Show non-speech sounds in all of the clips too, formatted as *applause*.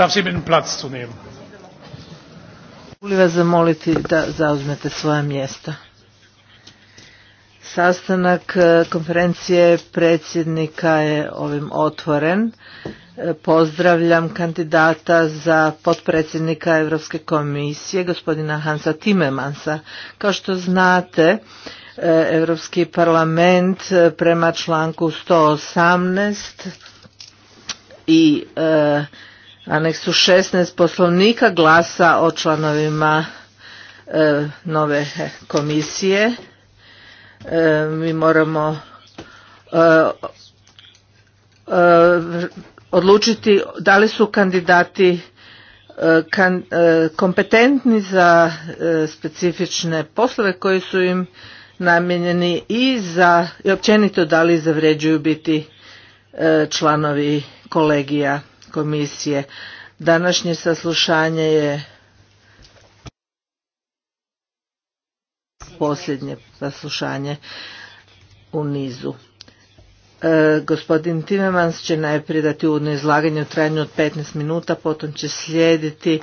darf Sie bitten, Platz zu Molim vas zamoliti da zauzmete svoja mjesta. Sastanak e, konferencije predsjednika je ovim otvoren. E, pozdravljam kandidata za potpredsjednika Europske komisije, gospodina Hansa Timemansa. Kao što znate, e, Europski parlament prema članku 118 i aneksu 16 poslovnika glasa o članovima e, nove komisije. E, mi moramo e, odlučiti da li su kandidati kompetentni za specifične poslove koji su im namijenjeni i za i općenito da li zavređuju biti članovi kolegija komisije. Današnje saslušanje je posljednje saslušanje u nizu. E, gospodin Timemans će najprije dati uvodno izlaganje u trajanju od 15 minuta, potom će slijediti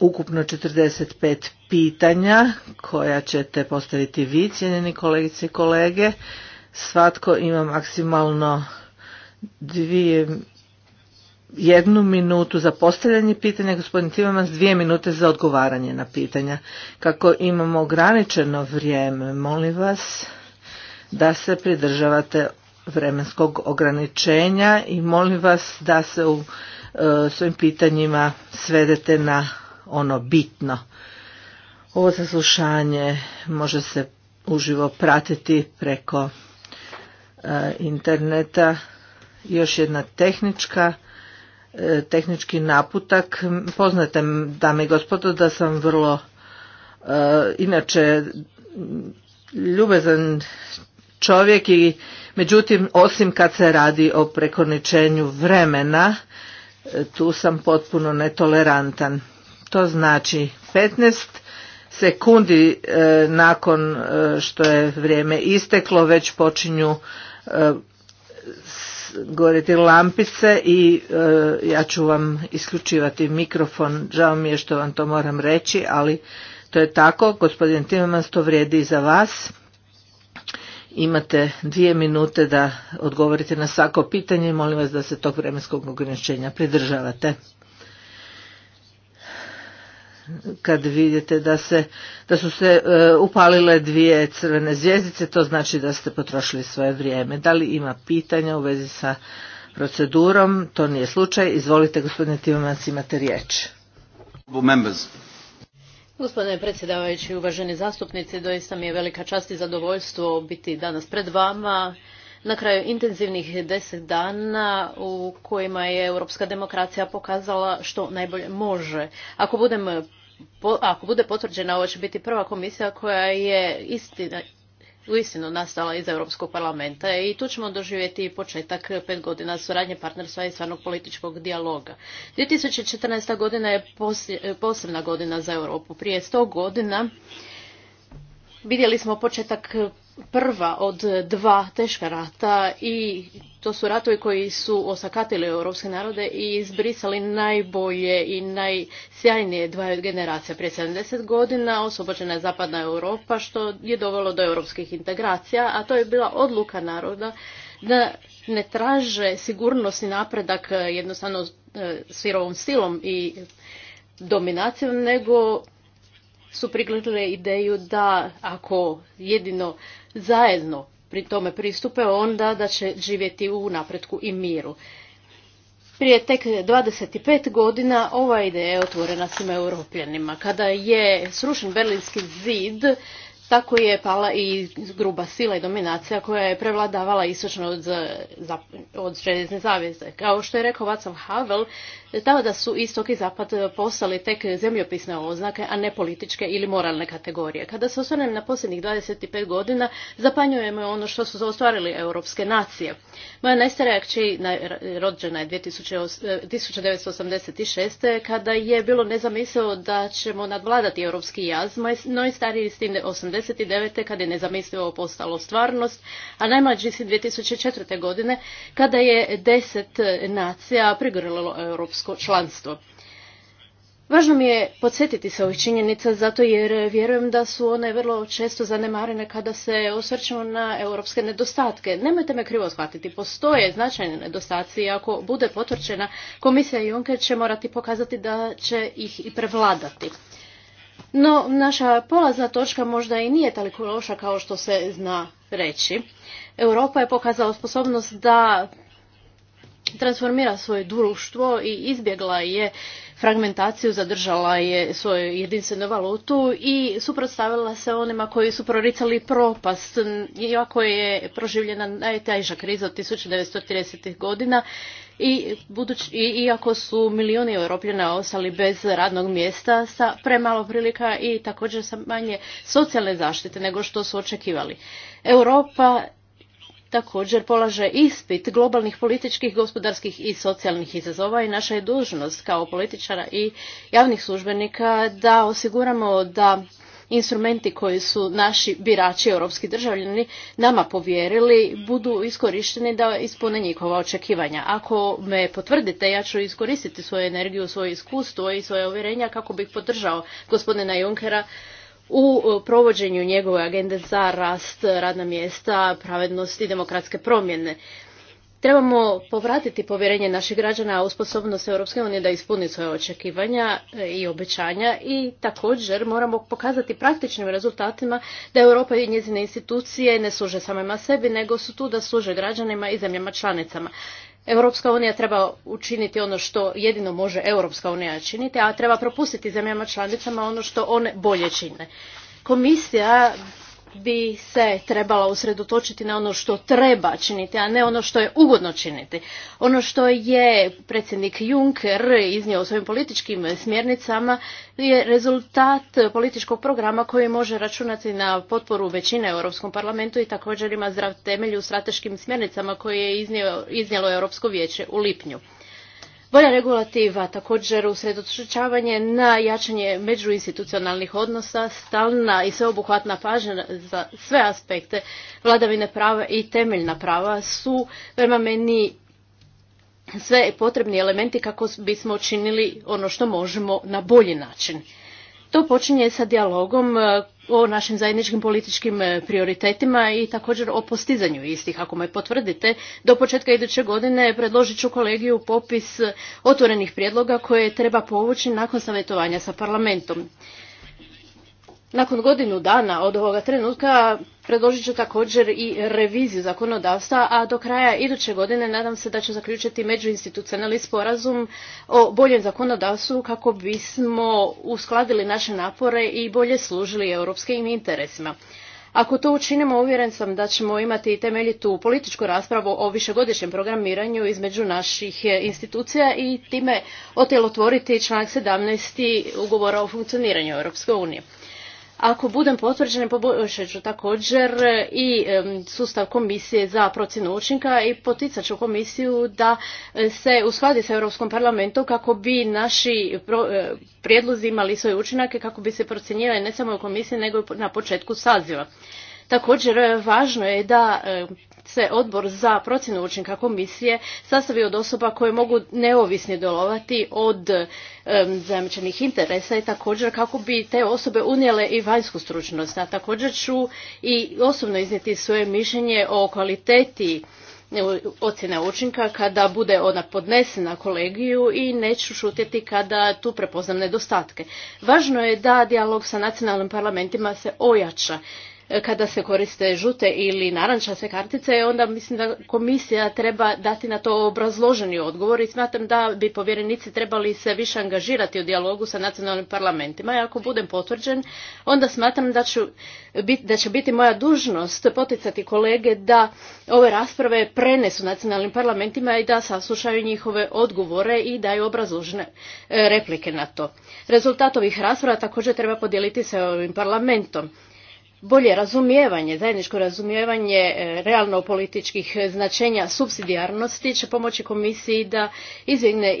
ukupno 45 pitanja koja ćete postaviti vi, cijenjeni kolegice i kolege. Svatko ima maksimalno dvije jednu minutu za postavljanje pitanja, gospodin s dvije minute za odgovaranje na pitanja. Kako imamo ograničeno vrijeme, molim vas da se pridržavate vremenskog ograničenja i molim vas da se u e, svojim pitanjima svedete na ono bitno. Ovo saslušanje može se uživo pratiti preko e, interneta još jedna tehnička e, tehnički naputak. Poznate, dame i gospodo, da sam vrlo e, inače ljubezan čovjek i međutim osim kad se radi o prekoničenju vremena e, tu sam potpuno netolerantan. To znači 15 sekundi nakon što je vrijeme isteklo već počinju govoriti lampice i e, ja ću vam isključivati mikrofon. Žao mi je što vam to moram reći, ali to je tako. Gospodin Timemans, to vrijedi i za vas. Imate dvije minute da odgovorite na svako pitanje i molim vas da se tog vremenskog ograničenja pridržavate kad vidite da, se, da su se e, upalile dvije crvene zvijezdice, to znači da ste potrošili svoje vrijeme. Da li ima pitanja u vezi sa procedurom? To nije slučaj. Izvolite, gospodine Timomac, imate riječ. Gospodine predsjedavajući, uvaženi zastupnici, doista mi je velika čast i zadovoljstvo biti danas pred vama na kraju intenzivnih deset dana u kojima je europska demokracija pokazala što najbolje može. Ako budem ako bude potvrđena, ovo će biti prva komisija koja je istina, uistinu nastala iz Europskog parlamenta i tu ćemo doživjeti početak pet godina suradnje partnerstva i stvarnog političkog dijaloga. 2014. godina je e, posebna godina za Europu. Prije sto godina vidjeli smo početak prva od dva teška rata i to su ratovi koji su osakatili europske narode i izbrisali najbolje i najsjajnije dva generacija. Prije 70 godina osobođena je zapadna Europa što je dovelo do europskih integracija, a to je bila odluka naroda da ne traže sigurnost i napredak eh, jednostavno eh, svirovom stilom i dominacijom, nego su prigledile ideju da ako jedino zajedno pri tome pristupe, onda da će živjeti u napretku i miru. Prije tek 25 godina ova ideja je otvorena svima europljanima. Kada je srušen berlinski zid, tako je pala i gruba sila i dominacija koja je prevladavala istočno od, od željezne zavijeze. Kao što je rekao Václav Havel, da su istok i zapad e, postali tek zemljopisne oznake, a ne političke ili moralne kategorije. Kada se osvrnem na posljednjih 25 godina, zapanjujemo ono što su ostvarili europske nacije. Moja najstarija kći rođena je 1986. E, kada je bilo nezamislivo da ćemo nadvladati europski jaz, no i stariji s tim 89. kada je nezamislivo postalo stvarnost, a najmlađi si 2004. godine kada je deset nacija prigorilo europsku europsko članstvo. Važno mi je podsjetiti se ovih činjenica zato jer vjerujem da su one vrlo često zanemarene kada se osvrćemo na europske nedostatke. Nemojte me krivo shvatiti, postoje značajne nedostaci i ako bude potvrđena komisija Juncker će morati pokazati da će ih i prevladati. No, naša polazna točka možda i nije toliko loša kao što se zna reći. Europa je pokazala sposobnost da transformira svoje društvo i izbjegla je fragmentaciju, zadržala je svoju jedinstvenu valutu i suprotstavila se onima koji su proricali propast. Iako je proživljena najteža kriza od 1930. godina, i budući, iako su milijuni europljena ostali bez radnog mjesta sa premalo prilika i također sa manje socijalne zaštite nego što su očekivali. Europa također polaže ispit globalnih političkih, gospodarskih i socijalnih izazova i naša je dužnost kao političara i javnih službenika da osiguramo da instrumenti koji su naši birači, europski državljani, nama povjerili, budu iskorišteni da ispune njihova očekivanja. Ako me potvrdite, ja ću iskoristiti svoju energiju, svoje iskustvo i svoje uvjerenja kako bih podržao gospodina Junckera u provođenju njegove agende za rast radna mjesta, pravednost i demokratske promjene. Trebamo povratiti povjerenje naših građana u sposobnost Europske unije da ispuni svoje očekivanja e, i obećanja i također moramo pokazati praktičnim rezultatima da Europa i njezine institucije ne služe samima sebi, nego su tu da služe građanima i zemljama članicama. Europska unija treba učiniti ono što jedino može Europska unija činiti, a treba propustiti zemljama članicama ono što one bolje čine. Komisija bi se trebala usredotočiti na ono što treba činiti, a ne ono što je ugodno činiti. Ono što je predsjednik Juncker iznio u svojim političkim smjernicama je rezultat političkog programa koji može računati na potporu većine u Europskom parlamentu i također ima zdrav temelj u strateškim smjernicama koje je iznijelo Europsko vijeće u lipnju. Bolja regulativa, također usredotočavanje na jačanje međuinstitucionalnih odnosa, stalna i sveobuhvatna pažnja za sve aspekte vladavine prava i temeljna prava su prema meni sve potrebni elementi kako bismo činili ono što možemo na bolji način. To počinje sa dijalogom o našim zajedničkim političkim e, prioritetima i također o postizanju istih. Ako me potvrdite, do početka iduće godine predložit ću kolegiju popis otvorenih prijedloga koje treba povući nakon savjetovanja sa parlamentom. Nakon godinu dana od ovoga trenutka predložit ću također i reviziju zakonodavstva, a do kraja iduće godine nadam se da će zaključiti međuinstitucionalni sporazum o boljem zakonodavstvu kako bismo uskladili naše napore i bolje služili europskim interesima. Ako to učinimo, uvjeren sam da ćemo imati temeljitu političku raspravu o višegodišnjem programiranju između naših institucija i time otjelotvoriti članak 17. ugovora o funkcioniranju Europske unije. Ako budem potvrđen, poboljšat ću također i sustav komisije za procjenu učinka i poticat ću komisiju da e, se uskladi sa Europskom parlamentom kako bi naši e, prijedlozi imali svoje učinake, kako bi se procjenjivali ne samo u komisiji nego i na početku saziva. Također važno je da se odbor za procjenu učinka komisije sastavi od osoba koje mogu neovisno djelovati od zajamčenih interesa i također kako bi te osobe unijele i vanjsku stručnost. A također ću i osobno iznijeti svoje mišljenje o kvaliteti e, ocjene učinka kada bude ona podnesena kolegiju i neću šutjeti kada tu prepoznam nedostatke. Važno je da dijalog sa nacionalnim parlamentima se ojača kada se koriste žute ili narančaste kartice, onda mislim da komisija treba dati na to obrazloženi odgovor i smatram da bi povjerenici trebali se više angažirati u dijalogu sa nacionalnim parlamentima i ako budem potvrđen, onda smatram da, ću, da će biti moja dužnost poticati kolege da ove rasprave prenesu nacionalnim parlamentima i da saslušaju njihove odgovore i daju obrazložene e, replike na to. Rezultat ovih rasprava također treba podijeliti sa ovim parlamentom bolje razumijevanje, zajedničko razumijevanje e, realno političkih e, značenja subsidijarnosti će pomoći komisiji da izbjegne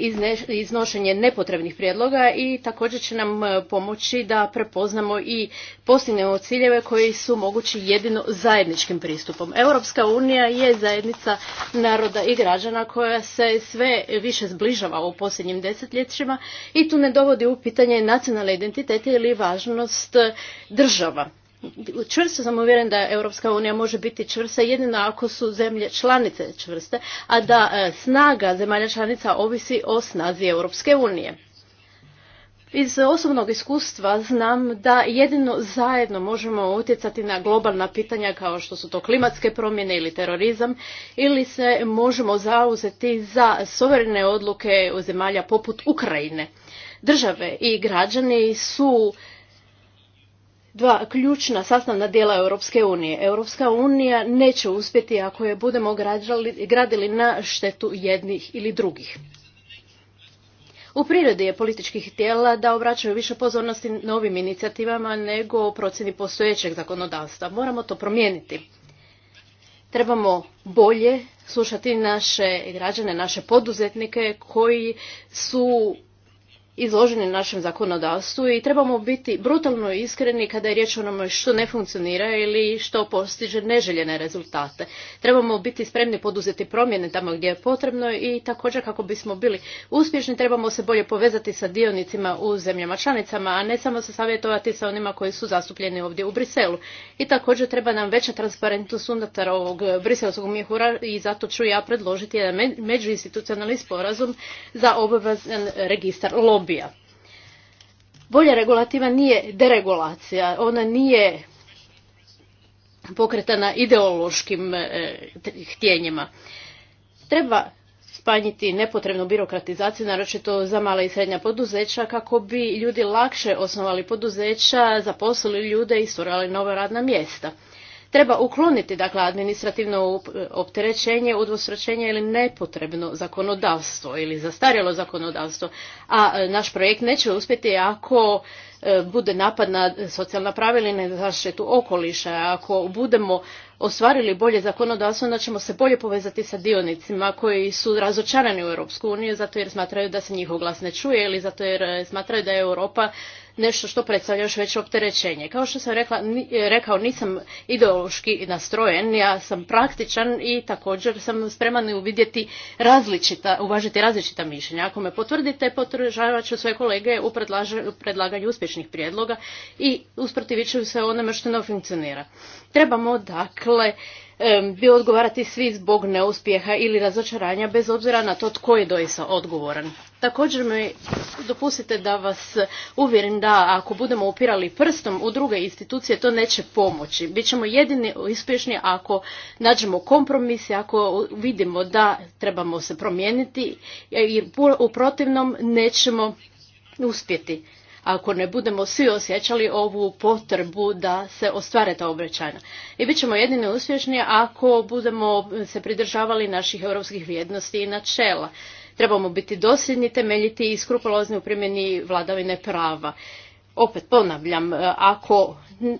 iznošenje nepotrebnih prijedloga i također će nam e, pomoći da prepoznamo i postignemo ciljeve koji su mogući jedino zajedničkim pristupom. Europska unija je zajednica naroda i građana koja se sve više zbližava u posljednjim desetljećima i tu ne dovodi u pitanje nacionalne identitete ili važnost država. Čvrsto sam uvjeren da Europska unija može biti čvrsta jedino ako su zemlje članice čvrste, a da e, snaga zemalja članica ovisi o snazi Europske unije. Iz osobnog iskustva znam da jedino zajedno možemo utjecati na globalna pitanja kao što su to klimatske promjene ili terorizam ili se možemo zauzeti za suverene odluke zemalja poput Ukrajine. Države i građani su dva ključna sastavna dijela Europske unije. Europska unija neće uspjeti ako je budemo gradili na štetu jednih ili drugih. U prirodi je političkih tijela da obraćaju više pozornosti novim inicijativama nego procjeni postojećeg zakonodavstva. Moramo to promijeniti. Trebamo bolje slušati naše građane, naše poduzetnike koji su izloženi našem zakonodavstvu i trebamo biti brutalno iskreni kada je riječ o onome što ne funkcionira ili što postiže neželjene rezultate. Trebamo biti spremni poduzeti promjene tamo gdje je potrebno i također kako bismo bili uspješni trebamo se bolje povezati sa dionicima u zemljama članicama, a ne samo se savjetovati sa onima koji su zastupljeni ovdje u Briselu. I također treba nam veća transparentnost unutar ovog briselskog mjehura i zato ću ja predložiti jedan međuinstitucionalni sporazum za obavezan registar ubija. Bolja regulativa nije deregulacija, ona nije pokretana ideološkim e, htjenjima. Treba spanjiti nepotrebnu birokratizaciju, naročito za mala i srednja poduzeća, kako bi ljudi lakše osnovali poduzeća, zaposlili ljude i stvorili nova radna mjesta. Treba ukloniti dakle, administrativno opterećenje, udvostručenje ili nepotrebno zakonodavstvo ili zastarjelo zakonodavstvo. A e, naš projekt neće uspjeti ako e, bude napad na socijalna pravila i na zaštitu okoliša. Ako budemo ostvarili bolje zakonodavstvo, onda ćemo se bolje povezati sa dionicima koji su razočarani u Europsku uniju zato jer smatraju da se njihov glas ne čuje ili zato jer e, smatraju da je Europa nešto što predstavlja još veće opterećenje. Kao što sam rekla, e, rekao, nisam ideološki nastrojen, ja sam praktičan i također sam spreman uvidjeti različita, uvažiti različita mišljenja. Ako me potvrdite, potržavat ću svoje kolege u, u predlaganju uspješnih prijedloga i usprotivit ću se onome što ne funkcionira. Trebamo, dakle, bio odgovarati svi zbog neuspjeha ili razočaranja bez obzira na to tko je doista odgovoran. Također mi dopustite da vas uvjerim da ako budemo upirali prstom u druge institucije to neće pomoći. Bićemo jedini uspješni ako nađemo kompromis, ako vidimo da trebamo se promijeniti jer u protivnom nećemo uspjeti ako ne budemo svi osjećali ovu potrebu da se ostvare ta obećanja. I bit ćemo jedini uspješni ako budemo se pridržavali naših europskih vrijednosti i načela. Trebamo biti dosljedni, temeljiti i skrupulozni u primjeni vladavine prava opet ponavljam, ako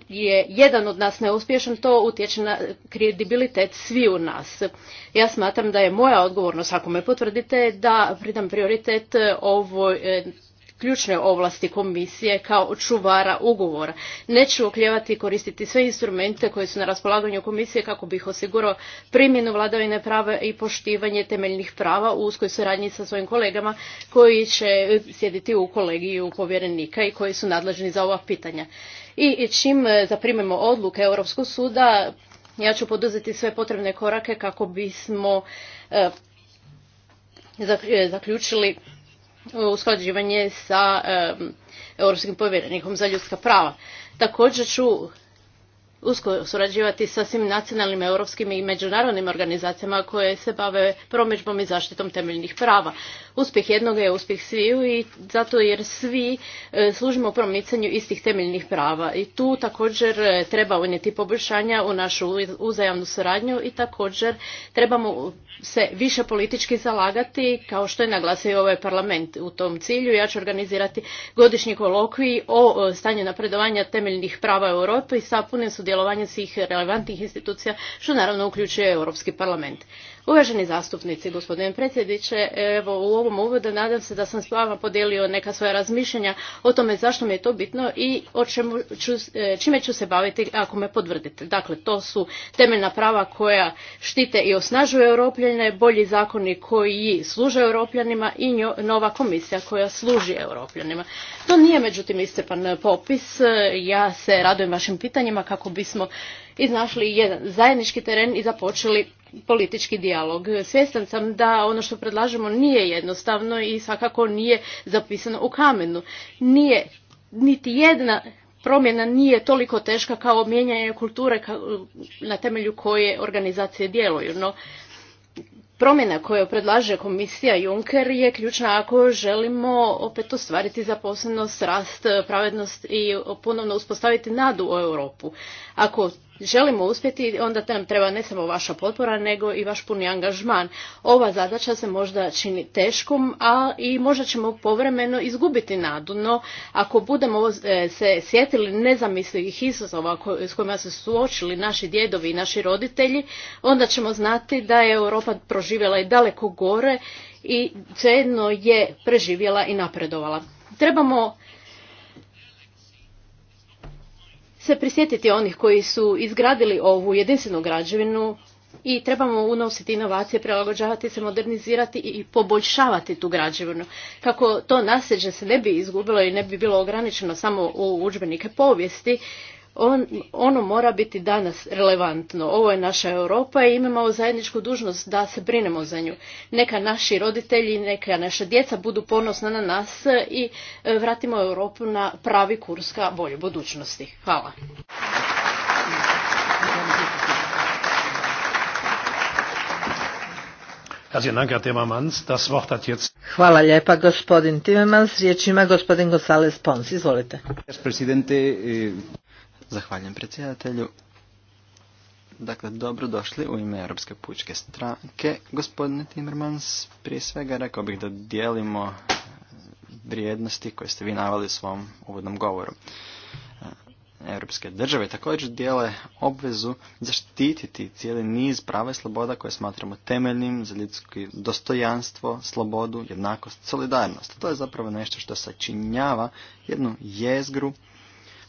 je jedan od nas neuspješan, to utječe na kredibilitet svi u nas. Ja smatram da je moja odgovornost, ako me potvrdite, da pridam prioritet ovoj ključne ovlasti komisije kao čuvara ugovora. Neću okljevati koristiti sve instrumente koje su na raspolaganju komisije kako bi osigurao primjenu vladavine prava i poštivanje temeljnih prava u uskoj suradnji sa svojim kolegama koji će sjediti u kolegiju povjerenika i koji su nadležni za ova pitanja. I čim zaprimemo odluke Europskog suda, ja ću poduzeti sve potrebne korake kako bismo eh, zaključili usklađivanje sa europskim povjerenikom za ljudska prava. Također ću usko surađivati sa svim nacionalnim, europskim i međunarodnim organizacijama koje se bave promidžbom i zaštitom temeljnih prava. Uspjeh jednog je uspjeh sviju i zato jer svi e, služimo promicanju istih temeljnih prava. I tu također e, treba unijeti poboljšanja u našu uzajamnu suradnju i također trebamo se više politički zalagati kao što je naglasio ovaj parlament u tom cilju. Ja ću organizirati godišnji kolokvij o stanju napredovanja temeljnih prava u Europi sa punim sudjelovanjem svih relevantnih institucija što naravno uključuje Europski parlament. Uvaženi zastupnici, gospodine predsjedniče, evo u ovom uvodu nadam se da sam s vama podijelio neka svoja razmišljanja o tome zašto mi je to bitno i o e, čime ću se baviti ako me podvrdite. Dakle, to su temeljna prava koja štite i osnažuju europljane, bolji zakoni koji služe europljanima i nova komisija koja služi europljanima. To nije međutim iscrpan popis. Ja se radujem vašim pitanjima kako bismo iznašli jedan zajednički teren i započeli politički dijalog. Svjestan sam da ono što predlažemo nije jednostavno i svakako nije zapisano u kamenu. Nije niti jedna promjena nije toliko teška kao mijenjanje kulture na temelju koje organizacije djeluju. No, promjena koju predlaže komisija Juncker je ključna ako želimo opet ostvariti zaposlenost, rast, pravednost i ponovno uspostaviti nadu u Europu. Ako želimo uspjeti, onda nam treba ne samo vaša potpora, nego i vaš puni angažman. Ova zadaća se možda čini teškom, a i možda ćemo povremeno izgubiti nadu, no ako budemo e, se sjetili nezamislivih izazova s kojima su suočili naši djedovi i naši roditelji, onda ćemo znati da je Europa proživjela i daleko gore i svejedno je preživjela i napredovala. Trebamo se prisjetiti onih koji su izgradili ovu jedinstvenu građevinu i trebamo unositi inovacije, prilagođavati se, modernizirati i poboljšavati tu građevinu. Kako to nasljeđe se ne bi izgubilo i ne bi bilo ograničeno samo u udžbenike povijesti, on, ono mora biti danas relevantno. Ovo je naša Europa i imamo zajedničku dužnost da se brinemo za nju. Neka naši roditelji, neka naša djeca budu ponosna na nas i e, vratimo Europu na pravi kurs ka boljoj budućnosti. Hvala. Hvala lijepa gospodin Timemans. Riječ ima gospodin Gonzalez Pons. Izvolite. Eh, Zahvaljujem predsjedatelju. Dakle, dobro došli u ime Europske pučke stranke. Gospodine Timmermans, prije svega rekao bih da dijelimo e, vrijednosti koje ste vi navali u svom uvodnom govoru. E, Europske države također dijele obvezu zaštititi cijeli niz prava i sloboda koje smatramo temeljnim za ljudsko dostojanstvo, slobodu, jednakost, solidarnost. To je zapravo nešto što sačinjava jednu jezgru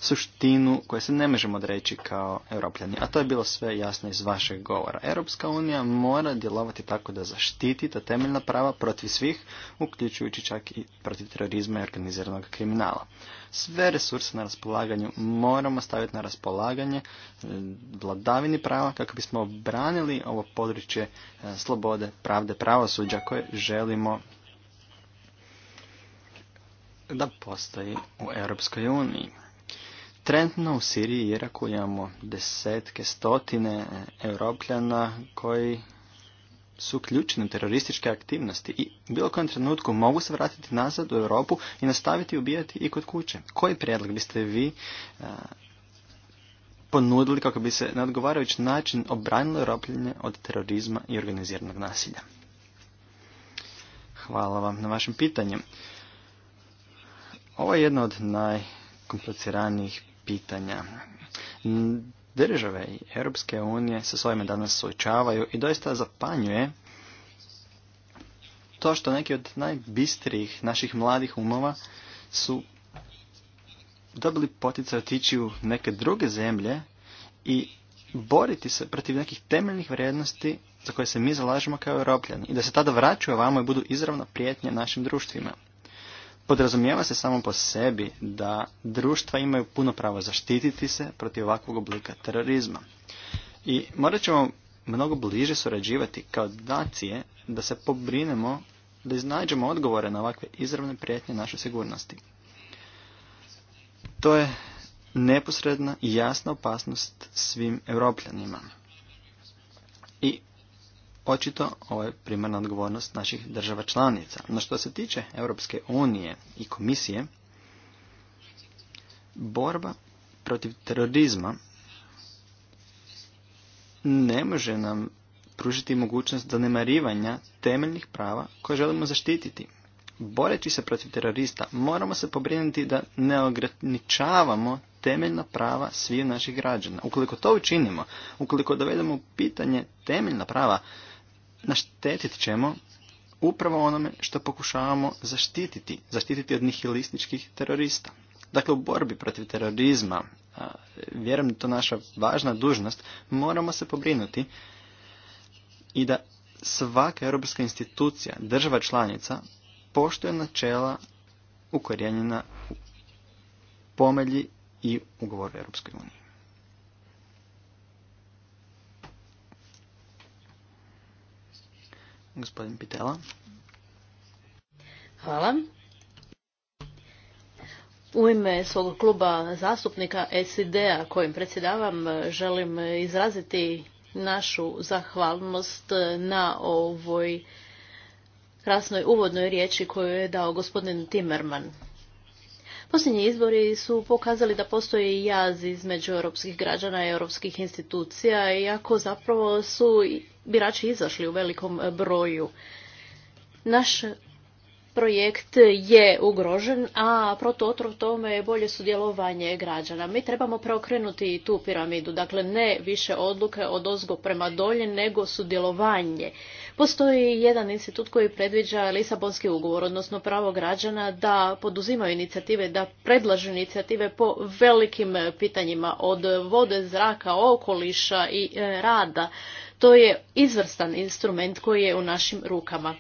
suštinu koje se ne možemo odreći kao europljani. A to je bilo sve jasno iz vašeg govora. Europska unija mora djelovati tako da zaštiti ta temeljna prava protiv svih, uključujući čak i protiv terorizma i organiziranog kriminala. Sve resurse na raspolaganju moramo staviti na raspolaganje e, vladavini prava kako bismo obranili ovo područje e, slobode, pravde, pravosuđa koje želimo da postoji u Europskoj uniji. Trenutno u Siriji i Iraku imamo desetke, stotine e, europljana koji su ključne terorističke aktivnosti i u bilo kojem trenutku mogu se vratiti nazad u Europu i nastaviti ubijati i kod kuće. Koji prijedlog biste vi e, ponudili kako bi se na odgovarajući način obranilo Europljanje od terorizma i organiziranog nasilja? Hvala vam na vašem pitanju. Ovo je jedna od najkompliciranijih pitanja. Države i Europske unije se s ovime danas suočavaju i doista zapanjuje to što neki od najbistrijih naših mladih umova su dobili potica otići u neke druge zemlje i boriti se protiv nekih temeljnih vrijednosti za koje se mi zalažemo kao europljani i da se tada vraćaju ovamo i budu izravno prijetnje našim društvima podrazumijeva se samo po sebi da društva imaju puno pravo zaštititi se protiv ovakvog oblika terorizma. I morat ćemo mnogo bliže surađivati kao nacije da se pobrinemo da iznađemo odgovore na ovakve izravne prijetnje naše sigurnosti. To je neposredna i jasna opasnost svim europljanima. I Očito ovo je primarna odgovornost naših država članica. No što se tiče Europske unije i komisije, borba protiv terorizma ne može nam pružiti mogućnost zanemarivanja temeljnih prava koje želimo zaštititi. Boreći se protiv terorista, moramo se pobrinuti da ne ograničavamo temeljna prava svih naših građana. Ukoliko to učinimo, ukoliko dovedemo pitanje temeljna prava, naštetit ćemo upravo onome što pokušavamo zaštititi, zaštititi od nihilističkih terorista. Dakle, u borbi protiv terorizma, vjerujem da to naša važna dužnost, moramo se pobrinuti i da svaka europska institucija, država članica, poštuje načela ukorijenjena u pomelji i ugovoru Europskoj uniji. Gospodin Pitela. Hvala. U ime svog kluba zastupnika SID-a kojim predsjedavam želim izraziti našu zahvalnost na ovoj krasnoj uvodnoj riječi koju je dao gospodin Timerman. Posljednji izbori su pokazali da postoji jaz između europskih građana i europskih institucija, iako zapravo su birači izašli u velikom e, broju. Naš projekt je ugrožen, a protuotrov tome je bolje sudjelovanje građana. Mi trebamo preokrenuti tu piramidu, dakle ne više odluke od ozgo prema dolje, nego sudjelovanje. Postoji jedan institut koji predviđa Lisabonski ugovor, odnosno pravo građana da poduzimaju inicijative, da predlažu inicijative po velikim pitanjima od vode, zraka, okoliša i e, rada. To je izvrstan instrument koji je u našim rukama.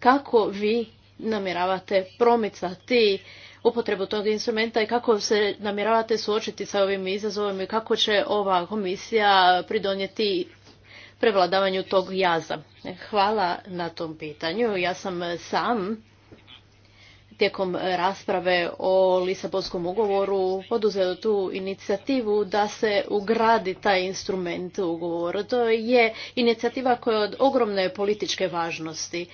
Kako vi namjeravate promicati upotrebu tog instrumenta i kako se namjeravate suočiti sa ovim izazovima i kako će ova komisija pridonijeti prevladavanju tog jaza. Hvala na tom pitanju. Ja sam sam tijekom rasprave o Lisabonskom ugovoru poduzela tu inicijativu da se ugradi taj instrument u ugovor. To je inicijativa koja je od ogromne političke važnosti.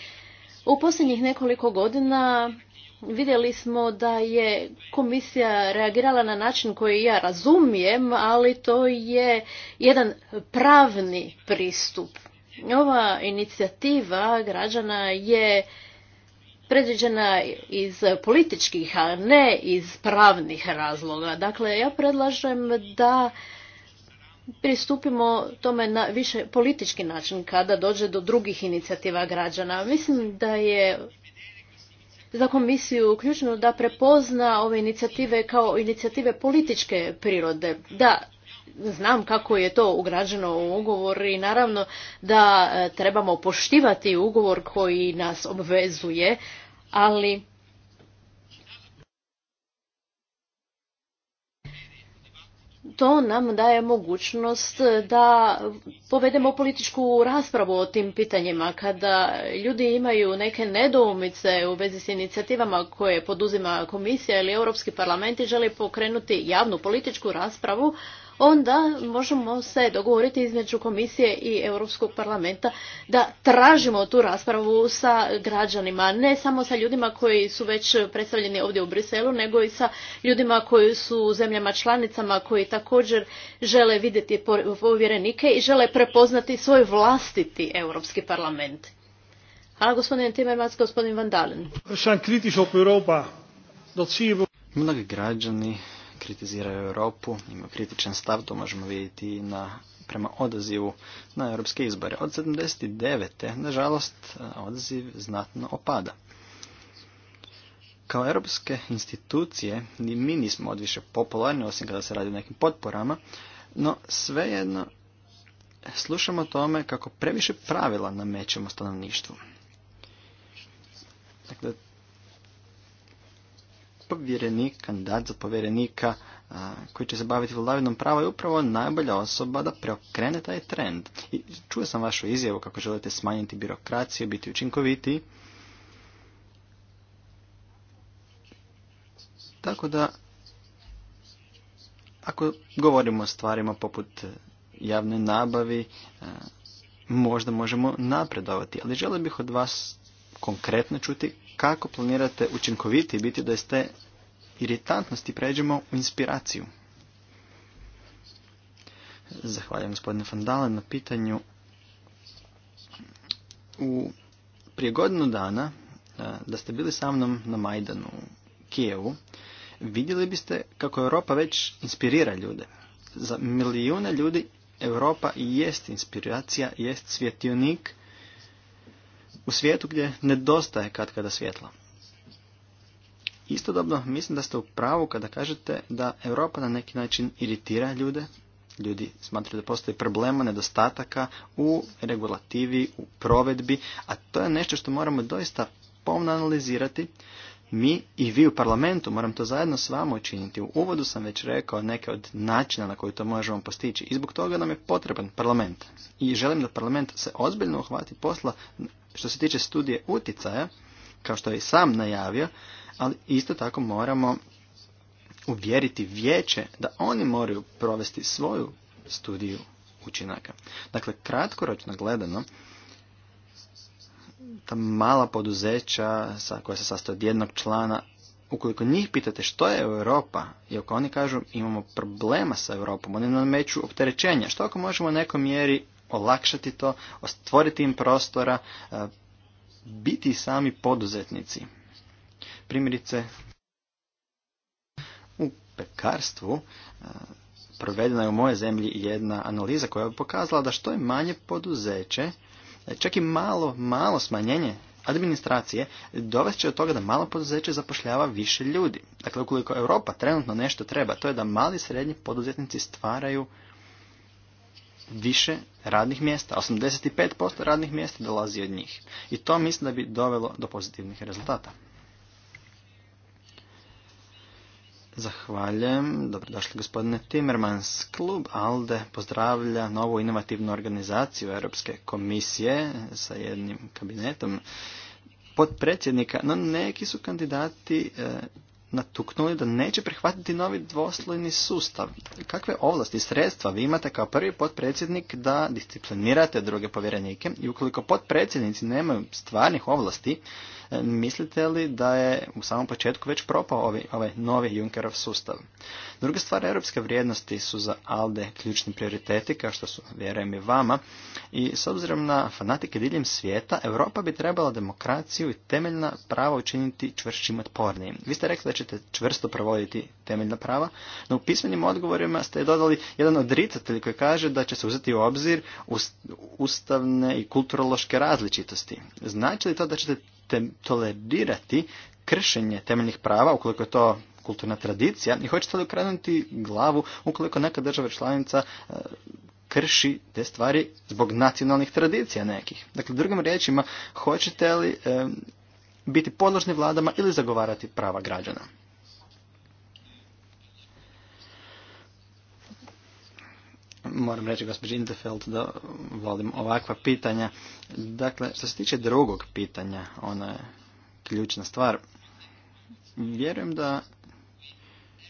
U posljednjih nekoliko godina vidjeli smo da je komisija reagirala na način koji ja razumijem, ali to je jedan pravni pristup. Ova inicijativa građana je predviđena iz političkih, a ne iz pravnih razloga. Dakle, ja predlažem da pristupimo tome na više politički način kada dođe do drugih inicijativa građana. Mislim da je za komisiju ključno da prepozna ove inicijative kao inicijative političke prirode. Da, znam kako je to ugrađeno u ugovor i naravno da e, trebamo poštivati ugovor koji nas obvezuje, ali to nam daje mogućnost da povedemo političku raspravu o tim pitanjima. Kada ljudi imaju neke nedoumice u vezi s inicijativama koje poduzima komisija ili Europski parlament i želi pokrenuti javnu političku raspravu, onda možemo se dogovoriti između komisije i Europskog parlamenta da tražimo tu raspravu sa građanima, ne samo sa ljudima koji su već predstavljeni ovdje u Briselu, nego i sa ljudima koji su u zemljama članicama koji također žele vidjeti povjerenike i žele prepoznati svoj vlastiti Europski parlament. Hvala gospodine Timmermans, gospodin Van Dalen. Mnogi građani kritiziraju Europu, imaju kritičan stav, to možemo vidjeti na, prema odazivu na europske izbore. Od 79. nažalost odaziv znatno opada. Kao europske institucije ni mi nismo odviše popularni, osim kada se radi o nekim potporama, no svejedno slušamo tome kako previše pravila namećemo stanovništvu. Dakle, povjerenik, kandidat za povjerenika koji će se baviti vladavinom prava je upravo najbolja osoba da preokrene taj trend. I čuo sam vašu izjavu kako želite smanjiti birokraciju, biti učinkoviti. Tako da, ako govorimo o stvarima poput e, javne nabavi, e, možda možemo napredovati, ali želio bih od vas konkretno čuti kako planirate učinkoviti biti da ste iritantnosti pređemo u inspiraciju? Zahvaljujem gospodine Fandale na pitanju. U prije godinu dana, e, da ste bili sa mnom na Majdanu u Kijevu, vidjeli biste kako Europa već inspirira ljude. Za milijune ljudi Europa jest inspiracija, jest svjetionik u svijetu gdje nedostaje kad kada svjetla. Istodobno, mislim da ste u pravu kada kažete da Europa na neki način iritira ljude. Ljudi smatraju da postoji problema, nedostataka u regulativi, u provedbi, a to je nešto što moramo doista pomno analizirati. Mi i vi u parlamentu, moram to zajedno s vama učiniti. U uvodu sam već rekao neke od načina na koji to možemo postići i zbog toga nam je potreban parlament. I želim da parlament se ozbiljno uhvati posla što se tiče studije utjecaja, kao što je i sam najavio, ali isto tako moramo uvjeriti vijeće da oni moraju provesti svoju studiju učinaka. Dakle, kratkoročno gledano, ta mala poduzeća sa, koja se sastoji od jednog člana, ukoliko njih pitate što je Europa, i ako oni kažu imamo problema sa Europom, oni nameću opterećenja, što ako možemo u nekoj mjeri olakšati to, stvoriti im prostora, e, biti sami poduzetnici. Primjerice, u pekarstvu e, provedena je u moje zemlji jedna analiza koja je pokazala da što je manje poduzeće, e, čak i malo, malo smanjenje administracije dovest će od toga da malo poduzeće zapošljava više ljudi. Dakle, ukoliko Europa trenutno nešto treba, to je da mali i srednji poduzetnici stvaraju više radnih mjesta, 85% radnih mjesta dolazi od njih. I to mislim da bi dovelo do pozitivnih rezultata. Zahvaljujem. Dobrodošli gospodine Timmermans. Klub ALDE pozdravlja novu inovativnu organizaciju Europske komisije sa jednim kabinetom potpredsjednika, no neki su kandidati e, natuknuli da neće prihvatiti novi dvoslojni sustav. Kakve ovlasti i sredstva vi imate kao prvi potpredsjednik da disciplinirate druge povjerenike i ukoliko potpredsjednici nemaju stvarnih ovlasti, mislite li da je u samom početku već propao ovaj, ovaj novi Junkerov sustav? Druga stvar, europske vrijednosti su za ALDE ključni prioriteti, kao što su, vjerujem i vama, i s obzirom na fanatike diljem svijeta, Europa bi trebala demokraciju i temeljna prava učiniti čvršćim otpornijim. Vi ste rekli da ćete čvrsto provoditi temeljna prava, no u pismenim odgovorima ste dodali jedan odricatelj koji kaže da će se uzeti u obzir ustavne i kulturološke različitosti. Znači li to da ćete tolerirati kršenje temeljnih prava ukoliko je to kulturna tradicija i hoćete li ukrenuti glavu ukoliko neka država članica e, krši te stvari zbog nacionalnih tradicija nekih. Dakle, drugim riječima, hoćete li e, biti podložni vladama ili zagovarati prava građana? Moram reći gospođi Indefeld da volim ovakva pitanja. Dakle, što se tiče drugog pitanja, ona je ključna stvar. Vjerujem da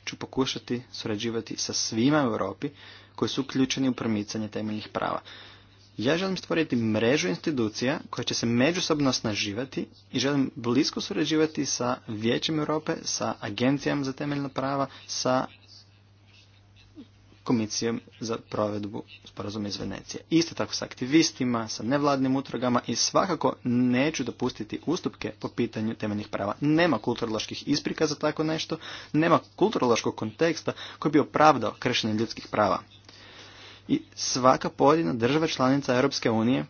ću pokušati surađivati sa svima u Europi koji su uključeni u promicanje temeljnih prava. Ja želim stvoriti mrežu institucija koja će se međusobno snaživati i želim blisko surađivati sa Vijećem Europe, sa Agencijama za temeljna prava, sa komisijom za provedbu sporazuma iz Venecije. Isto tako sa aktivistima, sa nevladnim utrogama i svakako neću dopustiti ustupke po pitanju temeljnih prava. Nema kulturoloških isprika za tako nešto, nema kulturološkog konteksta koji bi opravdao kršenje ljudskih prava. I svaka pojedina država članica Europske unije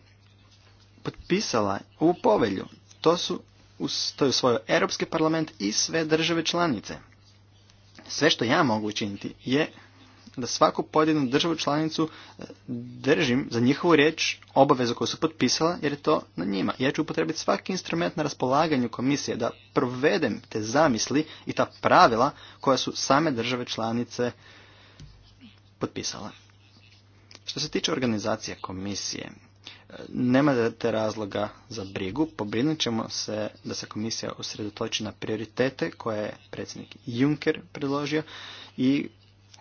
potpisala u povelju. To su to je svoj Europski parlament i sve države članice. Sve što ja mogu učiniti je da svaku pojedinu državu članicu e, držim za njihovu riječ obavezu koju su potpisala jer je to na njima. Ja ću upotrebiti svaki instrument na raspolaganju komisije da provedem te zamisli i ta pravila koja su same države članice potpisala. Što se tiče organizacije komisije, e, nema te razloga za brigu, pobrinut ćemo se da se komisija usredotoči na prioritete koje je predsjednik Juncker predložio i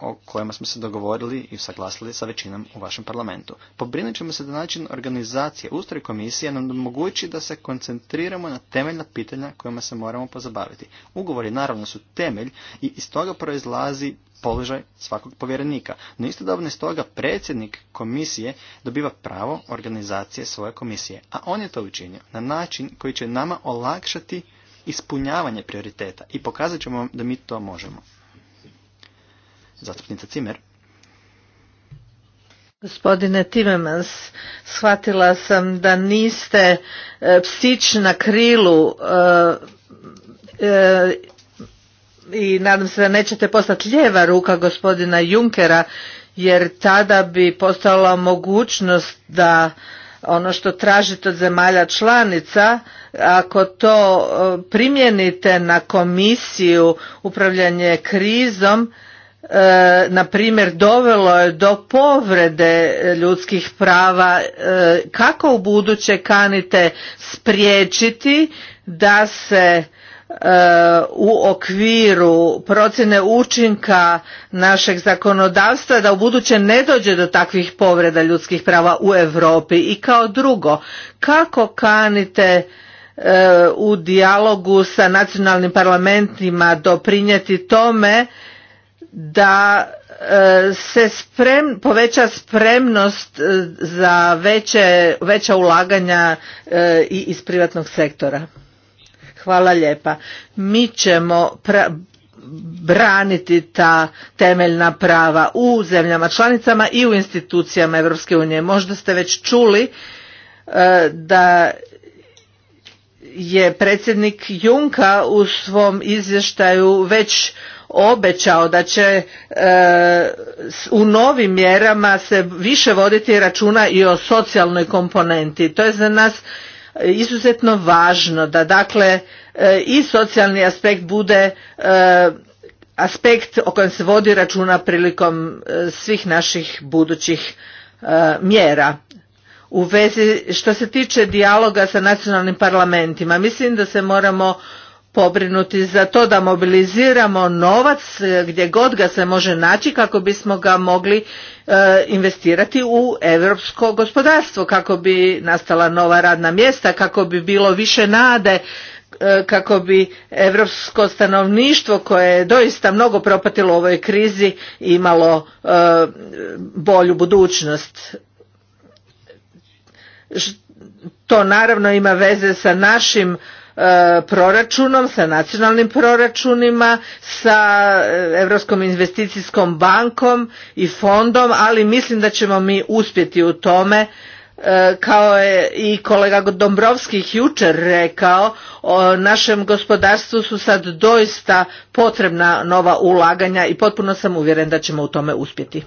o kojima smo se dogovorili i saglasili sa većinom u vašem parlamentu. Pobrinut ćemo se da način organizacije ustroj komisije nam omogući da se koncentriramo na temeljna pitanja kojima se moramo pozabaviti. Ugovori naravno su temelj i iz toga proizlazi položaj svakog povjerenika. No istodobno iz toga predsjednik komisije dobiva pravo organizacije svoje komisije. A on je to učinio na način koji će nama olakšati ispunjavanje prioriteta i pokazat ćemo vam da mi to možemo. Zastupnica Cimer. Gospodine Timemans, shvatila sam da niste e, psić na krilu e, e, i nadam se da nećete postati lijeva ruka gospodina Junkera jer tada bi postala mogućnost da ono što tražite od zemalja članica, ako to primijenite na komisiju upravljanje krizom, E, na primjer dovelo je do povrede ljudskih prava e, kako u buduće kanite spriječiti da se e, u okviru procjene učinka našeg zakonodavstva da u buduće ne dođe do takvih povreda ljudskih prava u Europi i kao drugo kako kanite u dijalogu sa nacionalnim parlamentima doprinijeti tome da e, se sprem, poveća spremnost e, za veće, veća ulaganja e, i iz privatnog sektora. Hvala lijepa. Mi ćemo braniti ta temeljna prava u zemljama članicama i u institucijama Europske unije. Možda ste već čuli da je predsjednik Junka u svom izvještaju već obećao da će e, u novim mjerama se više voditi računa i o socijalnoj komponenti. To je za nas e, izuzetno važno da dakle e, i socijalni aspekt bude aspekt o kojem se vodi računa prilikom svih naših budućih mjera u vezi što se tiče dijaloga sa nacionalnim parlamentima mislim da se moramo pobrinuti za to da mobiliziramo novac e, gdje god ga se može naći kako bismo ga mogli e, investirati u europsko gospodarstvo kako bi nastala nova radna mjesta kako bi bilo više nade e, kako bi europsko stanovništvo koje je doista mnogo propatilo u ovoj krizi imalo bolju budućnost to naravno ima veze sa našim E, proračunom, sa nacionalnim proračunima, sa Europskom investicijskom bankom i fondom, ali mislim da ćemo mi uspjeti u tome e, kao je i kolega Dombrovski jučer rekao, o našem gospodarstvu su sad doista potrebna nova ulaganja i potpuno sam uvjeren da ćemo u tome uspjeti.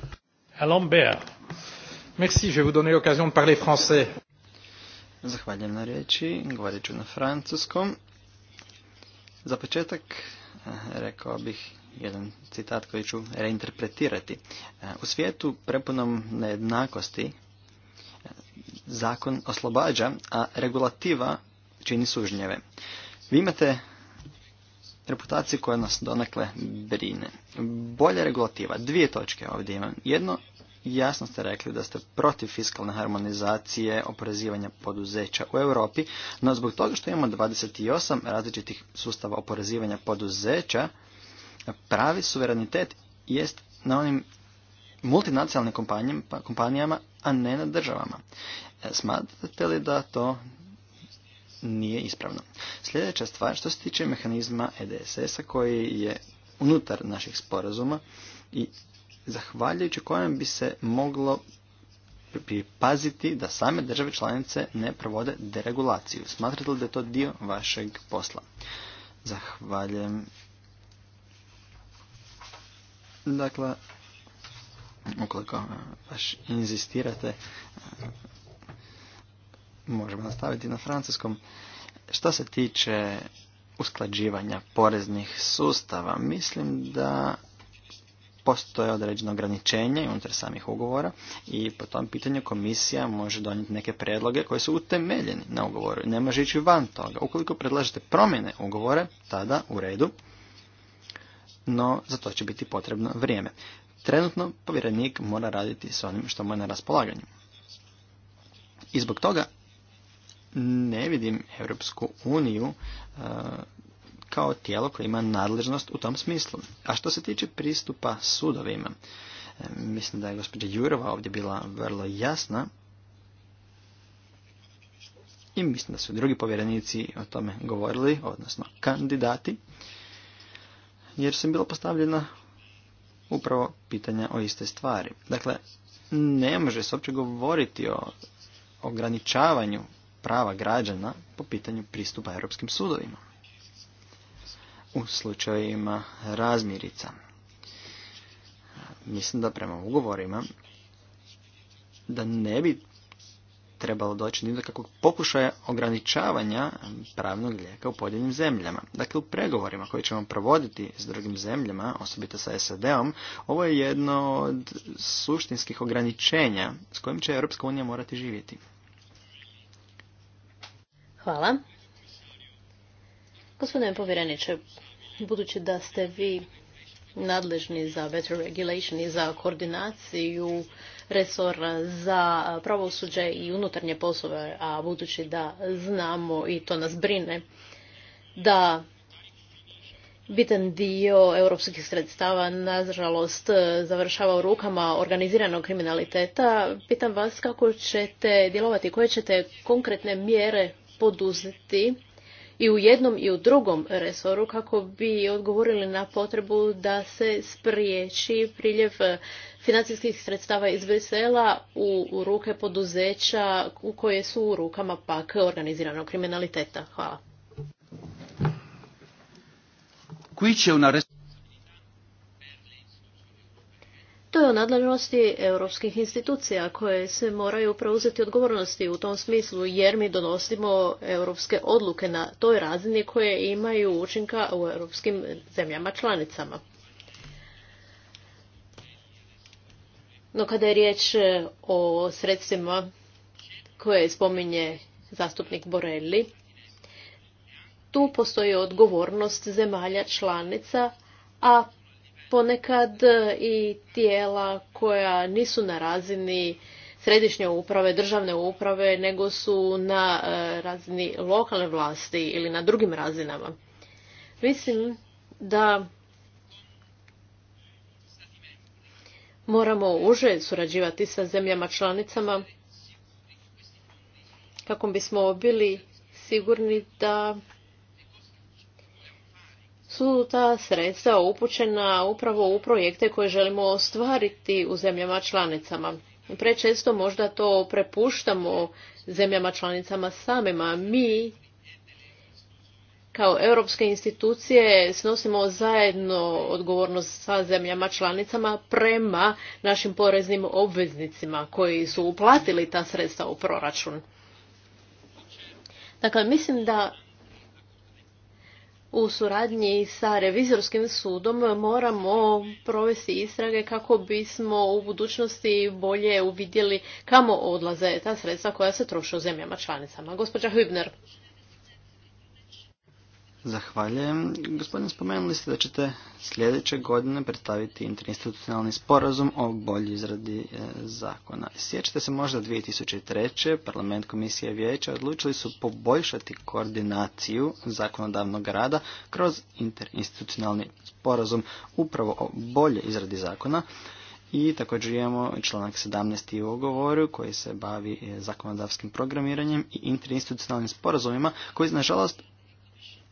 merci, je vous donner l'occasion de parler français. Zahvaljujem na riječi, govorit ću na francuskom. Za početak eh, rekao bih jedan citat koji ću reinterpretirati. Eh, u svijetu prepunom nejednakosti eh, zakon oslobađa, a regulativa čini sužnjeve. Vi imate reputaciju koja nas donekle brine. Bolja regulativa, dvije točke ovdje imam. Jedno, jasno ste rekli da ste protiv fiskalne harmonizacije oporezivanja poduzeća u Europi, no zbog toga što imamo 28 različitih sustava oporezivanja poduzeća, pravi suverenitet jest na onim multinacionalnim kompanijama, a ne na državama. E, smatrate li da to nije ispravno? Sljedeća stvar što se tiče mehanizma EDSS-a koji je unutar naših sporazuma i zahvaljujući kojem bi se moglo pripaziti da same države članice ne provode deregulaciju. Smatrate li da je to dio vašeg posla? Zahvaljujem. Dakle, ukoliko e, baš inzistirate, e, možemo nastaviti na francuskom. Što se tiče usklađivanja poreznih sustava, mislim da postoje određeno ograničenje unutar samih ugovora i po tom pitanju komisija može donijeti neke predloge koje su utemeljeni na ugovoru. Ne može ići van toga. Ukoliko predlažete promjene ugovore, tada u redu, no za to će biti potrebno vrijeme. Trenutno povjerenik mora raditi s onim što mu je na raspolaganju. I zbog toga ne vidim Europsku uniju kao tijelo koje ima nadležnost u tom smislu. A što se tiče pristupa sudovima, e, mislim da je gospođa Jurova ovdje bila vrlo jasna i mislim da su drugi povjerenici o tome govorili, odnosno kandidati, jer sam bilo postavljena upravo pitanja o iste stvari. Dakle, ne može se uopće govoriti o ograničavanju prava građana po pitanju pristupa europskim sudovima u slučajima razmirica. Mislim da prema ugovorima da ne bi trebalo doći ni do kakvog pokušaja ograničavanja pravnog lijeka u pojedinim zemljama. Dakle, u pregovorima koje ćemo provoditi s drugim zemljama, osobito sa SAD-om, ovo je jedno od suštinskih ograničenja s kojim će Europska unija morati živjeti. Hvala. Gospodine povjereniče, budući da ste vi nadležni za better regulation i za koordinaciju resora za pravosuđe i unutarnje poslove, a budući da znamo i to nas brine, da bitan dio europskih sredstava nažalost završava u rukama organiziranog kriminaliteta. Pitam vas kako ćete djelovati, koje ćete konkretne mjere poduzeti i u jednom i u drugom resoru kako bi odgovorili na potrebu da se spriječi priljev financijskih sredstava iz Brisela u, ruke poduzeća u koje su u rukama pak organiziranog kriminaliteta. Hvala. To je u nadležnosti europskih institucija koje se moraju preuzeti odgovornosti u tom smislu jer mi donosimo europske odluke na toj razini koje imaju učinka u europskim zemljama članicama. No kada je riječ o sredstvima koje spominje zastupnik Borelli, tu postoji odgovornost zemalja članica, a ponekad e, i tijela koja nisu na razini središnje uprave, državne uprave, nego su na e, razini lokalne vlasti ili na drugim razinama. Mislim da moramo uže surađivati sa zemljama članicama kako bismo bili sigurni da su ta sredstva upućena upravo u projekte koje želimo ostvariti u zemljama članicama. Prečesto možda to prepuštamo zemljama članicama samima. Mi kao europske institucije snosimo zajedno odgovornost sa zemljama članicama prema našim poreznim obveznicima koji su uplatili ta sredstva u proračun. Dakle, mislim da u suradnji sa revizorskim sudom moramo provesti istrage kako bismo u budućnosti bolje uvidjeli kamo odlaze ta sredstva koja se troše u zemljama članicama. Gospođa Hübner. Zahvaljujem. Gospodin, spomenuli ste da ćete sljedeće godine predstaviti interinstitucionalni sporazum o bolji izradi e, zakona. Sjećate se možda 2003. parlament komisije vijeća odlučili su poboljšati koordinaciju zakonodavnog rada kroz interinstitucionalni sporazum upravo o bolje izradi zakona. I također imamo članak 17. u ugovoru koji se bavi e, zakonodavskim programiranjem i interinstitucionalnim sporazumima koji nažalost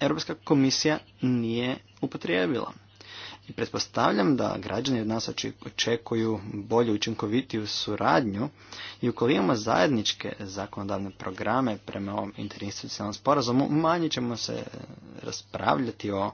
Europska komisija nije upotrijebila. I pretpostavljam da građani od nas očekuju bolju učinkovitiju suradnju i ukoliko imamo zajedničke zakonodavne programe prema ovom interinstitucionalnom sporazumu, manje ćemo se raspravljati o e,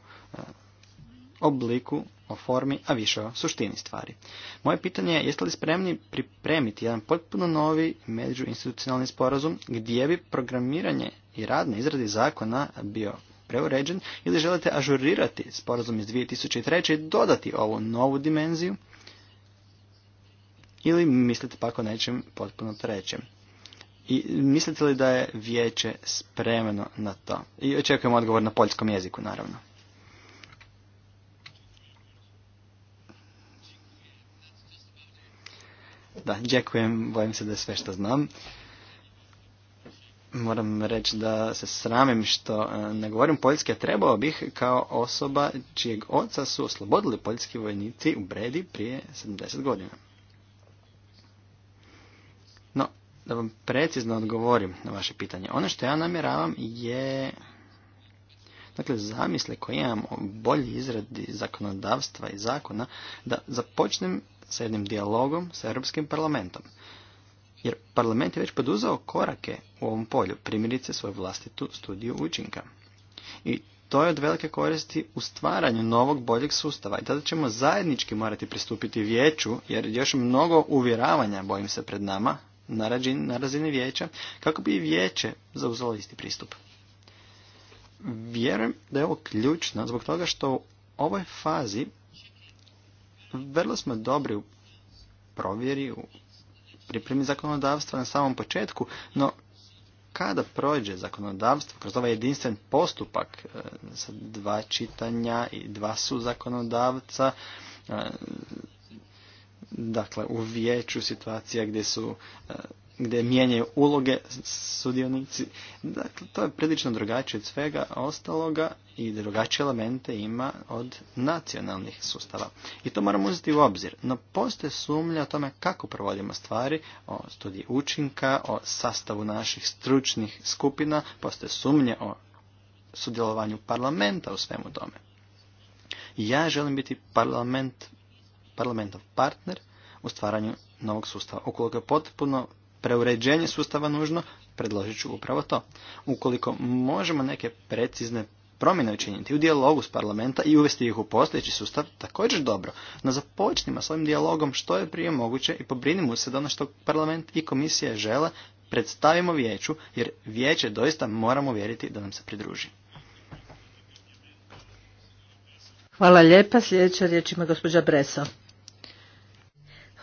obliku, o formi, a više o suštini stvari. Moje pitanje je jeste li spremni pripremiti jedan potpuno novi međuinstitucionalni sporazum gdje bi programiranje i rad na izradi zakona bio preuređen ili želite ažurirati sporazum iz 2003. i dodati ovu novu dimenziju ili mislite pak o nečem potpuno trećem. I mislite li da je vijeće spremno na to? I očekujemo odgovor na poljskom jeziku, naravno. Da, očekujem bojim se da je sve što znam. Moram reći da se sramim što e, ne govorim poljski, trebao bih kao osoba čijeg oca su oslobodili poljski vojnici u Bredi prije 70 godina. No, da vam precizno odgovorim na vaše pitanje. Ono što ja namjeravam je... Dakle, zamisle koje imam o bolji izradi zakonodavstva i zakona, da započnem sa jednim dijalogom sa Europskim parlamentom. Jer parlament je već poduzeo korake u ovom polju, primjerice svoju vlastitu studiju učinka. I to je od velike koristi u stvaranju novog boljeg sustava i tada ćemo zajednički morati pristupiti vijeću jer još mnogo uvjeravanja bojim se pred nama na, rađin, na razini vijeća kako bi i vijeće zauzelo isti pristup. Vjerujem da je ovo ključno zbog toga što u ovoj fazi vrlo smo dobri u provjeri, u pripremi zakonodavstva na samom početku, no kada prođe zakonodavstvo kroz ovaj jedinstven postupak e, sa dva čitanja i dva su zakonodavca, e, dakle u vijeću situacija gdje su e, gdje mijenjaju uloge sudionici. Dakle, to je prilično drugačije od svega ostaloga i drugačije elemente ima od nacionalnih sustava. I to moramo uzeti u obzir. No postoje sumnje o tome kako provodimo stvari, o studiji učinka, o sastavu naših stručnih skupina, postoje sumnje o sudjelovanju parlamenta u svemu tome. Ja želim biti parlament, parlamentov partner u stvaranju novog sustava. Ukoliko je potpuno preuređenje sustava nužno, predložit ću upravo to. Ukoliko možemo neke precizne promjene učiniti u dijalogu s parlamenta i uvesti ih u postojeći sustav, također dobro. No započnimo s ovim dijalogom što je prije moguće i pobrinimo se da ono što parlament i komisija žele predstavimo vijeću, jer vijeće doista moramo vjeriti da nam se pridruži. Hvala lijepa. Sljedeća riječ ima gospođa Bresa.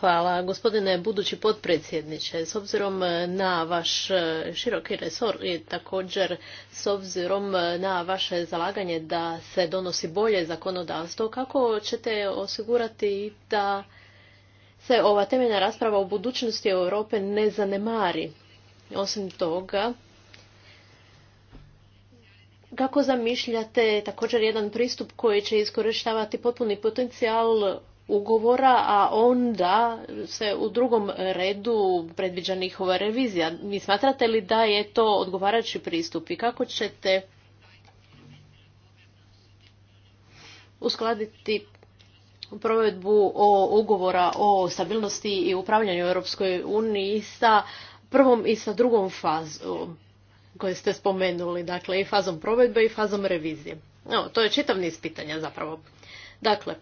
Hvala. Gospodine budući potpredsjedniče, s obzirom na vaš e, široki resor i također s obzirom na vaše zalaganje da se donosi bolje zakonodavstvo, kako ćete osigurati da se ova temeljna rasprava o budućnosti Europe ne zanemari? Osim toga, kako zamišljate također jedan pristup koji će iskorištavati potpuni potencijal ugovora, a onda se u drugom redu predviđa njihova revizija. Mi smatrate li da je to odgovarajući pristup i kako ćete uskladiti provedbu o ugovora o stabilnosti i upravljanju Europskoj uniji sa prvom i sa drugom fazom koje ste spomenuli, dakle i fazom provedbe i fazom revizije. Evo, to je čitav niz pitanja zapravo. Dakle,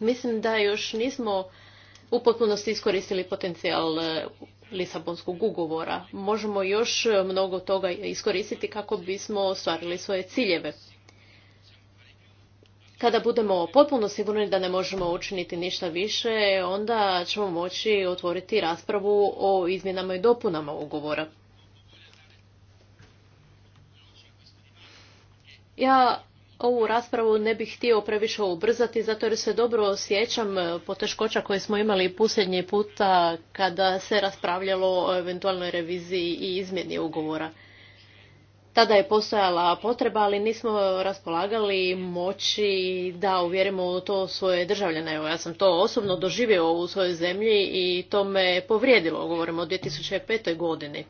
Mislim da još nismo u potpunosti iskoristili potencijal e, Lisabonskog ugovora. Možemo još e, mnogo toga iskoristiti kako bismo ostvarili svoje ciljeve. Kada budemo potpuno sigurni da ne možemo učiniti ništa više, onda ćemo moći otvoriti raspravu o izmjenama i dopunama ugovora. Ja ovu raspravu ne bih htio previše ubrzati, zato jer se dobro osjećam e, poteškoća koje smo imali posljednji puta kada se raspravljalo o eventualnoj reviziji i izmjeni ugovora. Tada je postojala potreba, ali nismo raspolagali moći da uvjerimo u to svoje državljane. Evo, ja sam to osobno doživio u svojoj zemlji i to me povrijedilo, govorimo o 2005. godini.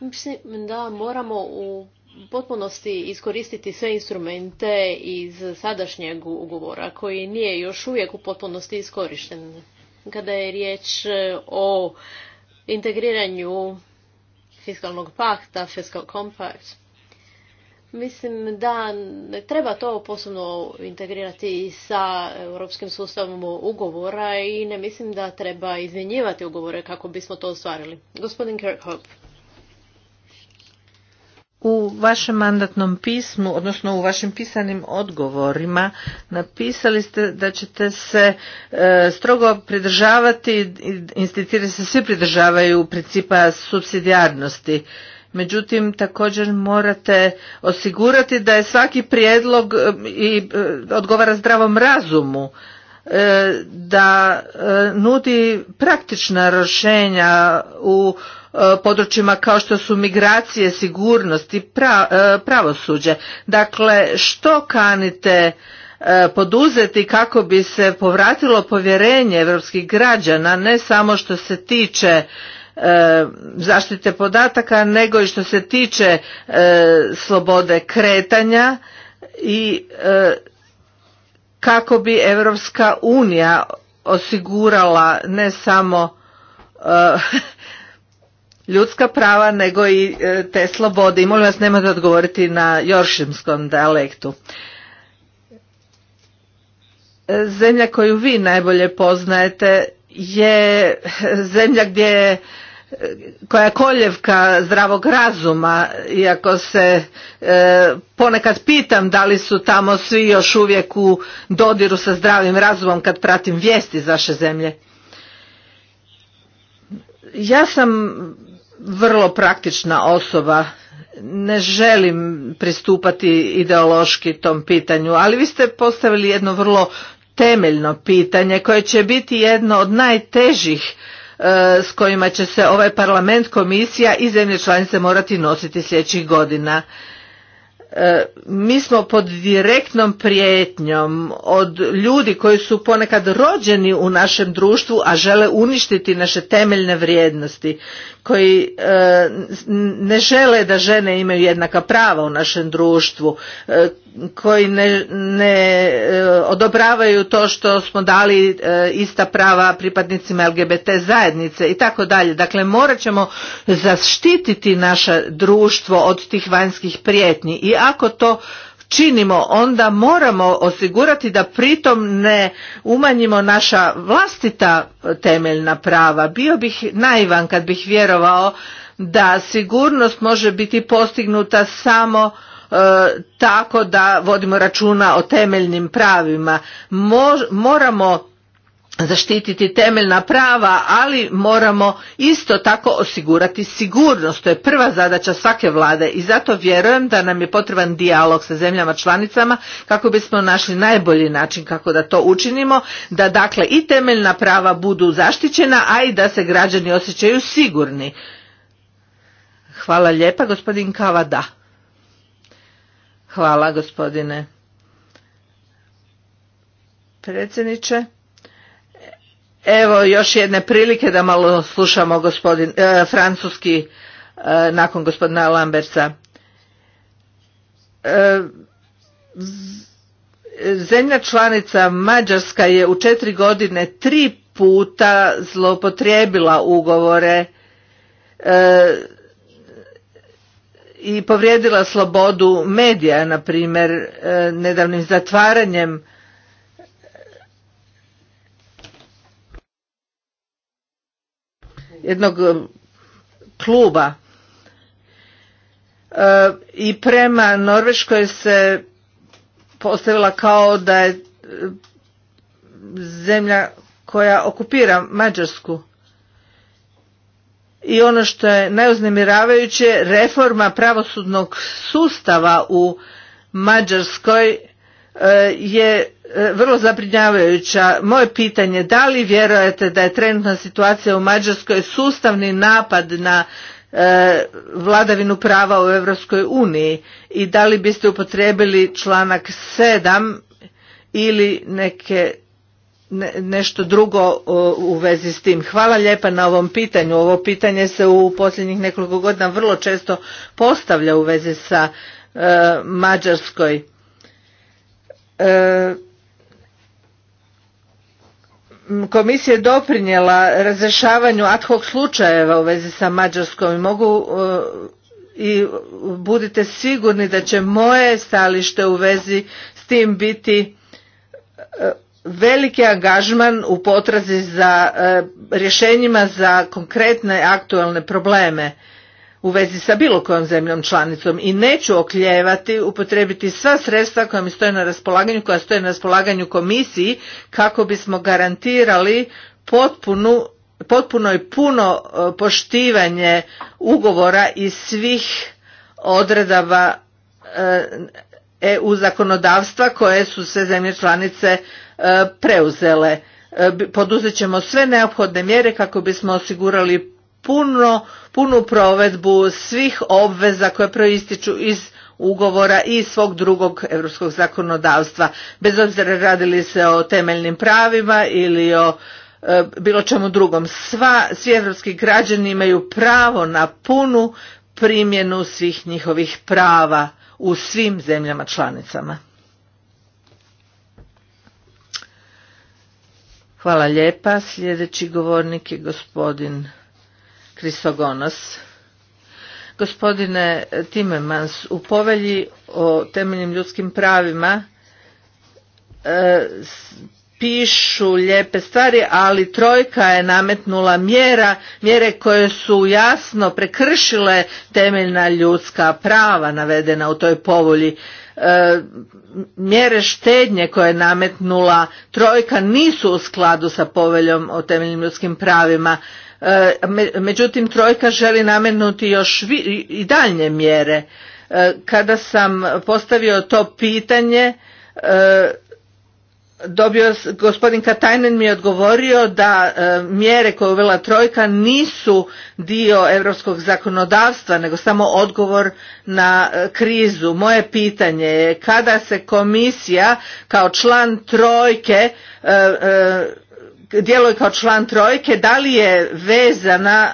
Mislim da moramo u potpunosti iskoristiti sve instrumente iz sadašnjeg ugovora koji nije još uvijek u potpunosti iskorišten. Kada je riječ e, o integriranju fiskalnog pakta, fiscal compact, mislim da ne treba to posebno integrirati sa europskim sustavom ugovora i ne mislim da treba izmjenjivati ugovore kako bismo to ostvarili. Gospodin Kirkhope u vašem mandatnom pismu, odnosno u vašim pisanim odgovorima napisali ste da ćete se e, strogo pridržavati, institucije se svi pridržavaju principa subsidijarnosti. Međutim, također morate osigurati da je svaki prijedlog e, i e, odgovara zdravom razumu da nudi praktična rješenja u E, područjima kao što su migracije, sigurnost i e, pravosuđe. Dakle, što kanite e, poduzeti kako bi se povratilo povjerenje europskih građana, ne samo što se tiče zaštite podataka, nego i što se tiče slobode kretanja i kako bi Europska unija osigurala ne samo *laughs* ljudska prava nego i e, te slobode. I molim vas nemojte odgovoriti na joršimskom dijalektu. E, zemlja koju vi najbolje poznajete je zemlja gdje je e, koja je koljevka zdravog razuma, iako se ponekad pitam da li su tamo svi još uvijek u dodiru sa zdravim razumom kad pratim vijesti iz vaše zemlje. Ja sam vrlo praktična osoba ne želim pristupati ideološki tom pitanju, ali vi ste postavili jedno vrlo temeljno pitanje koje će biti jedno od najtežih e, s kojima će se ovaj parlament, komisija i zemlje članice morati nositi sljedećih godina. E, mi smo pod direktnom prijetnjom od ljudi koji su ponekad rođeni u našem društvu, a žele uništiti naše temeljne vrijednosti, koji e, ne žele da žene imaju jednaka prava u našem društvu, e, koji ne, ne e, odobravaju to što smo dali e, ista prava pripadnicima LGBT zajednice i tako dalje. Dakle, morat ćemo zaštititi naše društvo od tih vanjskih prijetnji i ako to činimo, onda moramo osigurati da pritom ne umanjimo naša vlastita temeljna prava. Bio bih naivan kad bih vjerovao da sigurnost može biti postignuta samo tako da vodimo računa o temeljnim pravima. Moramo zaštititi temeljna prava, ali moramo isto tako osigurati sigurnost. To je prva zadaća svake vlade i zato vjerujem da nam je potreban dijalog sa zemljama članicama kako bismo našli najbolji način kako da to učinimo, da dakle i temeljna prava budu zaštićena, a i da se građani osjećaju sigurni. Hvala lijepa, gospodin Kavada. Hvala gospodine predsjedniče. Evo još jedne prilike da malo slušamo gospodin, e, francuski e, nakon gospodina Lambertsa. E, zemlja članica Mađarska je u četiri godine tri puta zlopotrijebila ugovore i povrijedila slobodu medija, na primjer, e, nedavnim zatvaranjem e, jednog e, kluba. I prema Norveškoj se postavila kao da je zemlja koja okupira Mađarsku i ono što je najuznemiravajuće reforma pravosudnog sustava u Mađarskoj e, je e, vrlo zabrinjavajuća. Moje pitanje, da li vjerujete da je trenutna situacija u Mađarskoj sustavni napad na e, vladavinu prava u Europskoj uniji i da li biste upotrijebili članak 7 ili neke nešto drugo u vezi s tim. Hvala lijepa na ovom pitanju. Ovo pitanje se u posljednjih nekoliko godina vrlo često postavlja u vezi sa e, Mađarskoj. E, komisija je doprinjela razrješavanju ad hoc slučajeva u vezi sa Mađarskom i mogu e, i budite sigurni da će moje stalište u vezi s tim biti veliki angažman u potrazi za e, rješenjima za konkretne aktualne probleme u vezi sa bilo kojom zemljom članicom i neću okljevati upotrebiti sva sredstva koja mi stoje na raspolaganju, koja stoje na raspolaganju komisiji kako bismo garantirali potpunu, potpuno i puno e, poštivanje ugovora i svih odredaba EU e zakonodavstva koje su sve zemlje članice E, preuzele. E, poduzet ćemo sve neophodne mjere kako bismo osigurali puno, punu provedbu svih obveza koje proističu iz ugovora i svog drugog europskog zakonodavstva. Bez obzira radili se o temeljnim pravima ili o e, bilo čemu drugom. Sva, svi europski građani imaju pravo na punu primjenu svih njihovih prava u svim zemljama članicama. Hvala lijepa. Sljedeći govornik je gospodin Kristogonas. Gospodine Timemans, u povelji o temeljnim ljudskim pravima e, pišu lijepe stvari, ali trojka je nametnula mjera, mjere koje su jasno prekršile temeljna ljudska prava navedena u toj povolji. E, mjere štednje koje je nametnula trojka nisu u skladu sa poveljom o temeljnim ljudskim pravima. E, međutim, trojka želi nametnuti još i daljnje mjere. E, kada sam postavio to pitanje, dobio, gospodin Katajnen mi je odgovorio da e, mjere koje uvela trojka nisu dio europskog zakonodavstva, nego samo odgovor na e, krizu. Moje pitanje je kada se komisija kao član trojke e, djeluje kao član trojke, da li je vezana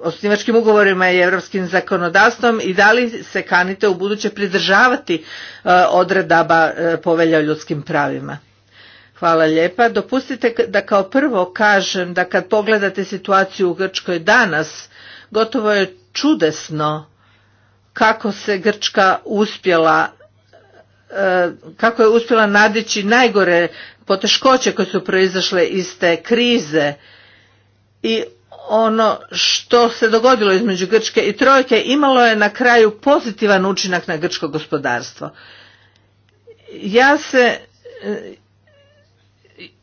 osnivačkim ugovorima i europskim zakonodavstvom i da li se kanite u buduće pridržavati e, odredaba e, povelja o ljudskim pravima? Hvala lijepa. Dopustite da kao prvo kažem da kad pogledate situaciju u Grčkoj danas, gotovo je čudesno kako se Grčka uspjela e, kako je uspjela nadići najgore poteškoće koje su proizašle iz te krize i ono što se dogodilo između Grčke i Trojke imalo je na kraju pozitivan učinak na grčko gospodarstvo. Ja se eh,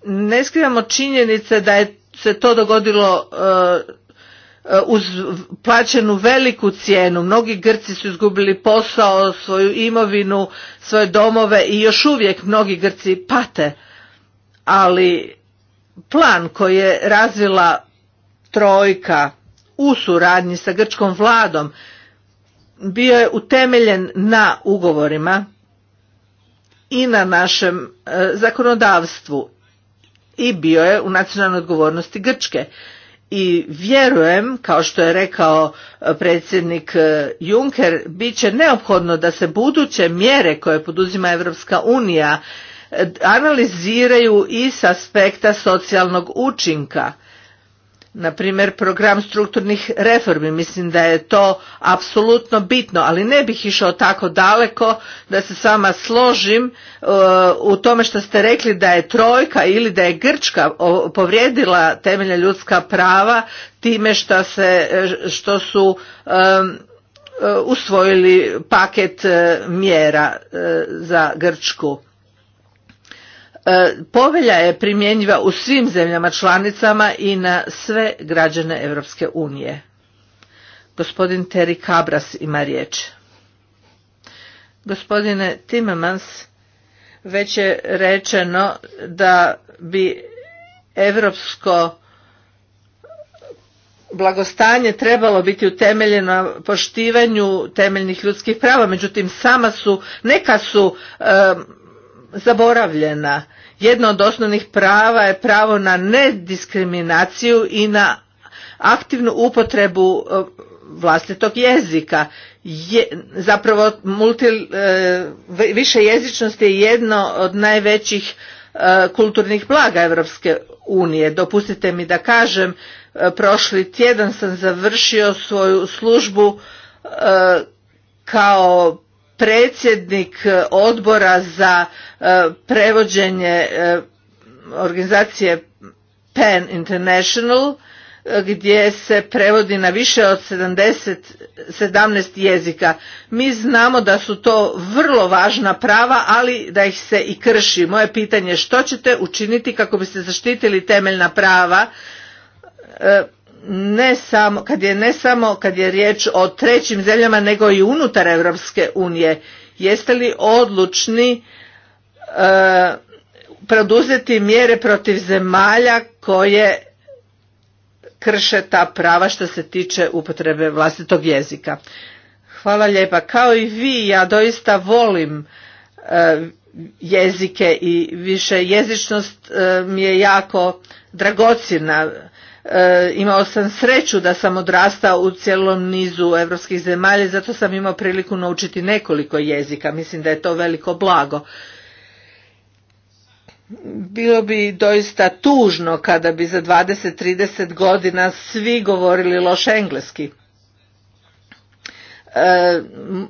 ne skrivamo činjenice da je se to dogodilo eh, uz plaćenu veliku cijenu. Mnogi Grci su izgubili posao, svoju imovinu, svoje domove i još uvijek mnogi Grci pate. Ali plan koji je razvila trojka u suradnji sa grčkom vladom bio je utemeljen na ugovorima i na našem e, zakonodavstvu i bio je u nacionalnoj odgovornosti Grčke. I vjerujem, kao što je rekao e, predsjednik e, Juncker, bit će neophodno da se buduće mjere koje poduzima Europska unija analiziraju i s aspekta socijalnog učinka na primjer program strukturnih reformi mislim da je to apsolutno bitno ali ne bih išao tako daleko da se s vama složim e, u tome što ste rekli da je trojka ili da je grčka povrijedila temelja ljudska prava time što se e, što su e, usvojili paket mjera za grčku E, povelja je primjenjiva u svim zemljama članicama i na sve građane Europske unije. Gospodin Terry Cabras ima riječ. Gospodine Timmermans, već je rečeno da bi europsko blagostanje trebalo biti utemeljeno na poštivanju temeljnih ljudskih prava, međutim sama su, neka su e, zaboravljena jedno od osnovnih prava je pravo na nediskriminaciju i na aktivnu upotrebu e, vlastitog jezika. Je, zapravo multi, e, više jezičnost je jedno od najvećih e, kulturnih blaga Europske unije. Dopustite mi da kažem, prošli tjedan sam završio svoju službu kao predsjednik e, odbora za e, prevođenje e, organizacije Pan International gdje se prevodi na više od 70, 17 jezika. Mi znamo da su to vrlo važna prava, ali da ih se i krši. Moje pitanje je što ćete učiniti kako biste zaštitili temeljna prava ne samo, kad je ne samo kad je riječ o trećim zemljama nego i unutar Europske unije. Jeste li odlučni e, mjere protiv zemalja koje krše ta prava što se tiče upotrebe vlastitog jezika? Hvala lijepa. Kao i vi, ja doista volim e, jezike i više jezičnost e, mi je jako dragocjena E, imao sam sreću da sam odrastao u cijelom nizu europskih zemalja, zato sam imao priliku naučiti nekoliko jezika. Mislim da je to veliko blago. Bilo bi doista tužno kada bi za 20-30 godina svi govorili loš engleski. E,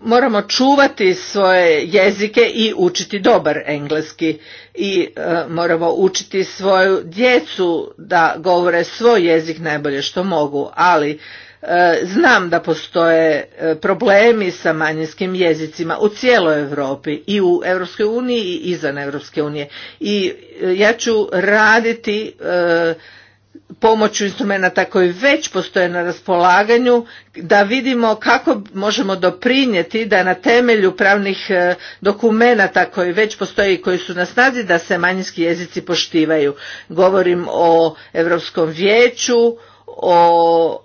moramo čuvati svoje jezike i učiti dobar engleski i e, moramo učiti svoju djecu da govore svoj jezik najbolje što mogu ali e, znam da postoje problemi sa manjinskim jezicima u cijeloj Europi i u Europskoj uniji i izvan Europske unije i ja ću raditi pomoću instrumenata koji već postoje na raspolaganju da vidimo kako možemo doprinijeti da na temelju pravnih e, dokumenata koji već postoje i koji su na snazi da se manjinski jezici poštivaju. Govorim o Europskom vijeću, o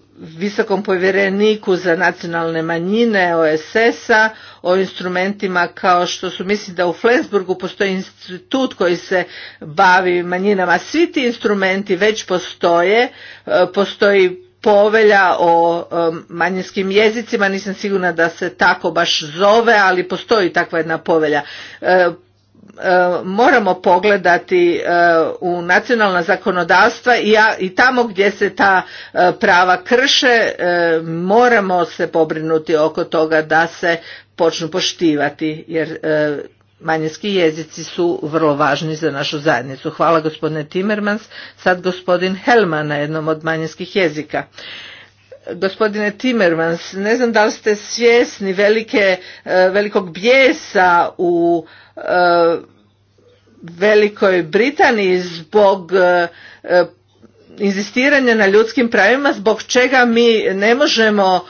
e, visokom povjereniku za nacionalne manjine OSS-a, o instrumentima kao što su, mislim da u Flensburgu postoji institut koji se bavi manjinama. Svi ti instrumenti već postoje, e, postoji povelja o e, manjinskim jezicima, nisam sigurna da se tako baš zove, ali postoji takva jedna povelja. E, E, moramo pogledati e, u nacionalna zakonodavstva i tamo gdje se ta e, prava krše moramo se pobrinuti oko toga da se počnu poštivati jer manjinski jezici su vrlo važni za našu zajednicu. Hvala gospodine Timmermans, sad gospodin Helman na jednom od manjinskih jezika. Gospodine Timmermans, ne znam da li ste svjesni velike, e, velikog bijesa u e, Velikoj Britaniji zbog e, inzistiranja na ljudskim pravima zbog čega mi ne možemo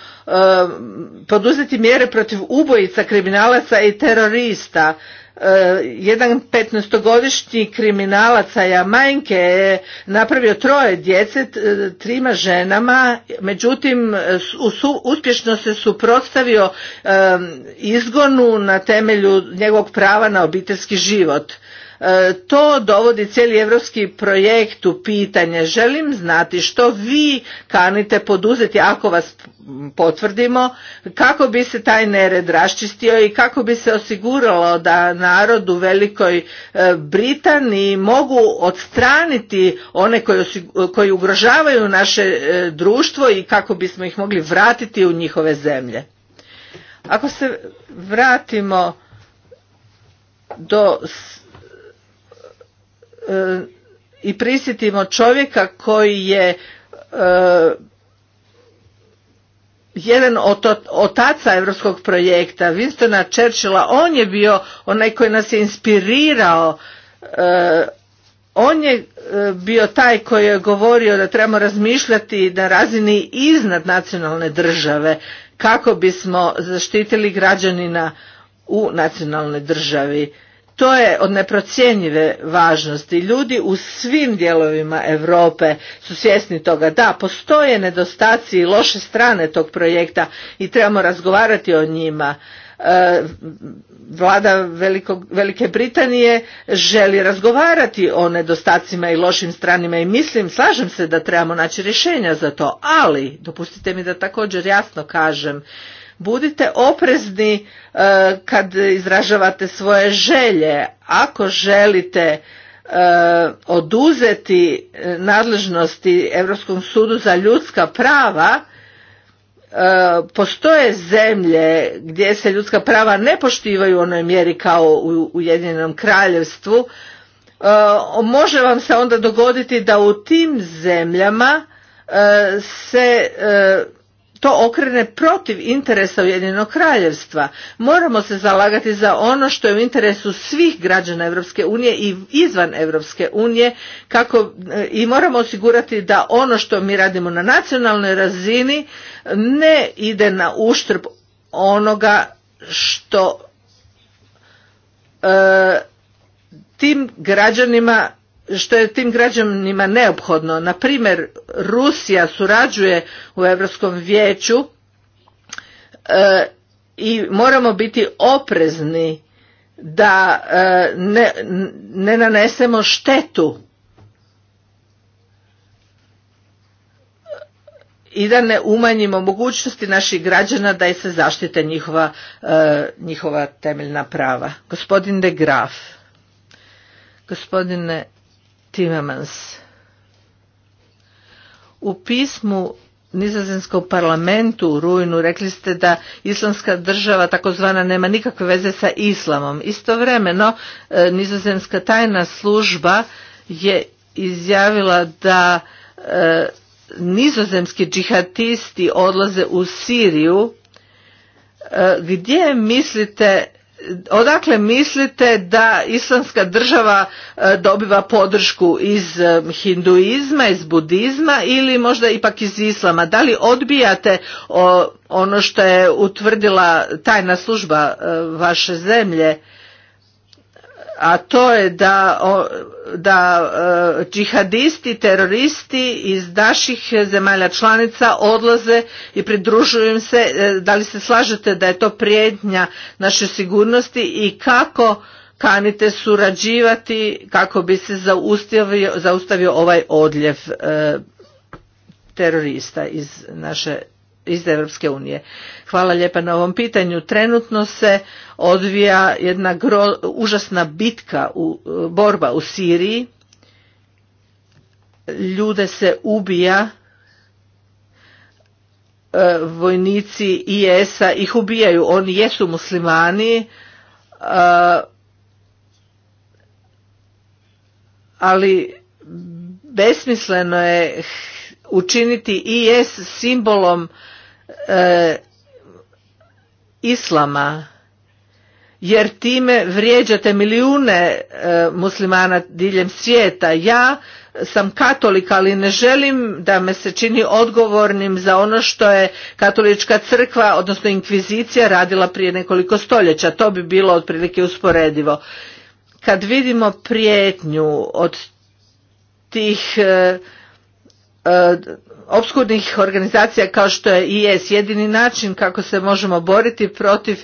poduzeti mjere protiv ubojica, kriminalaca i terorista. Eh, jedan 15-godišnji kriminalac Jamajnke je napravio troje djece trima ženama, međutim uspješno se suprotstavio izgonu na temelju njegovog prava na obiteljski život. E, to dovodi cijeli europski projekt u pitanje. Želim znati što vi kanite poduzeti ako vas potvrdimo, kako bi se taj nered raščistio i kako bi se osiguralo da narod u Velikoj e, Britaniji mogu odstraniti one koji, koji ugrožavaju naše e, društvo i kako bismo ih mogli vratiti u njihove zemlje. Ako se vratimo do i prisjetimo čovjeka koji je e, jedan od otaca europskog projekta, Winstona Churchilla, on je bio onaj koji nas je inspirirao, e, on je e, bio taj koji je govorio da trebamo razmišljati na razini iznad nacionalne države kako bismo zaštitili građanina u nacionalnoj državi to je od neprocjenjive važnosti. Ljudi u svim dijelovima Europe su svjesni toga. Da, postoje nedostaci i loše strane tog projekta i trebamo razgovarati o njima. E, vlada Velike Britanije želi razgovarati o nedostacima i lošim stranima i mislim, slažem se da trebamo naći rješenja za to, ali dopustite mi da također jasno kažem budite oprezni e, kad izražavate svoje želje ako želite e, oduzeti e, nadležnosti europskom sudu za ljudska prava postoje zemlje gdje se ljudska prava ne poštivaju u onoj mjeri kao u ujedinjenom kraljevstvu može vam se onda dogoditi da u tim zemljama se to okrene protiv interesa Ujedinjenog kraljevstva. Moramo se zalagati za ono što je u interesu svih građana Europske unije i izvan Europske unije kako e, i moramo osigurati da ono što mi radimo na nacionalnoj razini ne ide na uštrb onoga što e, tim građanima što je tim građanima neophodno. Na primjer, Rusija surađuje u Europskom vijeću e, i moramo biti oprezni da e, ne, ne nanesemo štetu i da ne umanjimo mogućnosti naših građana da i se zaštite njihova, e, njihova temeljna prava. Gospodin de Graf. Gospodine Timmermans. U pismu Nizozemskom parlamentu u rujnu rekli ste da islamska država takozvana nema nikakve veze sa islamom. Istovremeno e, Nizozemska tajna služba je izjavila da e, nizozemski džihatisti odlaze u Siriju. E, gdje mislite odakle mislite da islamska država e, dobiva podršku iz e, hinduizma, iz budizma ili možda ipak iz islama? Da li odbijate ono što je utvrdila tajna služba e, vaše zemlje? a to je da, da e, džihadisti, teroristi iz naših zemalja članica odlaze i pridružuju im se. E, da li se slažete da je to prijetnja naše sigurnosti i kako kanite surađivati kako bi se zaustavio, zaustavio ovaj odljev e, terorista iz naše iz Europske unije. Hvala lijepa na ovom pitanju. Trenutno se odvija jedna užasna bitka, u, borba u Siriji. Ljude se ubija, e, vojnici IS-a ih ubijaju. Oni jesu muslimani, e, ali besmisleno je učiniti IS simbolom E, islama jer time vrijeđate milijune e, muslimana diljem svijeta ja sam katolik ali ne želim da me se čini odgovornim za ono što je katolička crkva odnosno inkvizicija radila prije nekoliko stoljeća to bi bilo otprilike usporedivo kad vidimo prijetnju od tih e, e obskurnih organizacija kao što je IS. Jedini način kako se možemo boriti protiv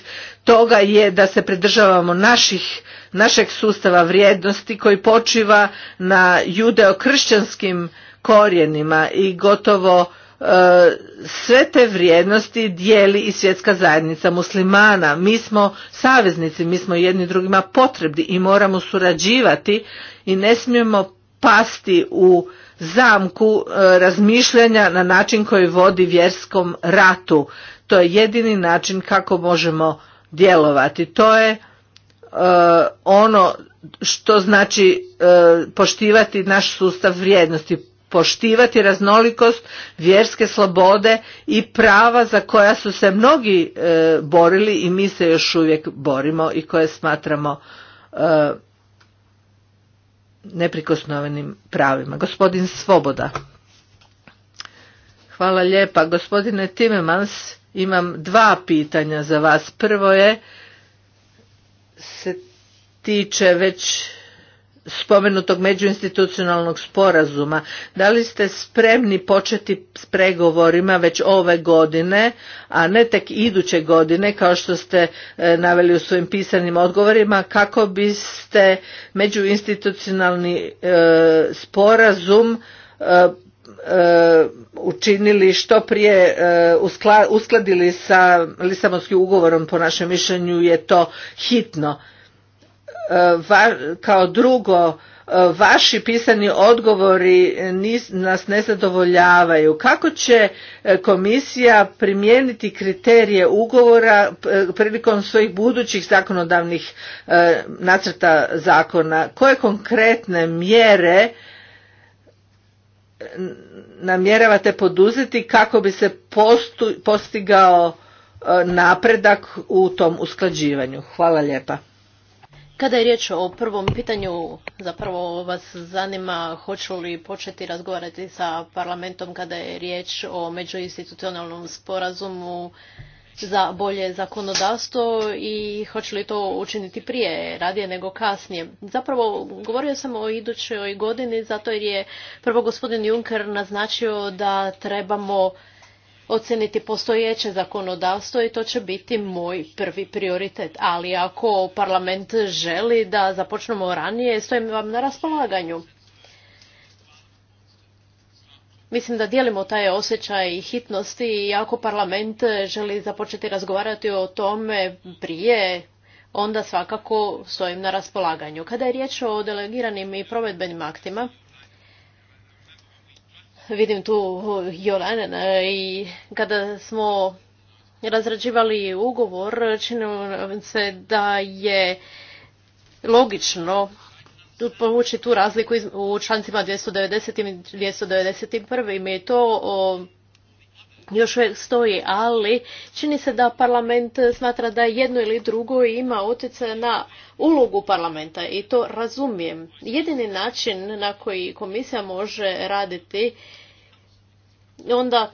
toga je da se pridržavamo naših našeg sustava vrijednosti koji počiva na judeokršćanskim korijenima i gotovo e, sve te vrijednosti dijeli i svjetska zajednica muslimana. Mi smo saveznici, mi smo jedni drugima potrebni i moramo surađivati i ne smijemo pasti u zamku e, razmišljanja na način koji vodi vjerskom ratu. To je jedini način kako možemo djelovati. To je e, ono što znači e, poštivati naš sustav vrijednosti, poštivati raznolikost vjerske slobode i prava za koja su se mnogi borili i mi se još uvijek borimo i koje smatramo neprikosnovenim pravima. Gospodin Svoboda. Hvala lijepa. Gospodine Timemans, imam dva pitanja za vas. Prvo je, se tiče već spomenutog međuinstitucionalnog sporazuma. Da li ste spremni početi s pregovorima već ove godine, a ne tek iduće godine, kao što ste e, naveli u svojim pisanim odgovorima, kako biste međuinstitucionalni e, sporazum e, učinili što prije uskladili sa Lisabonskim ugovorom, po našem mišljenju je to hitno E, kao drugo e, vaši pisani odgovori nas ne zadovoljavaju. Kako će e, komisija primijeniti kriterije ugovora prilikom svojih budućih zakonodavnih nacrta zakona? Koje konkretne mjere namjeravate poduzeti kako bi se postigao napredak u tom usklađivanju? Hvala lijepa. Kada je riječ o prvom pitanju, zapravo vas zanima hoću li početi razgovarati sa parlamentom kada je riječ o međuinstitucionalnom sporazumu za bolje zakonodavstvo i hoću li to učiniti prije, radije nego kasnije. Zapravo, govorio sam o idućoj godini zato jer je prvo gospodin Juncker naznačio da trebamo ocijeniti postojeće zakonodavstvo i to će biti moj prvi prioritet. Ali ako parlament želi da započnemo ranije, stojim vam na raspolaganju. Mislim da dijelimo taj osjećaj hitnosti i ako parlament želi započeti razgovarati o tome prije, onda svakako stojim na raspolaganju. Kada je riječ o delegiranim i provedbenim aktima, vidim tu Jolanena i kada smo razrađivali ugovor, čini se da je logično povući tu razliku u člancima 290. i 291. i to još uvijek stoji, ali čini se da parlament smatra da jedno ili drugo ima utjecaj na ulogu parlamenta i to razumijem. Jedini način na koji komisija može raditi onda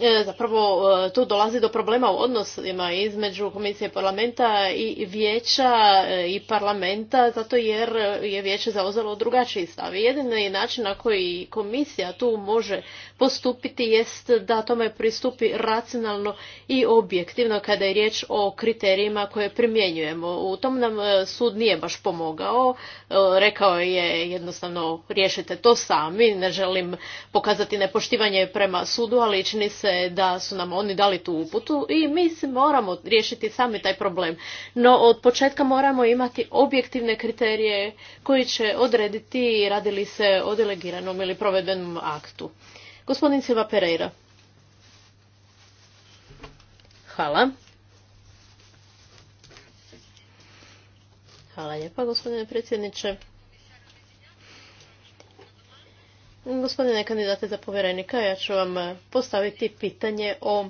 e, zapravo e, tu dolazi do problema u odnosima između komisije parlamenta i vijeća e, i parlamenta zato jer je vijeće zauzelo drugačiji stav. Jedini način na koji komisija tu može postupiti jest da tome pristupi racionalno i objektivno kada je riječ o kriterijima koje primjenjujemo. U tom nam e, sud nije baš pomogao, e, rekao je jednostavno riješite to sami, ne želim pokazati nepoštivanje prema sudu, ali čini se da su nam oni dali tu uputu i mi moramo riješiti sami taj problem. No od početka moramo imati objektivne kriterije koji će odrediti radi li se o delegiranom ili provedbenom aktu. Gospodin Silva Pereira. Hvala. Hvala lijepa, gospodine predsjedniče. Gospodine kandidate za povjerenika, ja ću vam postaviti pitanje o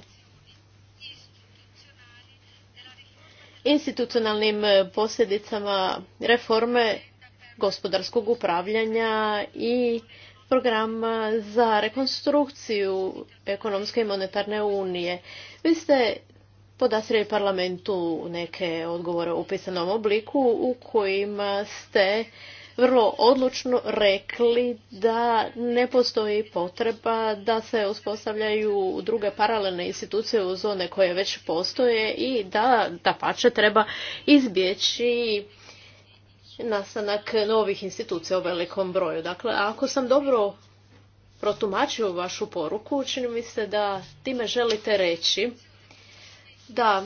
institucionalnim posljedicama reforme gospodarskog upravljanja i programa za rekonstrukciju ekonomske i monetarne unije. Vi ste podasrili parlamentu neke odgovore u pisanom obliku u kojima ste vrlo odlučno rekli da ne postoji potreba da se uspostavljaju druge paralelne institucije u zone koje već postoje i da, da pače, treba izbjeći nastanak novih institucija u velikom broju. Dakle, ako sam dobro protumačio vašu poruku, čini mi se da time želite reći da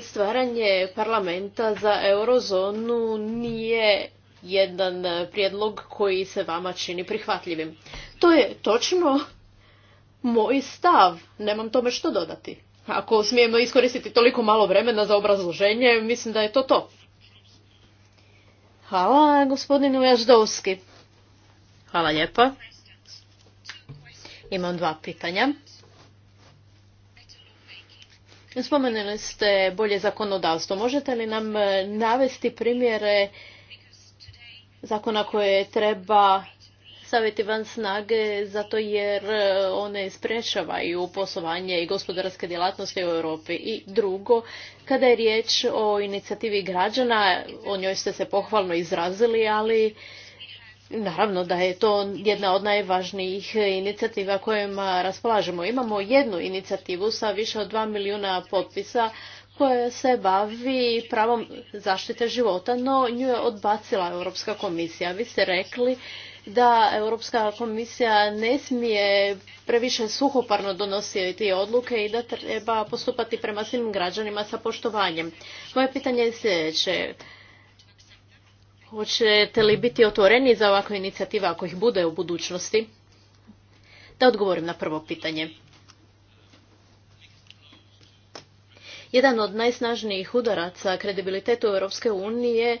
stvaranje parlamenta za eurozonu nije jedan prijedlog koji se vama čini prihvatljivim. To je točno moj stav. Nemam tome što dodati. Ako smijemo iskoristiti toliko malo vremena za obrazloženje, mislim da je to to. Hvala gospodinu Jaždovski. Hvala lijepa. Imam dva pitanja. Spomenuli ste bolje zakonodavstvo. Možete li nam navesti primjere zakona koje treba staviti van snage zato jer e, one sprečavaju poslovanje i gospodarske djelatnosti u Europi. I drugo, kada je riječ o inicijativi građana, o njoj ste se pohvalno izrazili, ali Naravno da je to jedna od najvažnijih inicijativa kojima raspolažemo. Imamo jednu inicijativu sa više od dva milijuna potpisa koja se bavi pravom zaštite života, no nju je odbacila Europska komisija. Vi ste rekli da Europska komisija ne smije previše suhoparno donositi odluke i da treba postupati prema svim građanima sa poštovanjem. Moje pitanje je sljedeće. Hoćete li biti otvoreni za ovakve inicijative ako ih bude u budućnosti? Da odgovorim na prvo pitanje. Jedan od najsnažnijih udaraca kredibilitetu Europske unije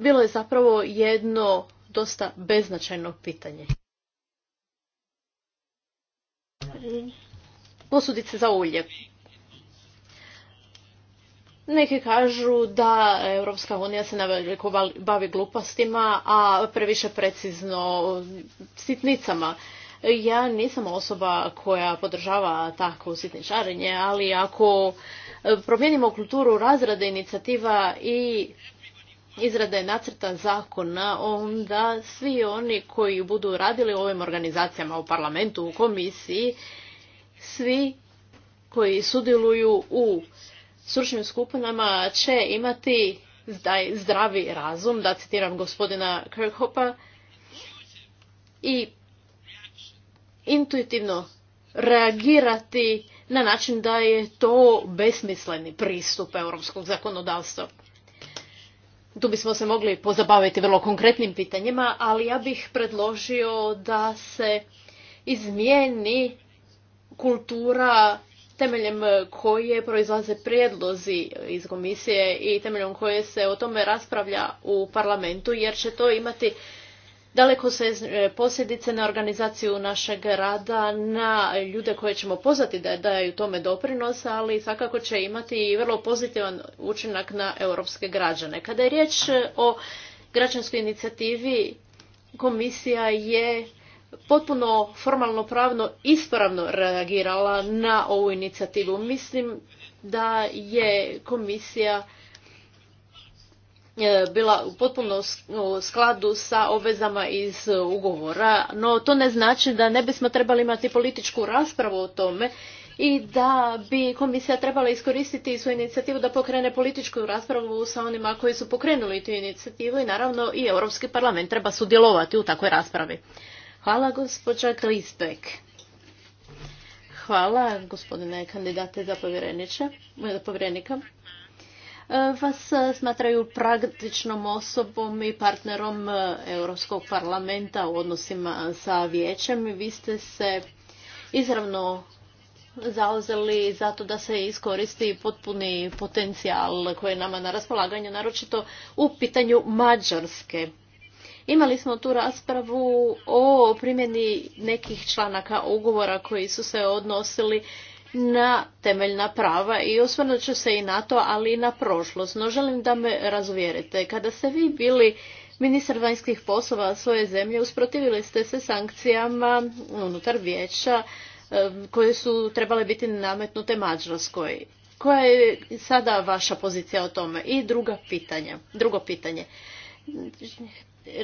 bilo je zapravo jedno dosta beznačajno pitanje. Posudice za ulje. Neki kažu da Europska unija se naveliko bavi glupostima, a previše precizno sitnicama. Ja nisam osoba koja podržava takvo sitničarenje, ali ako promijenimo kulturu razrade inicijativa i je nacrta zakona, onda svi oni koji budu radili u ovim organizacijama u parlamentu, u komisiji, svi koji sudjeluju u stručnim skupinama će imati zdravi razum, da citiram gospodina Kirkhopa, i intuitivno reagirati na način da je to besmisleni pristup europskog zakonodavstva. Tu bismo se mogli pozabaviti vrlo konkretnim pitanjima, ali ja bih predložio da se izmijeni kultura temeljem koje proizlaze prijedlozi iz komisije i temeljem koje se o tome raspravlja u parlamentu jer će to imati daleko se e, posljedice na organizaciju našeg rada, na ljude koje ćemo pozvati da daju tome doprinos, ali svakako će imati i vrlo pozitivan učinak na europske građane. Kada je riječ e, o građanskoj inicijativi, komisija je potpuno formalno pravno ispravno reagirala na ovu inicijativu. Mislim da je komisija E, bila u potpuno u skladu sa obvezama iz ugovora, no to ne znači da ne bismo trebali imati političku raspravu o tome i da bi komisija trebala iskoristiti svoju inicijativu da pokrene političku raspravu sa onima koji su pokrenuli tu inicijativu i naravno i Europski parlament treba sudjelovati u takvoj raspravi. Hvala gospođa Hvala gospodine kandidate za povjerenika vas e, smatraju praktičnom osobom i partnerom e, Europskog parlamenta u odnosima sa vijećem vi ste se izravno zauzeli zato da se iskoristi potpuni potencijal koji je nama na raspolaganju, naročito u pitanju Mađarske. Imali smo tu raspravu o primjeni nekih članaka ugovora koji su se odnosili na temeljna prava i osvrnut ću se i na to, ali i na prošlost. No želim da me razuvjerite. Kada ste vi bili ministar vanjskih poslova svoje zemlje, usprotivili ste se sankcijama unutar vijeća e, koje su trebale biti nametnute Mađarskoj. Koja je sada vaša pozicija o tome? I druga pitanja, drugo pitanje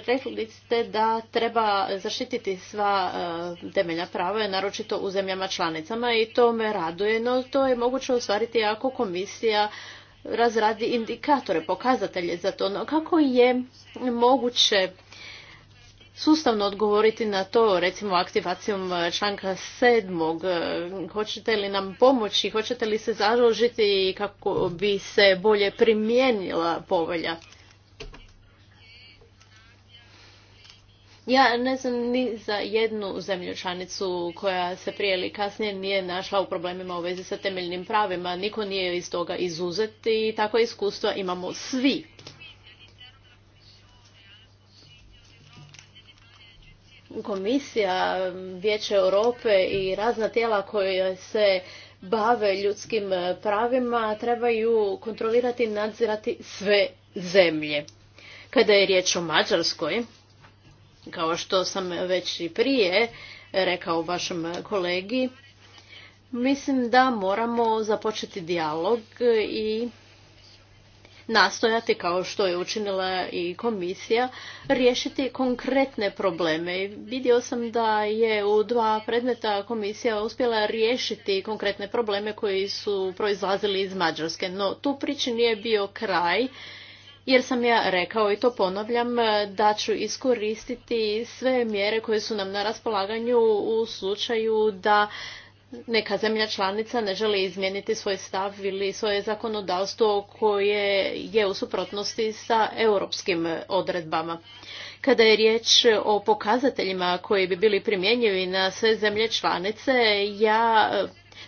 rekli ste da treba zaštititi sva e, temeljna prava, naročito u zemljama članicama i to me raduje, no to je moguće ostvariti ako komisija razradi indikatore, pokazatelje za to. No kako je moguće sustavno odgovoriti na to, recimo aktivacijom članka sedmog, e, hoćete li nam pomoći, hoćete li se založiti kako bi se bolje primijenila povelja? Ja ne znam ni za jednu zemlju članicu koja se prije ili kasnije nije našla u problemima u vezi sa temeljnim pravima. Niko nije iz toga izuzet i takva iskustva imamo svi. Komisija, Vijeće Europe i razna tijela koje se bave ljudskim pravima trebaju kontrolirati i nadzirati sve zemlje. Kada je riječ o Mađarskoj, kao što sam već i prije rekao vašem kolegi, mislim da moramo započeti dijalog i nastojati, kao što je učinila i komisija, riješiti konkretne probleme. Vidio sam da je u dva predmeta komisija uspjela riješiti konkretne probleme koji su proizlazili iz Mađarske, no tu priči nije bio kraj jer sam ja rekao i to ponavljam e, da ću iskoristiti sve mjere koje su nam na raspolaganju u slučaju da neka zemlja članica ne želi izmijeniti svoj stav ili svoje zakonodavstvo koje je u suprotnosti sa europskim odredbama. Kada je riječ o pokazateljima koji bi bili primjenjivi na sve zemlje članice, ja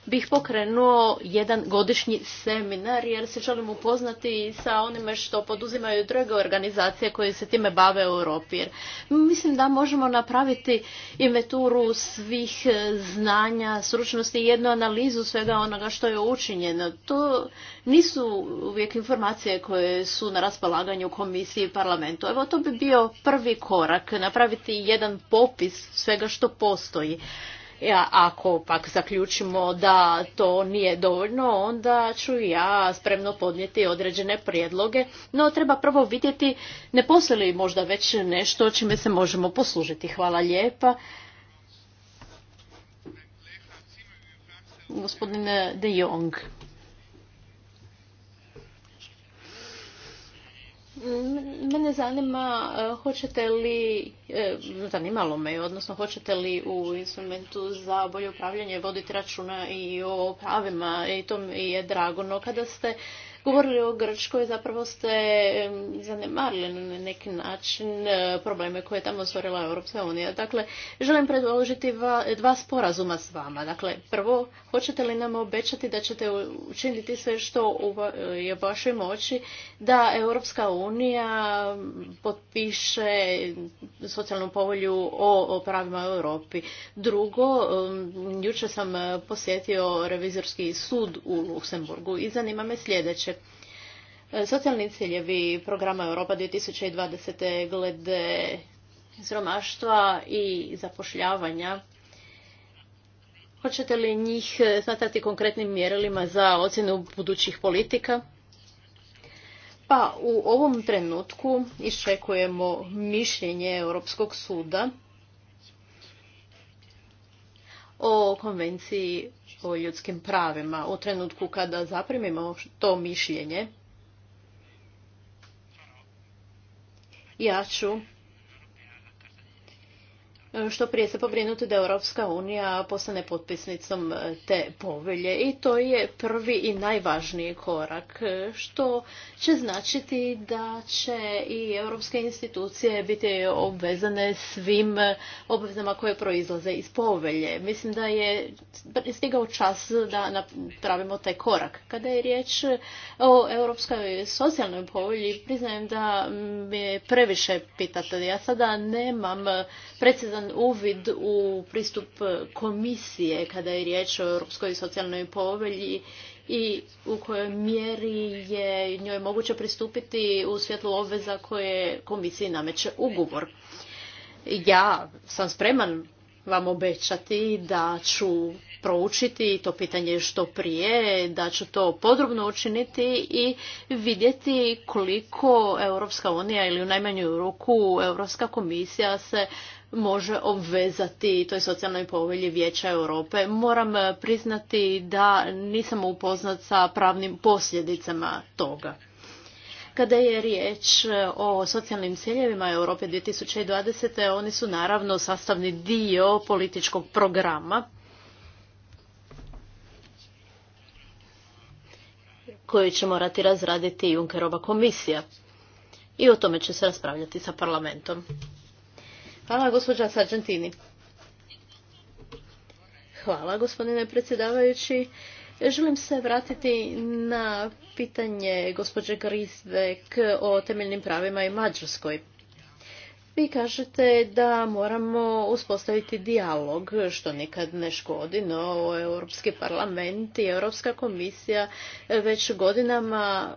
bih pokrenuo jedan godišnji seminar jer se želim upoznati sa onime što poduzimaju druge organizacije koje se time bave u Europi. Jer mislim da možemo napraviti inventuru svih e, znanja, stručnosti i jednu analizu svega onoga što je učinjeno. To nisu uvijek informacije koje su na raspolaganju komisiji i parlamentu. Evo to bi bio prvi korak, napraviti jedan popis svega što postoji. E, ako pak zaključimo da to nije dovoljno, onda ću ja spremno podnijeti određene prijedloge, no treba prvo vidjeti ne postoji li možda već nešto čime se možemo poslužiti. Hvala lijepa. Gospodine De Mene zanima, e, hoćete li, e, zanimalo me, odnosno hoćete li u instrumentu za bolje upravljanje voditi računa i o pravima i to mi je drago, no kada ste govorili o Grčkoj, zapravo ste zanemarili na neki način e, probleme koje je tamo stvorila Europska unija. Dakle, želim predložiti dva sporazuma s vama. Dakle, prvo, hoćete li nam obećati da ćete učiniti sve što je u vašoj moći da Europska unija potpiše socijalnu povolju o pravima Europi? Drugo, jučer sam posjetio revizorski sud u Luksemburgu i zanima me sljedeće. E, socijalni ciljevi programa Europa 2020. glede zromaštva i zapošljavanja Hoćete li njih e, smatrati konkretnim mjerilima za ocjenu budućih politika? Pa u ovom trenutku iščekujemo mišljenje Europskog suda o konvenciji o ljudskim pravima. U trenutku kada zaprimimo to mišljenje, Ja ću što prije se pobrinuti da Europska unija postane potpisnicom e, te povelje i to je prvi i najvažniji korak e, što će značiti da će i europske institucije biti obvezane svim e, obvezama koje proizlaze iz povelje. Mislim da je stigao čas da napravimo taj korak. Kada je riječ o europskoj socijalnoj povelji priznajem da me previše pitate. Ja sada nemam precizan uvid u pristup komisije kada je riječ o Europskoj socijalnoj povelji i u kojoj mjeri je njoj moguće pristupiti u svjetlu obveza koje komisiji nameće ugovor. Ja sam spreman vam obećati da ću proučiti to pitanje što prije, da ću to podrobno učiniti i vidjeti koliko Europska unija ili u najmanju ruku Europska komisija se može obvezati toj socijalnoj povelji Vijeća Europe. Moram e, priznati da nisam upoznat sa pravnim posljedicama toga. Kada je riječ e, o socijalnim ciljevima Europe 2020. oni su naravno sastavni dio političkog programa koji će morati razraditi Junckerova komisija. I o tome će se raspravljati sa parlamentom. Hvala, gospođa Hvala, gospodine predsjedavajući. Želim se vratiti na pitanje gospođe Grisvek o temeljnim pravima i Mađarskoj. Vi kažete da moramo uspostaviti dijalog, što nikad ne škodi, no Europski parlament i Europska komisija već godinama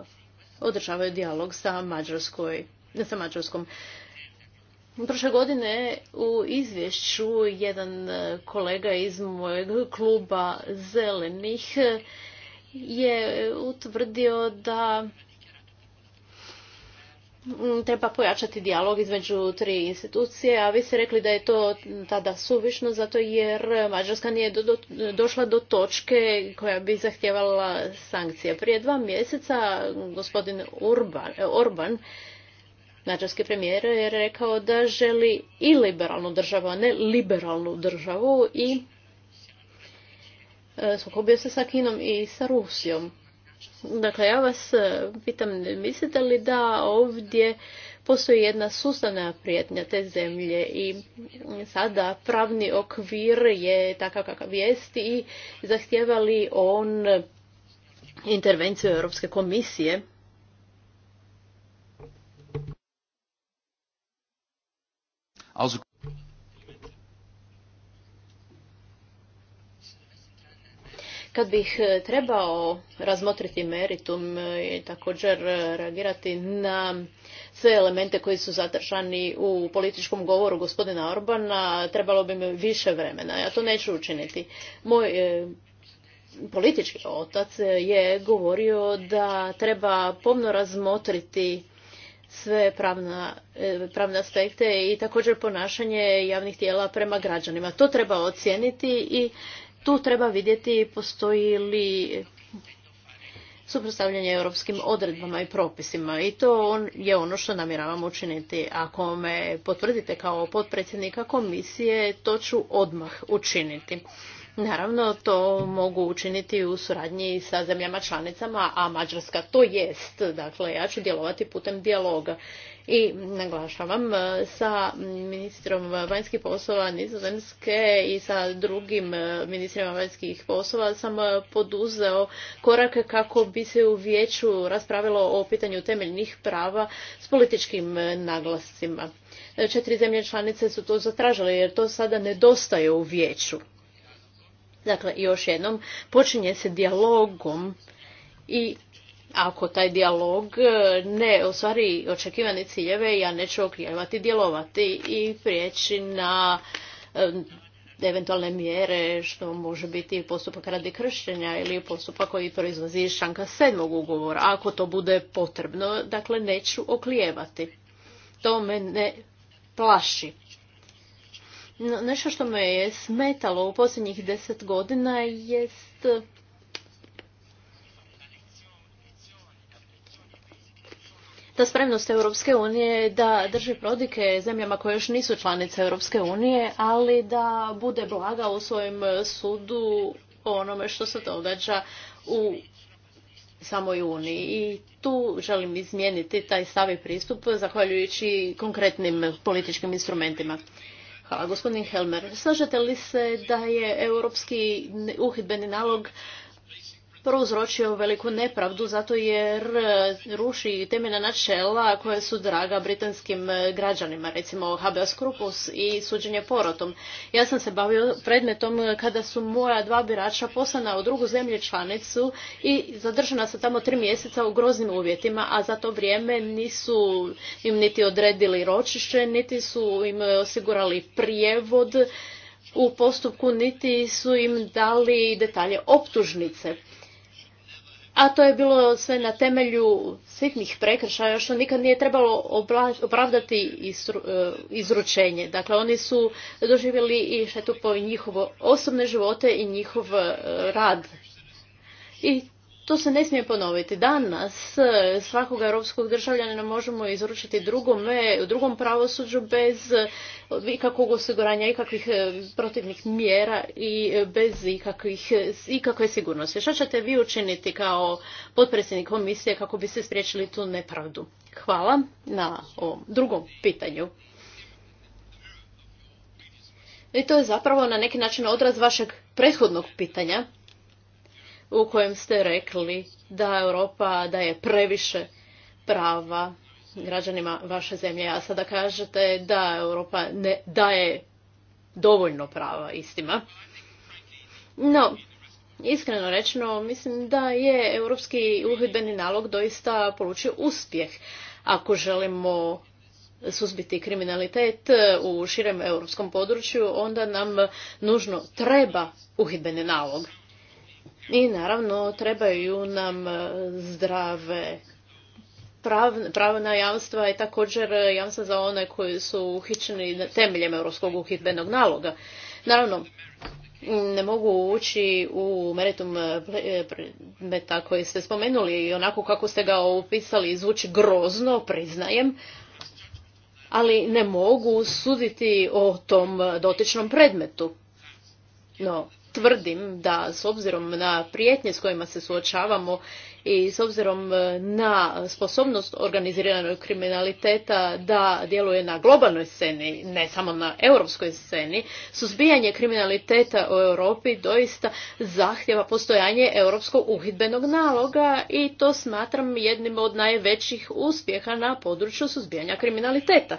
održavaju dijalog sa, sa Mađarskom. Prošle godine u izvješću jedan e, kolega iz mojeg kluba zelenih e, je utvrdio da mm, treba pojačati dijalog između tri institucije, a vi ste rekli da je to tada suvišno zato jer Mađarska nije do, došla do točke koja bi zahtijevala sankcije. Prije dva mjeseca gospodin Urban, e, Orban Mađarski premijer je rekao da želi i liberalnu državu, a ne liberalnu državu i e, sukobio se sa Kinom i sa Rusijom. Dakle, ja vas e, pitam, mislite li da ovdje postoji jedna sustavna prijetnja te zemlje i sada pravni okvir je takav kakav jest i zahtjeva li on intervenciju Europske komisije Kad bih e, trebao razmotriti meritum e, i također e, reagirati na sve elemente koji su zadržani u političkom govoru gospodina Orbana, trebalo bi mi više vremena. Ja to neću učiniti. Moj politički otac je govorio da treba pomno razmotriti sve pravna, e, pravne aspekte i također ponašanje javnih tijela prema građanima. To treba ocijeniti i tu treba vidjeti postoji li suprotstavljanje europskim odredbama i propisima i to on je ono što namjeravam učiniti. Ako me potvrdite kao potpredsjednika komisije, to ću odmah učiniti. Naravno, to mogu učiniti u suradnji sa zemljama članicama, a Mađarska to jest. Dakle, ja ću djelovati putem dijaloga. I naglašavam e, sa ministrom vanjskih poslova Nizozemske i sa drugim e, ministrima vanjskih poslova sam e, poduzeo korake kako bi se u vijeću raspravilo o pitanju temeljnih prava s političkim naglascima. Četiri zemlje članice su to zatražile jer to sada nedostaje u vijeću. Dakle, još jednom, počinje se dijalogom i ako taj dijalog e, ne ostvari očekivane ciljeve, ja neću oklijevati djelovati i prijeći na e, eventualne mjere što može biti postupak radi kršćenja ili postupak koji proizlazi iz članka sedmog ugovora. Ako to bude potrebno, dakle neću oklijevati. To me ne plaši. Nešto što me je smetalo u posljednjih deset godina jest ta spremnost Europske unije da drži prodike zemljama koje još nisu članice Europske unije, ali da bude blaga u svojem sudu o onome što se događa u samoj Uniji. I tu želim izmijeniti taj stavi pristup zahvaljujući konkretnim političkim instrumentima. Hvala, gospodin Helmer. Slažete li se da je europski uhidbeni nalog prouzročio veliku nepravdu zato jer e, ruši temeljna načela koje su draga britanskim e, građanima, recimo habeas corpus i suđenje porotom. Ja sam se bavio predmetom kada su moja dva birača poslana u drugu zemlju članicu i zadržana su tamo tri mjeseca u groznim uvjetima, a za to vrijeme nisu im niti odredili ročišće, niti su im osigurali prijevod u postupku, niti su im dali detalje optužnice a to je bilo sve na temelju sitnih prekršaja što nikad nije trebalo opravdati e, izručenje. Dakle, oni su doživjeli i štetu po njihovo osobne živote i njihov e, rad. I to se ne smije ponoviti. Danas e, svakog europskog državljanina možemo izručiti drugome, drugom pravosuđu bez e, ikakvog osiguranja, ikakvih e, protivnih mjera i bez ikakve sigurnosti. Što ćete vi učiniti kao potpredsjednik komisije kako bi se spriječili tu nepravdu? Hvala na ovom drugom pitanju. I to je zapravo na neki način odraz vašeg prethodnog pitanja u kojem ste rekli da Europa daje previše prava građanima vaše zemlje, a sada kažete da Europa ne daje dovoljno prava istima. No, iskreno rečeno, mislim da je europski uhidbeni nalog doista polučio uspjeh. Ako želimo suzbiti kriminalitet u širem europskom području, onda nam nužno treba uhidbeni nalog. I naravno trebaju nam e, zdrave pravna jamstva i također e, jamstva za one koji su uhičeni temeljem Europskog uhitbenog naloga. Naravno, ne mogu ući u meritum e, predmeta koji ste spomenuli i onako kako ste ga opisali zvuči grozno, priznajem, ali ne mogu suditi o tom dotičnom predmetu. No, tvrdim da s obzirom na prijetnje s kojima se suočavamo i s obzirom e, na sposobnost organiziranog kriminaliteta da djeluje na globalnoj sceni, ne samo na europskoj sceni, suzbijanje kriminaliteta u Europi doista zahtjeva postojanje europskog uhidbenog naloga i to smatram jednim od najvećih uspjeha na području suzbijanja kriminaliteta.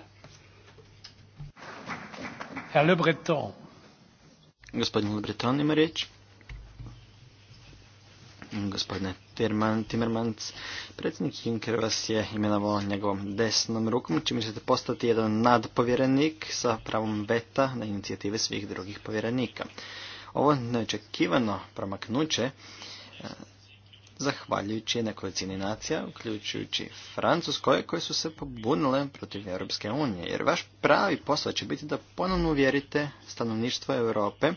Breton. Gospodin Lebreton ima riječ. Gospodine Tirman, Timmermans, predsjednik Junker vas je imenovao njegovom desnom rukom, čim ćete postati jedan nadpovjerenik sa pravom veta na inicijative svih drugih povjerenika. Ovo neočekivano promaknuće zahvaljujući nekolicini nacija, uključujući Francuskoj, koje su se pobunile protiv Europske unije. Jer vaš pravi posao će biti da ponovno uvjerite stanovništvo Europe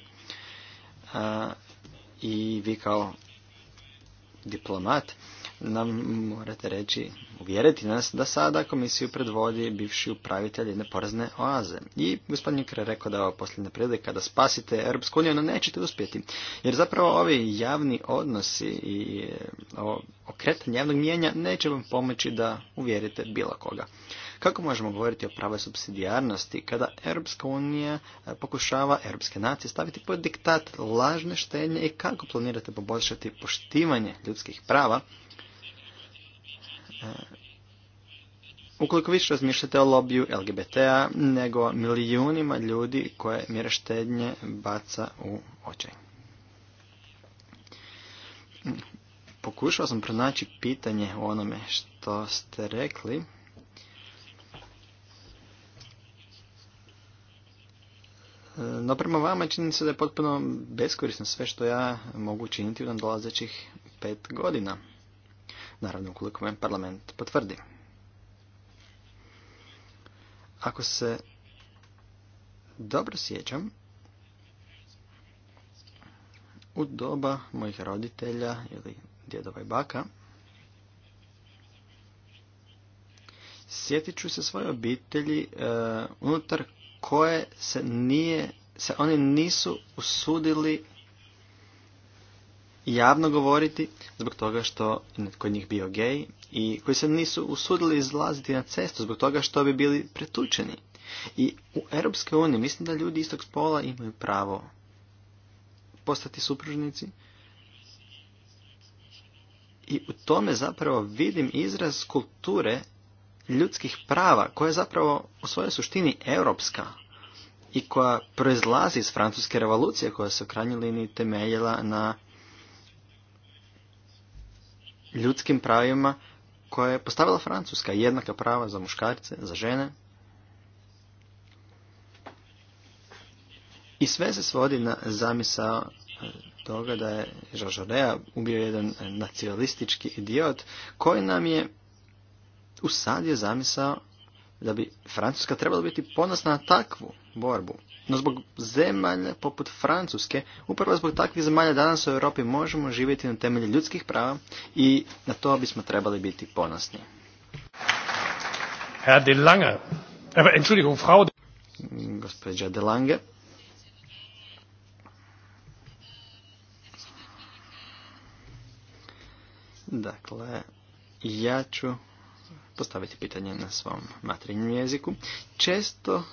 i vi kao diplomat nam morate reći, uvjeriti nas da sada komisiju predvodi bivši upravitelj jedne porezne oaze. I gospodin kre rekao da je ovo posljedna da spasite Europsku uniju, no nećete uspjeti. Jer zapravo ovi javni odnosi i e, okretanje javnog mijenja neće vam pomoći da uvjerite bilo koga. Kako možemo govoriti o pravoj subsidijarnosti kada Europska unija e, pokušava europske nacije staviti pod diktat lažne štenje i kako planirate poboljšati poštivanje ljudskih prava Ukoliko više razmišljate o lobiju LGBT-a nego milijunima ljudi koje mjere štednje baca u očaj. Pokušao sam pronaći pitanje o onome što ste rekli. No prema vama čini se da je potpuno beskorisno sve što ja mogu učiniti u nadolazećih pet godina naravno ukoliko me parlament potvrdi. Ako se dobro sjećam, u doba mojih roditelja ili djedova i baka, sjetit ću se svoje obitelji e, unutar koje se nije, se oni nisu usudili javno govoriti zbog toga što netko od njih bio gej i koji se nisu usudili izlaziti na cestu zbog toga što bi bili pretučeni. I u Europske mislim da ljudi istog spola imaju pravo postati supružnici. I u tome zapravo vidim izraz kulture ljudskih prava koja je zapravo u svojoj suštini europska i koja proizlazi iz francuske revolucije koja se u krajnjoj liniji temeljila na ljudskim pravima koje je postavila Francuska. Jednaka prava za muškarce, za žene. I sve se svodi na zamisao e, toga da je Žažorea ubio jedan e, nacionalistički idiot koji nam je usadio zamisao da bi Francuska trebala biti ponosna na takvu borbu. No zbog zemalja poput Francuske, upravo zbog takvih zemalja danas u Europi možemo živjeti na temelju ljudskih prava i na to bismo trebali biti ponosni. Herr de Lange, aber Entschuldigung, Frau de... Gospođa de Lange. Dakle, ja ću postaviti pitanje na svom materinjem jeziku. Često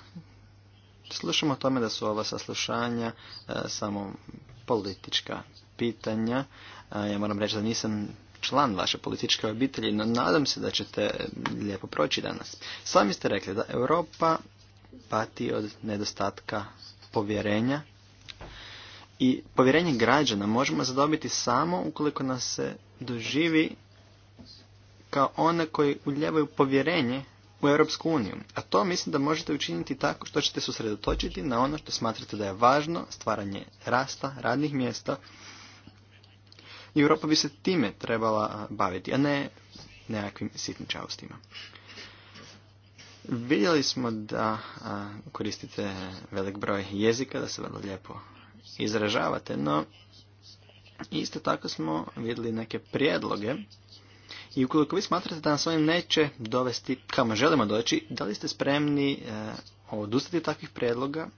Slušamo o tome da su ova saslušanja e, samo politička pitanja. E, ja moram reći da nisam član vaše političke obitelji, no nadam se da ćete lijepo proći danas. Sami ste rekli da Europa pati od nedostatka povjerenja i povjerenje građana možemo zadobiti samo ukoliko nas se doživi kao one koji uljevaju povjerenje u Europsku uniju. A to mislim da možete učiniti tako što ćete se usredotočiti na ono što smatrate da je važno, stvaranje rasta, radnih mjesta. Europa bi se time trebala baviti, a ne nekakvim sitničavostima. Vidjeli smo da koristite velik broj jezika, da se vrlo lijepo izražavate, no isto tako smo vidjeli neke prijedloge i ukoliko vi smatrate da nas ovim neće dovesti kamo želimo doći, da li ste spremni e, odustati od takvih predloga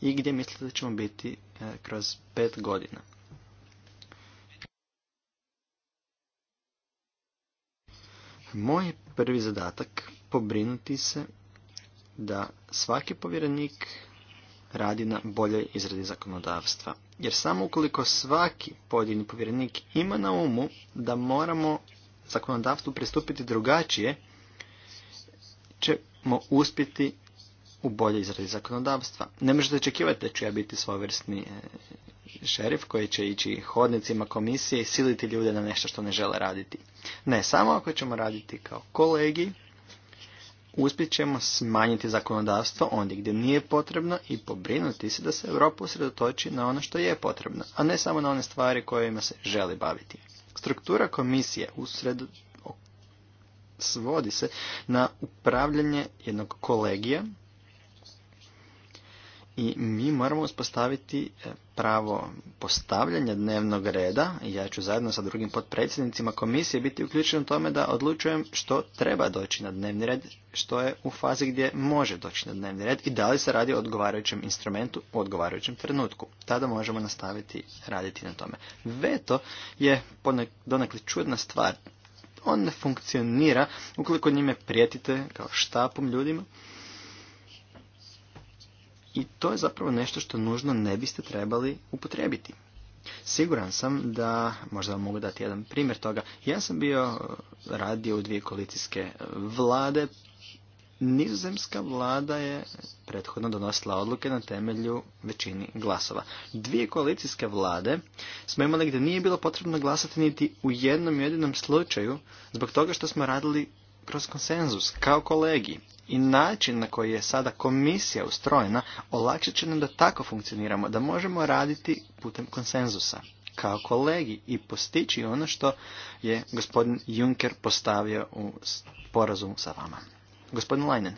i gdje mislite da ćemo biti e, kroz pet godina? Moj prvi zadatak pobrinuti se da svaki povjerenik radi na boljoj izradi zakonodavstva. Jer samo ukoliko svaki pojedini povjerenik ima na umu da moramo zakonodavstvu pristupiti drugačije, ćemo uspjeti u bolje izradi zakonodavstva. Ne možete očekivati da ću ja biti svojevrsni e, šerif koji će ići hodnicima komisije i siliti ljude na nešto što ne žele raditi. Ne, samo ako ćemo raditi kao kolegi, uspjet ćemo smanjiti zakonodavstvo ondje gdje nije potrebno i pobrinuti se da se Europa usredotoči na ono što je potrebno, a ne samo na one stvari kojima se želi baviti. Struktura komisije usred svodi se na upravljanje jednog kolegija i mi moramo uspostaviti e, pravo postavljanja dnevnog reda i ja ću zajedno sa drugim potpredsjednicima komisije biti uključen u tome da odlučujem što treba doći na dnevni red, što je u fazi gdje može doći na dnevni red i da li se radi o odgovarajućem instrumentu u odgovarajućem trenutku. Tada možemo nastaviti raditi na tome. Veto je donekli čudna stvar. On ne funkcionira ukoliko njime prijetite kao štapom ljudima i to je zapravo nešto što nužno ne biste trebali upotrijebiti. Siguran sam da, možda vam mogu dati jedan primjer toga, ja sam bio e, radio u dvije koalicijske e, vlade, nizozemska vlada je prethodno donosila odluke na temelju većini glasova. Dvije koalicijske vlade smo imali gdje nije bilo potrebno glasati niti u jednom jedinom slučaju zbog toga što smo radili kroz konsenzus, kao kolegi i način na koji je sada komisija ustrojena olakšat će nam da tako funkcioniramo, da možemo raditi putem konsenzusa kao kolegi i postići ono što je gospodin Juncker postavio u sporazumu sa vama. Gospodin Leinen.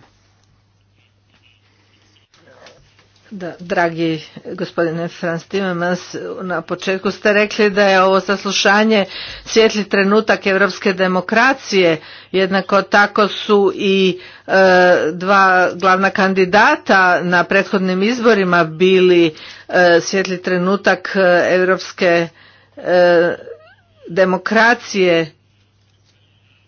Da, dragi gospodine Franz Timmermans, na početku ste rekli da je ovo saslušanje svjetli trenutak europske demokracije. Jednako tako su i e, dva glavna kandidata na prethodnim izborima bili e, svjetli trenutak europske e, demokracije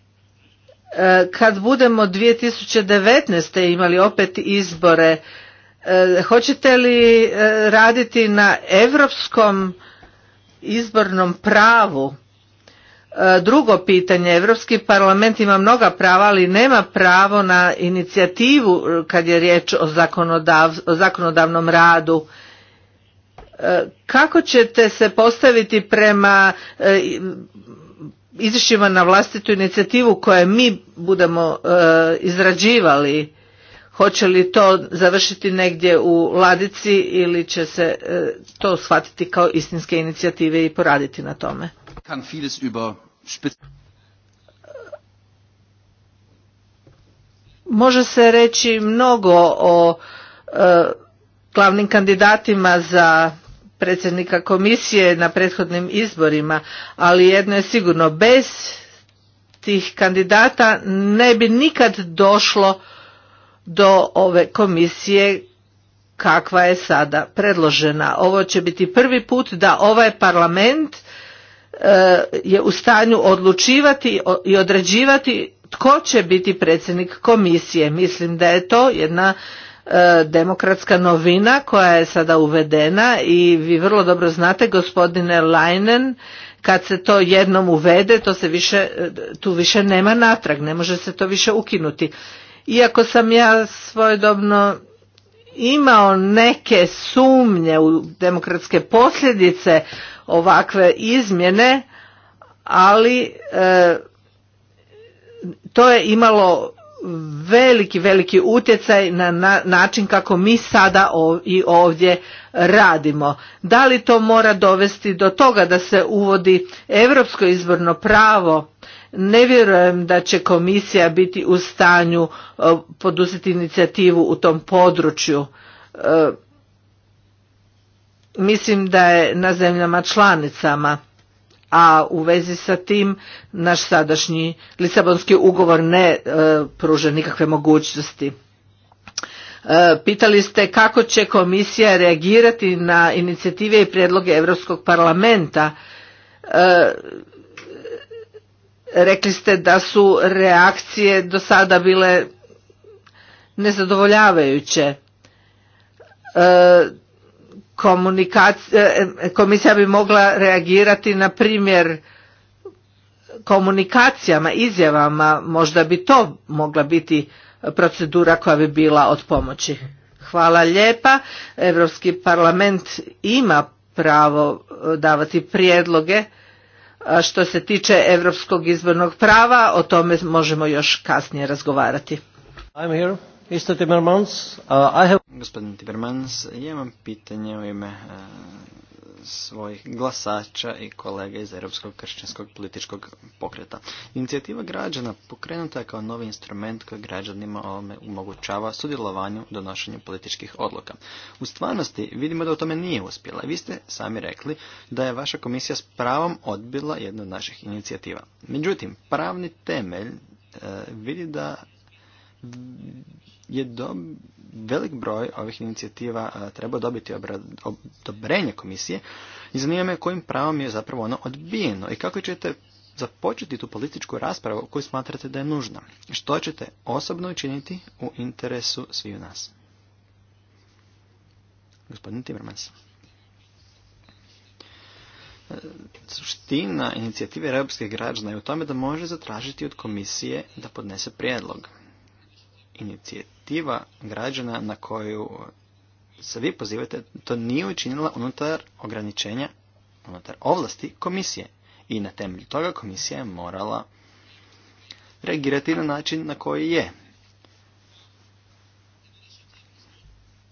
e, kad budemo 2019. imali opet izbore E, hoćete li e, raditi na europskom izbornom pravu? E, drugo pitanje, Europski parlament ima mnoga prava, ali nema pravo na inicijativu kad je riječ o, zakonodavnom radu. Kako ćete se postaviti prema izvješćima na vlastitu inicijativu koje mi budemo izrađivali? hoće li to završiti negdje u ladici ili će se e, to shvatiti kao istinske inicijative i poraditi na tome. Može se reći mnogo o e, glavnim kandidatima za predsjednika komisije na prethodnim izborima, ali jedno je sigurno bez tih kandidata ne bi nikad došlo do ove komisije kakva je sada predložena. Ovo će biti prvi put da ovaj parlament e, je u stanju odlučivati i određivati tko će biti predsjednik komisije. Mislim da je to jedna e, demokratska novina koja je sada uvedena i vi vrlo dobro znate gospodine Leinen kad se to jednom uvede to se više, e, tu više nema natrag, ne može se to više ukinuti. Iako sam ja svojedobno imao neke sumnje u demokratske posljedice ovakve izmjene, ali e, to je imalo veliki, veliki utjecaj na, način kako mi sada i ovdje radimo. Da li to mora dovesti do toga da se uvodi europsko izborno pravo ne vjerujem da će komisija biti u stanju e, poduzeti inicijativu u tom području. E, mislim da je na zemljama članicama, a u vezi sa tim naš sadašnji Lisabonski ugovor ne e, pruža nikakve mogućnosti. Pitali ste kako će komisija reagirati na inicijative i prijedloge Europskog parlamenta Rekli ste da su reakcije do sada bile nezadovoljavajuće. E, e, komisija bi mogla reagirati na primjer komunikacijama, izjavama, možda bi to mogla biti procedura koja bi bila od pomoći. Hvala lijepa. Europski parlament ima pravo davati prijedloge što se tiče europskog izbornog prava, o tome možemo još kasnije razgovarati. I'm here. Mr. Timmermans, uh, I Gospodin Timmermans, ja imam pitanje u ime uh, svojih glasača i kolega iz Europskog kršćanskog političkog pokreta. Inicijativa građana pokrenuta je kao novi instrument koji građanima ovome omogućava sudjelovanju u donošenju političkih odluka. U stvarnosti vidimo da u tome nije uspjela. Vi ste sami rekli da je vaša komisija s pravom odbila jednu od naših inicijativa. Međutim, pravni temelj e, vidi da je dob velik broj ovih inicijativa treba dobiti odobrenje komisije i zanima me kojim pravom je zapravo ono odbijeno i kako ćete započeti tu političku raspravu koju smatrate da je nužna. Što ćete osobno učiniti u interesu sviju nas? Gospodin Timmermans. E, suština inicijative europskih građana je u tome da može zatražiti od komisije da podnese prijedlog inicijativa građana na koju se vi pozivate, to nije učinila unutar ograničenja, unutar ovlasti komisije. I na temelju toga komisija je morala reagirati na način na koji je.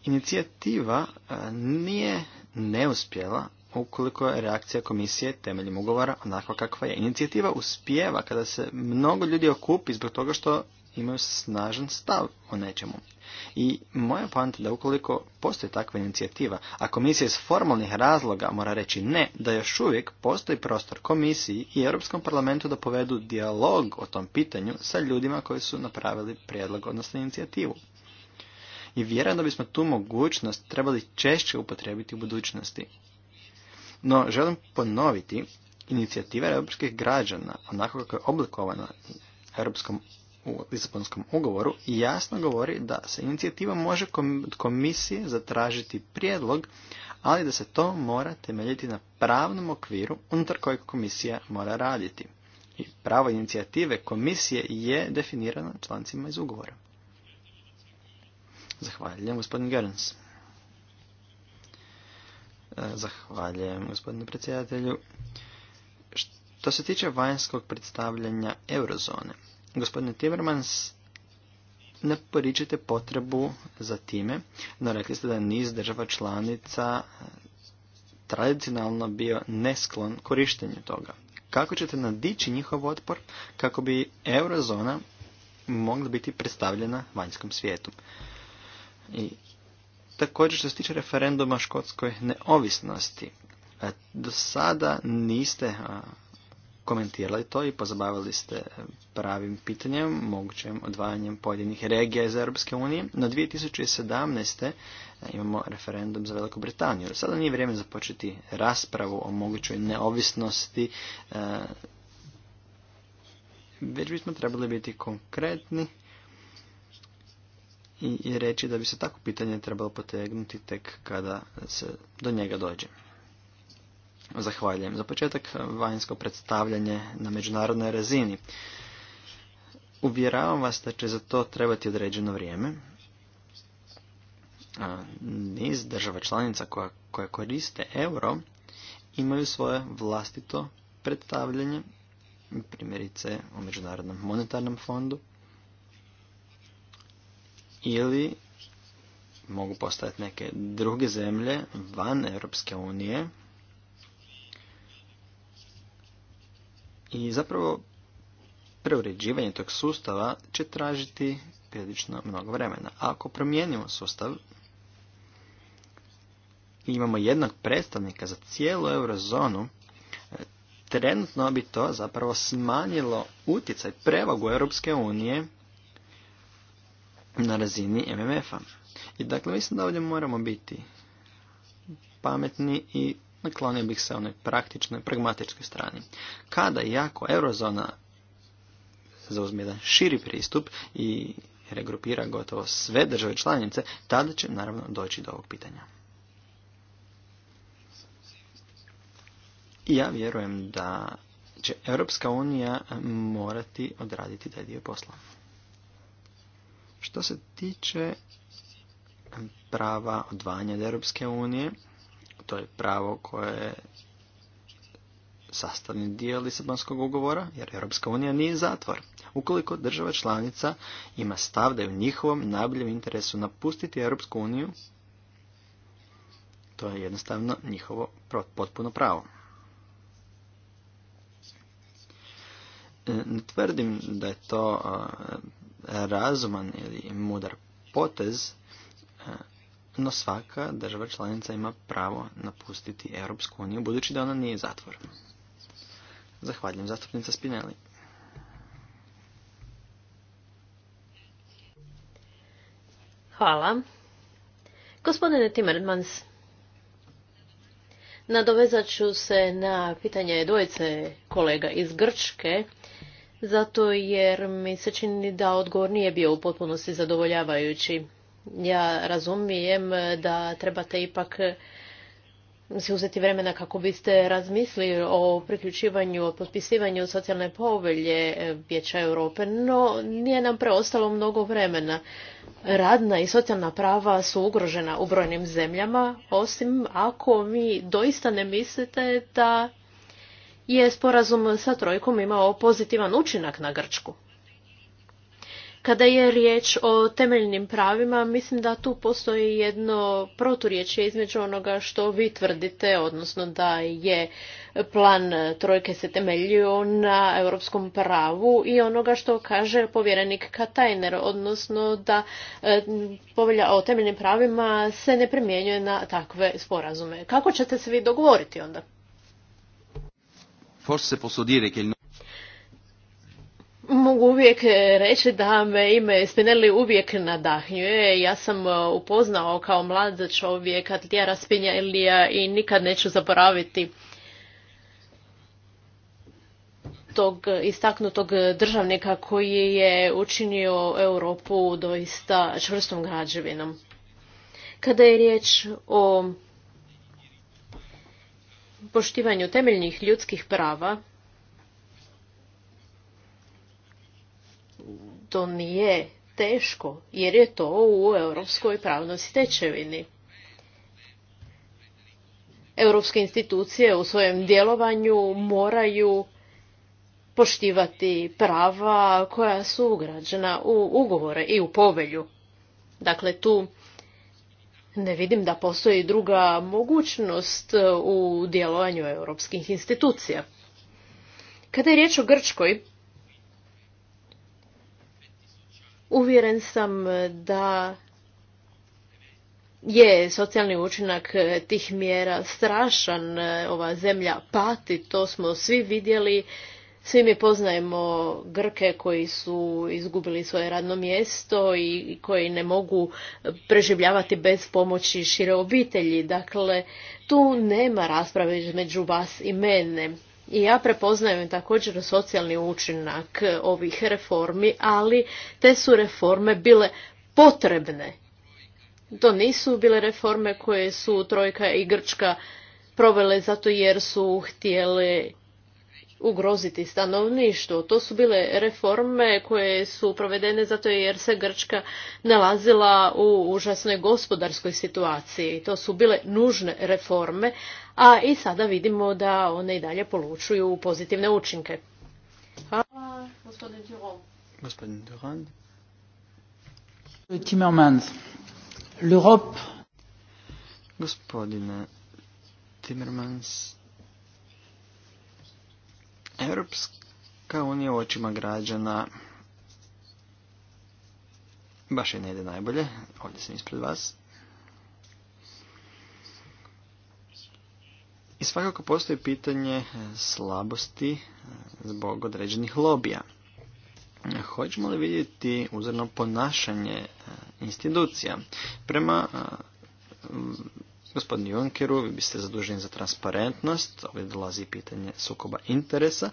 Inicijativa e, nije neuspjela ukoliko je reakcija komisije temeljem ugovora onako kakva je. Inicijativa uspjeva kada se mnogo ljudi okupi zbog toga što imaju snažan stav o nečemu. I moja poanta da ukoliko postoji takva inicijativa, a komisija iz formalnih razloga mora reći ne, da još uvijek postoji prostor komisiji i Europskom parlamentu da povedu dijalog o tom pitanju sa ljudima koji su napravili prijedlog, odnosno inicijativu. I vjerujem da bismo tu mogućnost trebali češće upotrijebiti u budućnosti. No, želim ponoviti, inicijativa europskih građana, onako kako je oblikovana Europskom u Lisabonskom ugovoru jasno govori da se inicijativa može od komisije zatražiti prijedlog, ali da se to mora temeljiti na pravnom okviru unutar kojeg komisija mora raditi. I pravo inicijative komisije je definirano člancima iz ugovora. Zahvaljujem, gospodin Gerns. E, zahvaljujem, gospodinu predsjedatelju. Što se tiče vanjskog predstavljanja eurozone, Gospodine Timmermans, ne poričite potrebu za time, no rekli ste da niz država članica tradicionalno bio nesklon korištenju toga. Kako ćete nadići njihov otpor kako bi eurozona mogla biti predstavljena vanjskom svijetu? I također što se tiče referenduma škotskoj neovisnosti, e, do sada niste komentirali to i pozabavili ste pravim pitanjem, mogućem odvajanjem pojedinih regija iz Europske unije. Na 2017. imamo referendum za Veliku Britaniju. Sada nije vrijeme započeti raspravu o mogućoj neovisnosti, e, već bismo trebali biti konkretni i reći da bi se tako pitanje trebalo potegnuti tek kada se do njega dođe. Zahvaljujem. Za početak eh, vanjsko predstavljanje na međunarodnoj razini. Uvjeravam vas da će za to trebati određeno vrijeme. Eh, niz država članica koja, koja koriste euro imaju svoje vlastito predstavljanje, primjerice u Međunarodnom monetarnom fondu, ili mogu postaviti neke druge zemlje van Europske unije I zapravo preuređivanje tog sustava će tražiti prilično mnogo vremena. A ako promijenimo sustav i imamo jednog predstavnika za cijelu eurozonu, trenutno bi to zapravo smanjilo utjecaj prevagu Europske unije na razini MMF-a. I dakle, mislim da ovdje moramo biti pametni i naklonio bih se onoj praktičnoj, pragmatičkoj strani. Kada i ako eurozona zauzme jedan širi pristup i regrupira gotovo sve države članice, tada će naravno doći do ovog pitanja. I ja vjerujem da će Europska unija morati odraditi taj dio posla. Što se tiče prava odvanja od Europske unije, to je pravo koje je sastavni dio Lisabonskog ugovora, jer Europska unija nije zatvor. Ukoliko država članica ima stav da je u njihovom najboljem interesu napustiti Europsku uniju, to je jednostavno njihovo potpuno pravo. E, ne tvrdim da je to e, razuman ili mudar potez, e, no svaka država članica ima pravo napustiti Europsku uniju budući da ona nije zatvor. Zahvaljujem zastupnica Spinelli. Hvala. Gospodine Timmermans, nadovezat ću se na pitanje dvojice kolega iz Grčke, zato jer mi se čini da odgovor nije bio u potpunosti zadovoljavajući. Ja razumijem da trebate ipak se uzeti vremena kako biste razmislili o priključivanju, o potpisivanju socijalne povelje Vijeća Europe, no nije nam preostalo mnogo vremena. Radna i socijalna prava su ugrožena u brojnim zemljama, osim ako mi doista ne mislite da je sporazum sa trojkom imao pozitivan učinak na Grčku. Kada je riječ o temeljnim pravima, mislim da tu postoji jedno proturječje između onoga što vi tvrdite, odnosno da je plan trojke se temeljio na europskom pravu i onoga što kaže povjerenik Katajner, odnosno da e, povelja o temeljnim pravima se ne primjenjuje na takve sporazume. Kako ćete se vi dogovoriti onda? Forse posso dire che Mogu uvijek e, reći da me ime Spinelli uvijek nadahnjuje. Ja sam e, upoznao kao mlad čovjek Atlijara Spinellija i nikad neću zaboraviti tog istaknutog državnika koji je učinio Europu doista čvrstom građevinom. Kada je riječ o poštivanju temeljnih ljudskih prava, to nije teško, jer je to u europskoj pravnoj stečevini. Europske institucije u svojem djelovanju moraju poštivati prava koja su ugrađena u ugovore i u povelju. Dakle, tu ne vidim da postoji druga mogućnost u djelovanju europskih institucija. Kada je riječ o Grčkoj, Uvjeren sam e, da je socijalni učinak e, tih mjera strašan, e, ova zemlja pati, to smo svi vidjeli. Svi mi poznajemo Grke koji su izgubili svoje radno mjesto i koji ne mogu preživljavati bez pomoći šire obitelji. Dakle, tu nema rasprave između vas i mene. I ja prepoznajem također socijalni učinak eh, ovih reformi, ali te su reforme bile potrebne. To nisu bile reforme koje su Trojka i Grčka provele zato jer su htjele ugroziti stanovništvo. To su bile reforme koje su provedene zato jer se Grčka nalazila u užasnoj gospodarskoj situaciji. To su bile nužne reforme, a i sada vidimo da one i dalje polučuju pozitivne učinke. Hvala, gospodin Durand. Gospodin Durand. Timmermans, l'Europe... Gospodine Timmermans, Europska unija u očima građana baš je ne ide najbolje. Ovdje sam ispred vas. I svakako postoji pitanje e, slabosti e, zbog određenih lobija. Hoćemo li vidjeti uzorno ponašanje e, institucija? Prema gospodinu Junkeru, vi biste zaduženi za transparentnost, ovdje dolazi pitanje sukoba interesa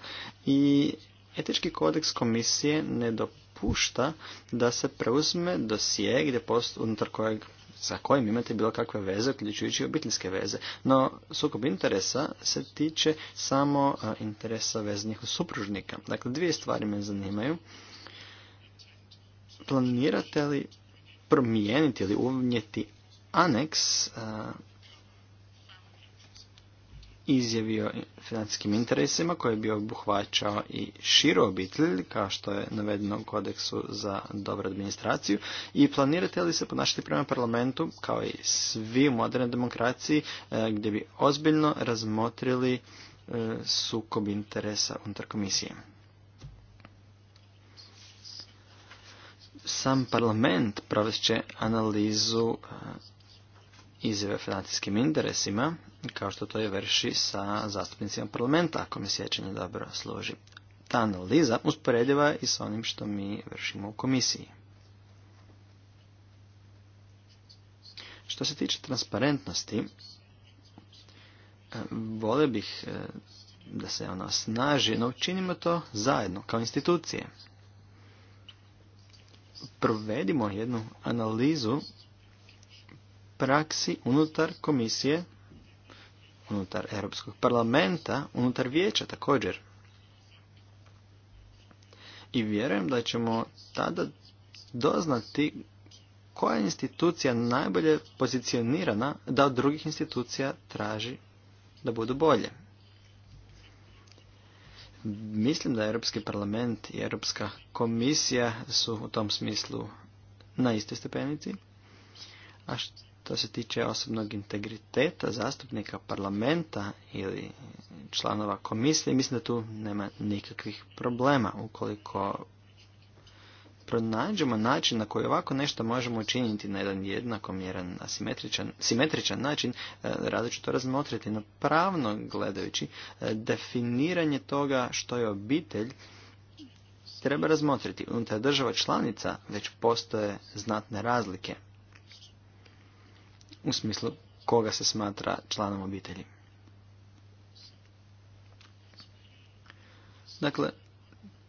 i etički kodeks komisije ne dopušta da se preuzme dosije gdje unutar kojeg sa kojim imate bilo kakve veze, uključujući obiteljske veze. No, sukob interesa se tiče samo interesa veznih uz supružnika. Dakle, dvije stvari me zanimaju. Planirate li promijeniti ili uvnijeti aneks izjavi o financijskim interesima koji bi obuhvaćao i širu obitelj, kao što je navedeno u kodeksu za dobru administraciju, i planirate li se ponašati prema parlamentu, kao i svi u modernoj demokraciji, e, gdje bi ozbiljno razmotrili e, sukob interesa unutar komisije. Sam parlament provest će analizu e, izjave financijskim interesima, kao što to je vrši sa zastupnicima parlamenta, ako mi sjećanje dobro služi. Ta analiza usporediva i s onim što mi vršimo u komisiji. Što se tiče transparentnosti, e, vole bih e, da se ona snaži, no učinimo to zajedno, kao institucije. Provedimo jednu analizu praksi unutar komisije, unutar Europskog parlamenta, unutar vijeća također. I vjerujem da ćemo tada doznati koja je institucija najbolje pozicionirana da od drugih institucija traži da budu bolje. Mislim da Europski parlament i Europska komisija su u tom smislu na istoj stepenici. A što što se tiče osobnog integriteta zastupnika parlamenta ili članova komisije, mislim da tu nema nikakvih problema. Ukoliko pronađemo način na koji ovako nešto možemo učiniti na jedan jednakomjeran, asimetričan, simetričan način, e, različito razmotriti na pravno gledajući e, definiranje toga što je obitelj treba razmotriti. Unutar država članica već postoje znatne razlike u smislu koga se smatra članom obitelji. Dakle,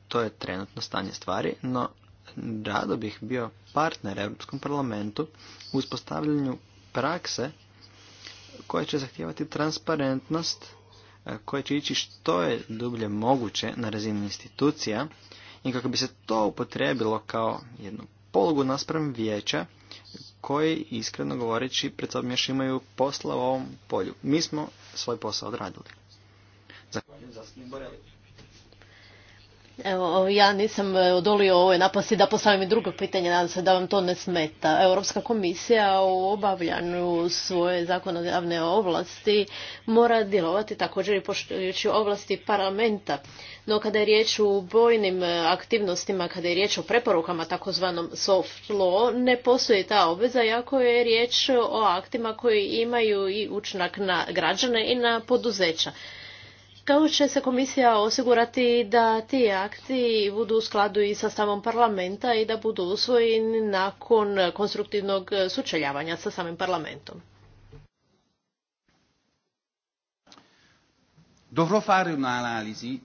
to je trenutno stanje stvari, no rado bih bio partner Europskom parlamentu u uspostavljanju prakse koja će zahtijevati transparentnost, e, koja će ići što je dublje moguće na razini institucija i kako bi se to upotrebilo kao jednu polugu naspram vijeća koji, iskreno govoreći, pred sobom još imaju posla u ovom polju. Mi smo svoj posao odradili. Zahvaljujem za Evo, ja nisam e, odolio ovoj napasti da postavim i drugo pitanje, nadam se da vam to ne smeta. Europska komisija u obavljanju svoje zakonodavne ovlasti mora djelovati također i poštujući ovlasti parlamenta. No kada je riječ o bojnim e, aktivnostima, kada je riječ o preporukama takozvanom soft law, ne postoji ta obveza, jako je riječ o aktima koji imaju i učinak na građane i na poduzeća. Kako će se komisija osigurati da ti akti budu u skladu i sa stavom parlamenta i da budu usvojeni nakon konstruktivnog sučeljavanja sa samim parlamentom? Dovrò fare analizi.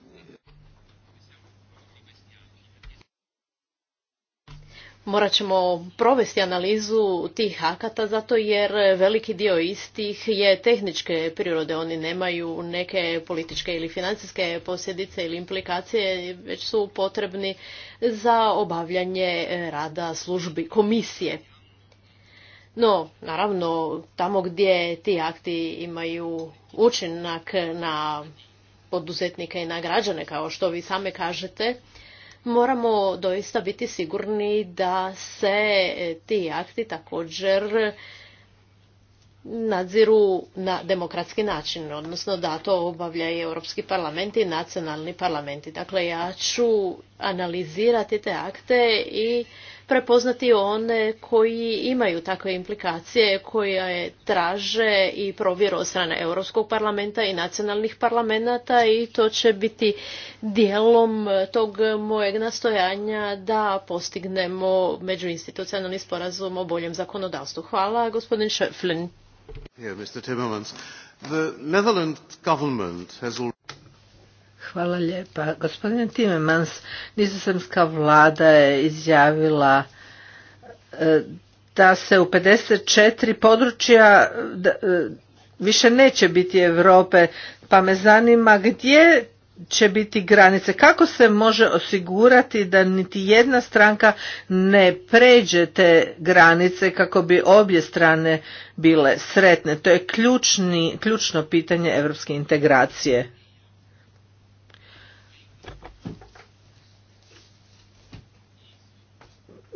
Morat ćemo provesti analizu tih akata zato jer veliki dio istih je tehničke prirode. Oni nemaju neke političke ili financijske posljedice ili implikacije, već su potrebni za obavljanje rada službi komisije. No, naravno, tamo gdje ti akti imaju učinak na poduzetnike i na građane, kao što vi same kažete, moramo doista biti sigurni da se e, ti akti također nadziru na demokratski način, odnosno da to obavlja i Europski parlament i nacionalni parlamenti. Dakle, ja ću analizirati te akte i prepoznati one koji imaju takve implikacije koje traže i provjeru od strane Europskog parlamenta i nacionalnih parlamenta i to će biti dijelom tog mojeg nastojanja da postignemo međuinstitucionalni sporazum o boljem zakonodavstvu. Hvala, gospodin Šeflin. Hvala lijepa. Gospodine Timemans, nizozemska vlada je izjavila e, da se u 54 područja e, više neće biti Europe, pa me zanima gdje će biti granice. Kako se može osigurati da niti jedna stranka ne pređe te granice kako bi obje strane bile sretne? To je ključno pitanje europske integracije.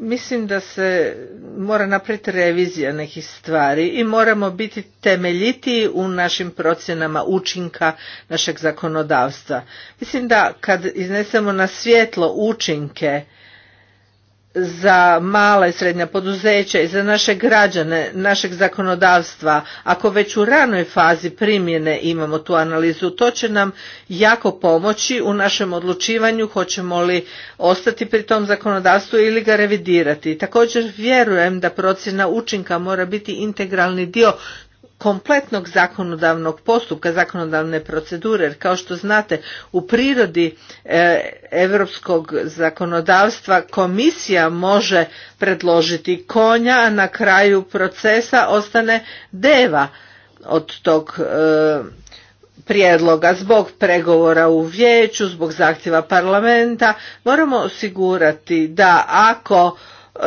Mislim da se mora napraviti revizija nekih stvari i moramo biti temeljiti u našim procjenama učinka našeg zakonodavstva. Mislim da kad iznesemo na svjetlo učinke za mala i srednja poduzeća i za naše građane, našeg zakonodavstva, ako već u ranoj fazi primjene imamo tu analizu, to će nam jako pomoći u našem odlučivanju hoćemo li ostati pri tom zakonodavstvu ili ga revidirati. Također vjerujem da procjena učinka mora biti integralni dio kompletnog zakonodavnog postupka, zakonodavne procedure, jer kao što znate u prirodi europskog zakonodavstva komisija može predložiti konja, a na kraju procesa ostane deva od tog e, prijedloga zbog pregovora u vijeću, zbog zahtjeva parlamenta. Moramo osigurati da ako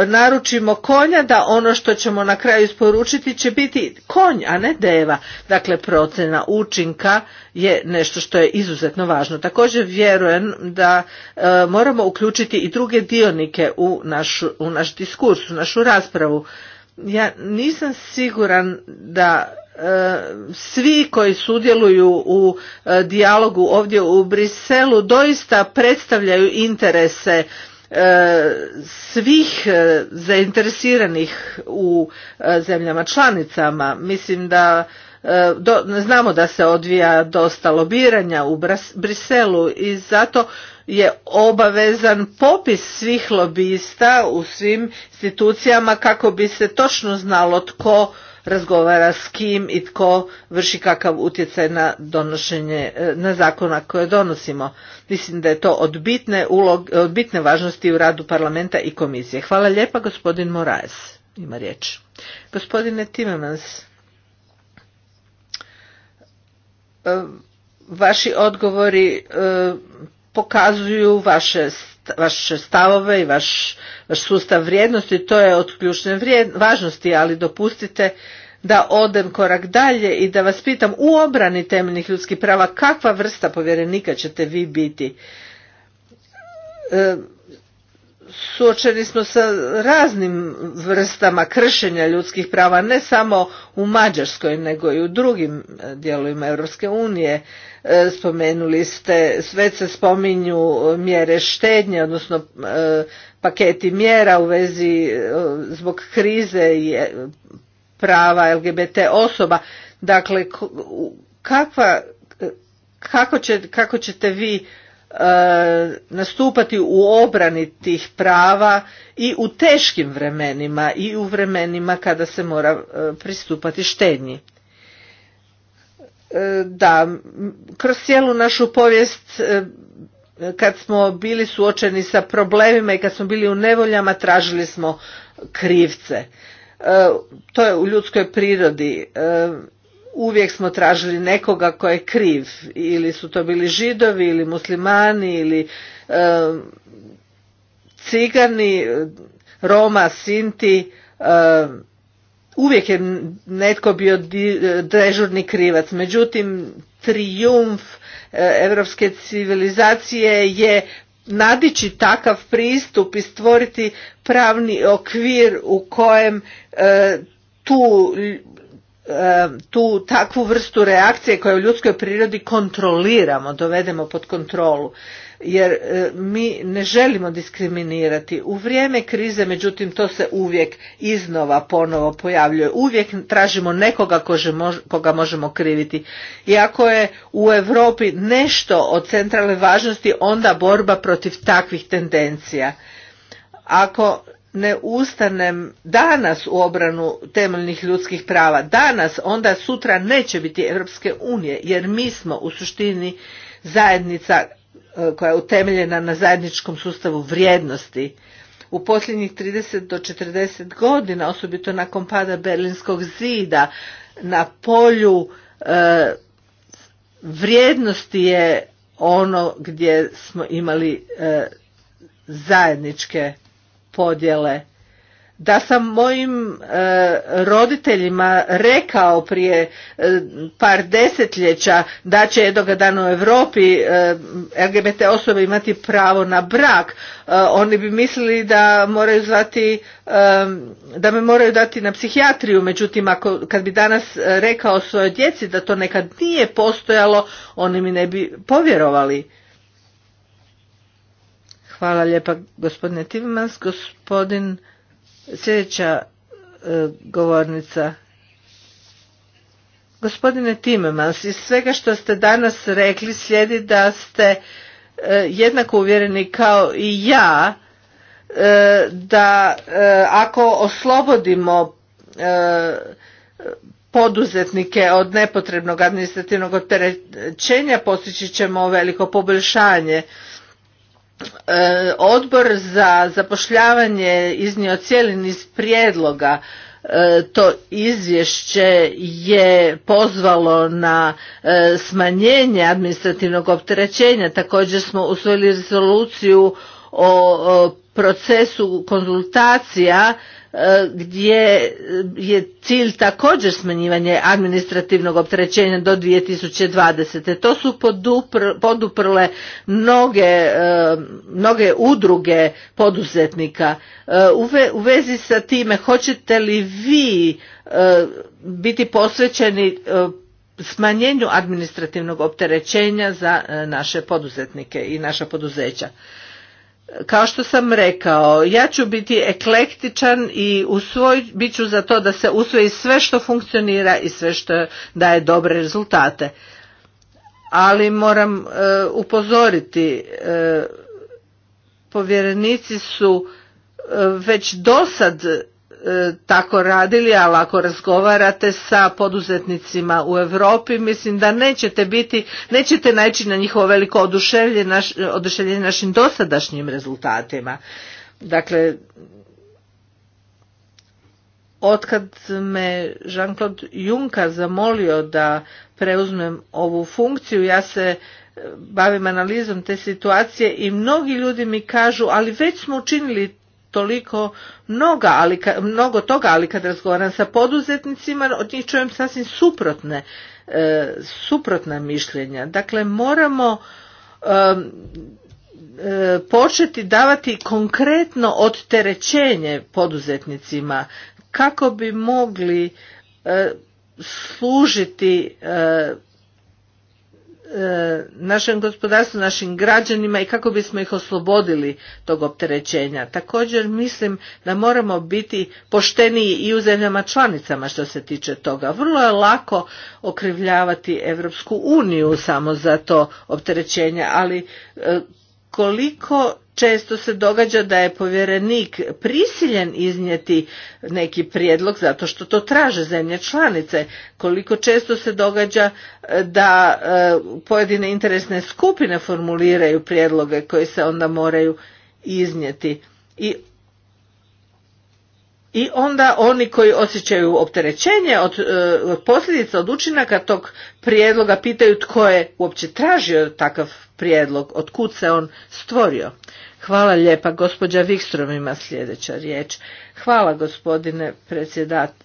naručimo konja da ono što ćemo na kraju isporučiti će biti konj, a ne deva. Dakle, procena učinka je nešto što je izuzetno važno. Također vjerujem da e, moramo uključiti i druge dionike u, u naš diskurs, u našu raspravu. Ja nisam siguran da e, svi koji sudjeluju u e, dijalogu ovdje u Briselu doista predstavljaju interese E, svih e, zainteresiranih u e, zemljama članicama. Mislim da znamo da se odvija dosta lobiranja u Briselu i zato je obavezan popis svih lobista u svim institucijama kako bi se točno znalo tko razgovara s kim i tko vrši kakav utjecaj na donošenje e, na zakona koje donosimo. Mislim da je to od bitne, od bitne važnosti u radu parlamenta i komisije. Hvala lijepa gospodin Moraes. Ima riječ. Gospodine Timemans, e, vaši odgovori e, pokazuju vaše vaše stavove i vaš, sustav vrijednosti, to je od ključne važnosti, ali dopustite da odem korak dalje i da vas pitam u obrani temeljnih ljudskih prava kakva vrsta povjerenika ćete vi biti? E, suočeni smo sa raznim vrstama kršenja ljudskih prava ne samo u Mađarskoj nego i u drugim e, dijelovima Europske unije e, spomenuli ste sve se spominju e, mjere štednje odnosno paketi mjera u vezi zbog krize i prava LGBT osoba dakle kakva kako, će, kako ćete vi E, nastupati u obrani tih prava i u teškim vremenima i u vremenima kada se mora e, pristupati štednji. E, da, kroz cijelu našu povijest kad smo bili suočeni sa problemima i kad smo bili u nevoljama tražili smo krivce. To je u ljudskoj prirodi uvijek smo tražili nekoga ko je kriv ili su to bili židovi ili muslimani ili cigani roma sinti uvijek je netko bio drežurni krivac međutim trijumf europske civilizacije je nadići takav pristup i stvoriti pravni okvir u kojem e, tu tu takvu vrstu reakcije koja u ljudskoj prirodi kontroliramo, dovedemo pod kontrolu. Jer e, mi ne želimo diskriminirati. U vrijeme krize, međutim, to se uvijek iznova ponovo pojavljuje. Uvijek tražimo nekoga koga možemo kriviti. I ako je u Europi nešto od centralne važnosti, onda borba protiv takvih tendencija. Ako ne ustanem danas u obranu temeljnih ljudskih prava, danas, onda sutra neće biti Europske unije, jer mi smo u suštini zajednica e, koja je utemeljena na zajedničkom sustavu vrijednosti. U posljednjih 30 do 40 godina, osobito nakon pada Berlinskog zida, na polju e, vrijednosti je ono gdje smo imali e, zajedničke podjele. Da sam mojim e, roditeljima rekao prije e, par desetljeća da će jednog dana u Europi e, LGBT osobe imati pravo na brak, oni bi mislili da moraju zvati, da me moraju dati na psihijatriju, međutim ako kad bi danas rekao svojoj djeci da to nekad nije postojalo, oni mi ne bi povjerovali. Hvala lijepa gospodine Timemans, Gospodin sljedeća e, govornica. Gospodine Timemans, iz svega što ste danas rekli slijedi da ste e, jednako uvjereni kao i ja e, da ako oslobodimo poduzetnike od nepotrebnog administrativnog opterećenja postići ćemo veliko poboljšanje E, odbor za zapošljavanje iznio cijeli niz prijedloga e, to izvješće je pozvalo na e, smanjenje administrativnog opterećenja. Također smo usvojili rezoluciju o procesu konzultacija E, gdje e, je cilj također smanjivanje administrativnog opterećenja do 2020. To su poduprle mnoge, e, mnoge udruge poduzetnika. U vezi sa time hoćete li vi biti posvećeni smanjenju administrativnog opterećenja za naše poduzetnike i naša poduzeća? kao što sam rekao, ja ću biti eklektičan i usvoj, bit ću za to da se usvoji sve što funkcionira i sve što daje dobre rezultate. Ali moram e, upozoriti, e, povjerenici su e, već dosad E, tako radili, ali ako razgovarate sa poduzetnicima u Europi, mislim da nećete biti, nećete naći na njihovo veliko oduševljenje naš, našim dosadašnjim rezultatima. Dakle, otkad me Jean-Claude Juncker zamolio da preuzmem ovu funkciju, ja se e, bavim analizom te situacije i mnogi ljudi mi kažu ali već smo učinili toliko ali, mnogo toga, ali kad razgovaram sa poduzetnicima, od njih čujem sasvim suprotne, e, suprotna mišljenja. Dakle, moramo e, početi davati konkretno odterećenje poduzetnicima kako bi mogli e, služiti E, našem gospodarstvu, našim građanima i kako bismo ih oslobodili tog opterećenja. Također mislim da moramo biti pošteniji i u zemljama članicama što se tiče toga. Vrlo je lako okrivljavati Europsku uniju samo za to opterećenje, ali e, koliko često se događa da je povjerenik prisiljen iznijeti neki prijedlog zato što to traže zemlje članice koliko često se događa e, da e, pojedine interesne skupine formuliraju prijedloge koje se onda moraju iznijeti i i onda oni koji osjećaju opterećenje od e, posljedica od učinaka tog prijedloga pitaju tko je uopće tražio takav prijedlog, od kud se on stvorio. Hvala lijepa, gospođa Vikstrom ima sljedeća riječ. Hvala gospodine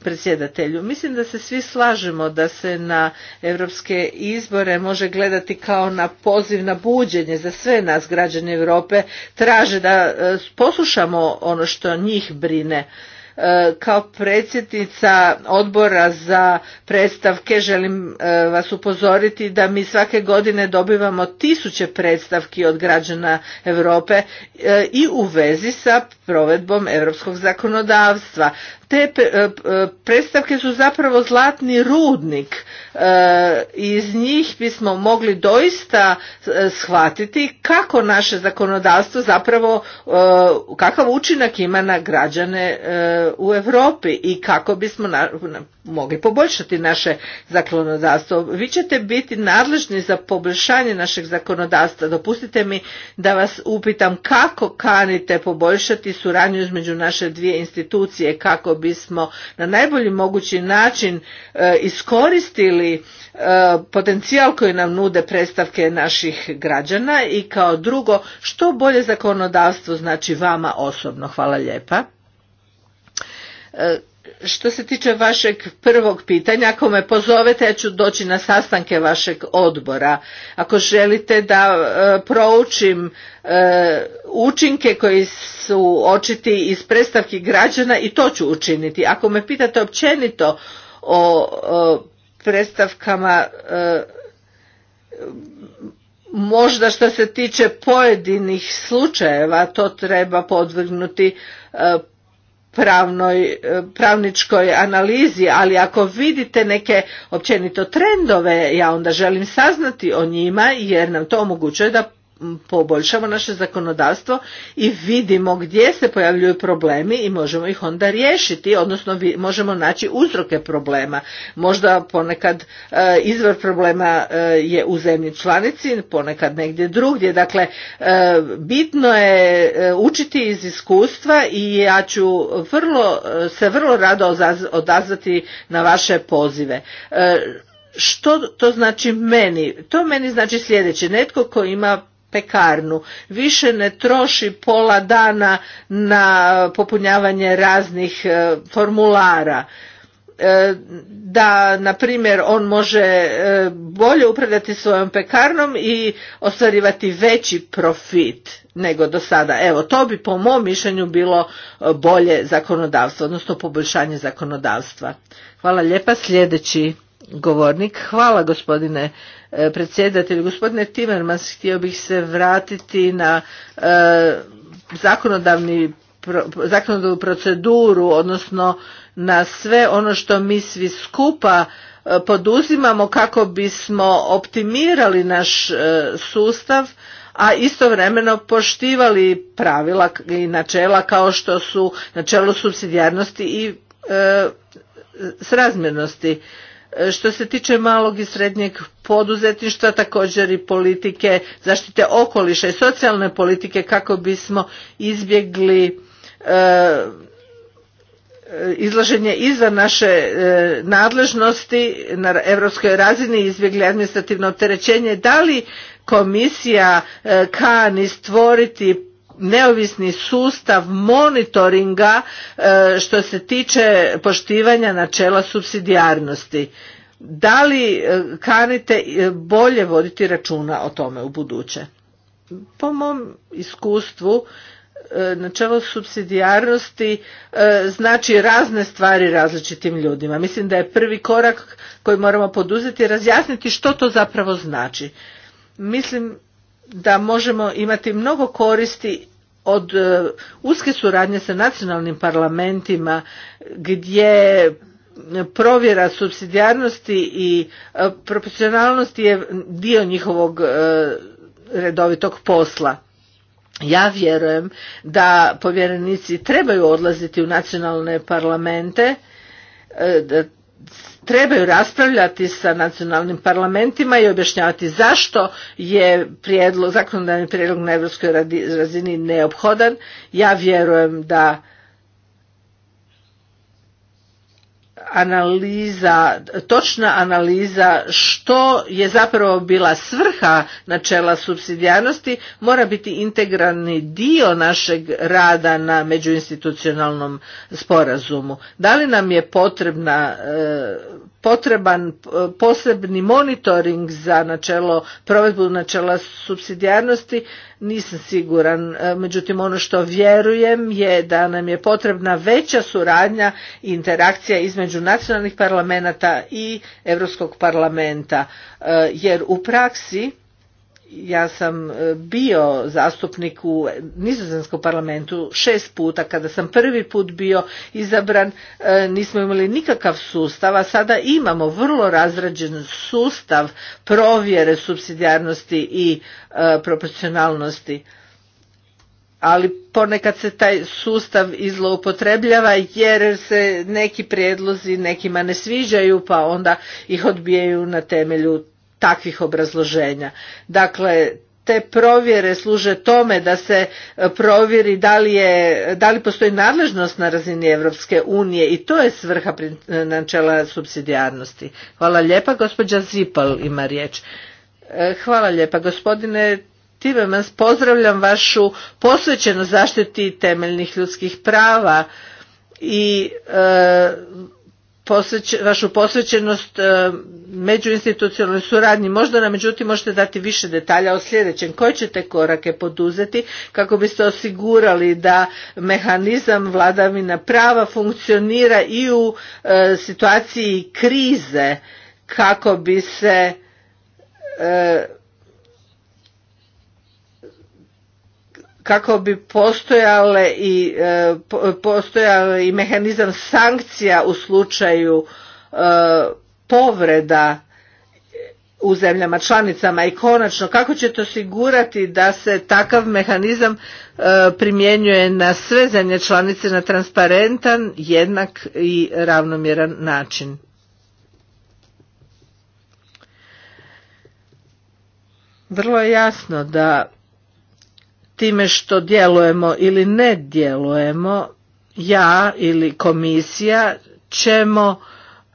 predsjedatelju. Mislim da se svi slažemo da se na europske izbore može gledati kao na poziv na buđenje za sve nas građane Europe. Traže da e, poslušamo ono što njih brine E, kao predsjednica odbora za predstavke želim e, vas upozoriti da mi svake godine dobivamo tisuće predstavki od građana Europe e, i u vezi sa provedbom europskog zakonodavstva te e, e, predstavke su zapravo zlatni rudnik. E, iz njih bismo mogli doista shvatiti kako naše zakonodavstvo zapravo, kakav učinak ima na građane u Europi i kako bismo mogli poboljšati naše zakonodavstvo. Vi ćete biti nadležni za poboljšanje našeg zakonodavstva. Dopustite mi da vas upitam kako kanite poboljšati suradnju između naše dvije institucije, kako bismo na najbolji mogući način e, iskoristili e, potencijal koji nam nude predstavke naših građana i kao drugo što bolje zakonodavstvo znači vama osobno. Hvala lijepa. E, što se tiče vašeg prvog pitanja, ako me pozovete ja ću doći na sastanke vašeg odbora. Ako želite da e, proučim e, učinke koji su očiti iz predstavki građana i to ću učiniti. Ako me pitate općenito o, predstavkama e, možda što se tiče pojedinih slučajeva to treba podvrgnuti pravnoj, e, pravničkoj analizi, ali ako vidite neke općenito trendove, ja onda želim saznati o njima jer nam to omogućuje da poboljšamo naše zakonodavstvo i vidimo gdje se pojavljuju problemi i možemo ih onda riješiti, odnosno možemo naći uzroke problema. Možda ponekad e, izvor problema e, je u zemlji članici, ponekad negdje drugdje. Dakle, e, bitno je učiti iz iskustva i ja ću vrlo, se vrlo rado odazvati na vaše pozive. Što to znači meni? To meni znači sljedeće. Netko ko ima pekarnu više ne troši pola dana na popunjavanje raznih e, formulara e, da na primjer on može e, bolje upravljati svojom pekarnom i ostvarivati veći profit nego do sada. Evo, to bi po mom mišljenju bilo bolje zakonodavstvo, odnosno poboljšanje zakonodavstva. Hvala lijepa. Sljedeći govornik. Hvala gospodine E, predsjedatelju. Gospodine Timmermans, htio bih se vratiti na e, zakonodavni zakonodavnu proceduru, odnosno na sve ono što mi svi skupa e, poduzimamo kako bismo optimirali naš sustav, a istovremeno poštivali pravila i načela kao što su načelo subsidijarnosti i srazmjernosti. Što se tiče malog i srednjeg poduzetništva, također i politike zaštite okoliša i socijalne politike kako bismo izbjegli e, e, izlaženje iza naše e, nadležnosti na europskoj razini izbjegli administrativno opterećenje da li komisija kani stvoriti neovisni sustav monitoringa e, što se tiče poštivanja načela subsidijarnosti. Da li e, kanite e, bolje voditi računa o tome u buduće? Po mom iskustvu načelo subsidijarnosti znači razne stvari različitim ljudima. Mislim da je prvi korak koji moramo poduzeti razjasniti što to zapravo znači. Mislim da možemo imati mnogo koristi od e, uske suradnje sa nacionalnim parlamentima gdje provjera subsidijarnosti i e, profesionalnosti je dio njihovog e, redovitog posla. Ja vjerujem da povjerenici trebaju odlaziti u nacionalne parlamente, da trebaju raspravljati sa nacionalnim parlamentima i objašnjavati zašto je prijedlog, zakonodavni prijedlog na europskoj razini neophodan. Ja vjerujem da analiza, točna analiza što je zapravo bila svrha načela subsidijarnosti mora biti integralni dio našeg rada na međuinstitucionalnom sporazumu. Da li nam je potrebna e, potreban e, posebni monitoring za načelo, provedbu načela subsidijarnosti, nisam siguran. E, međutim, ono što vjerujem je da nam je potrebna veća suradnja i interakcija između nacionalnih parlamenta i Europskog parlamenta, e, jer u praksi ja sam e, bio zastupnik u nizozemskom parlamentu šest puta kada sam prvi put bio izabran e, nismo imali nikakav sustav a sada imamo vrlo razrađen sustav provjere supsidijarnosti i e, proporcionalnosti ali ponekad se taj sustav izloupotrebljava jer se neki prijedlozi nekima ne sviđaju pa onda ih odbijaju na temelju takvih obrazloženja. Dakle, te provjere služe tome da se e, provjeri da li, je, da li postoji nadležnost na razini Europske unije i to je svrha e, načela subsidijarnosti. Hvala lijepa, gospođa Zipal ima riječ. E, hvala lijepa, gospodine Timemans, pozdravljam vašu posvećenost zaštiti temeljnih ljudskih prava i vašu posvećenost e, međuinstitucionalnoj suradnji. Možda nam međutim možete dati više detalja o sljedećem. Koje ćete korake poduzeti kako biste osigurali da mehanizam vladavina prava funkcionira i u e, situaciji krize kako bi se e, kako bi postojale i e, i mehanizam sankcija u slučaju e, povreda u zemljama članicama i konačno kako ćete osigurati da se takav mehanizam e, primjenjuje na sve zemlje članice na transparentan, jednak i ravnomjeran način. Vrlo je jasno da time što djelujemo ili ne djelujemo, ja ili komisija ćemo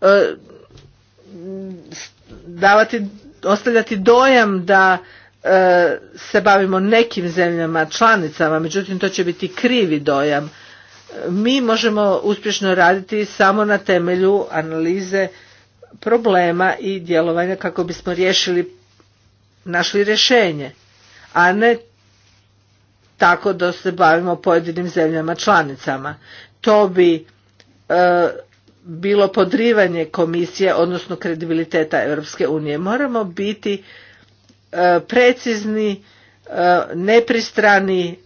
e, davati, ostavljati dojam da e, se bavimo nekim zemljama članicama, međutim to će biti krivi dojam. Mi možemo uspješno raditi samo na temelju analize problema i djelovanja kako bismo riješili, našli rješenje, a ne tako da se bavimo pojedinim zemljama članicama. To bi e, bilo podrivanje komisije, odnosno kredibiliteta Europske unije. Moramo biti e, precizni, e, nepristrani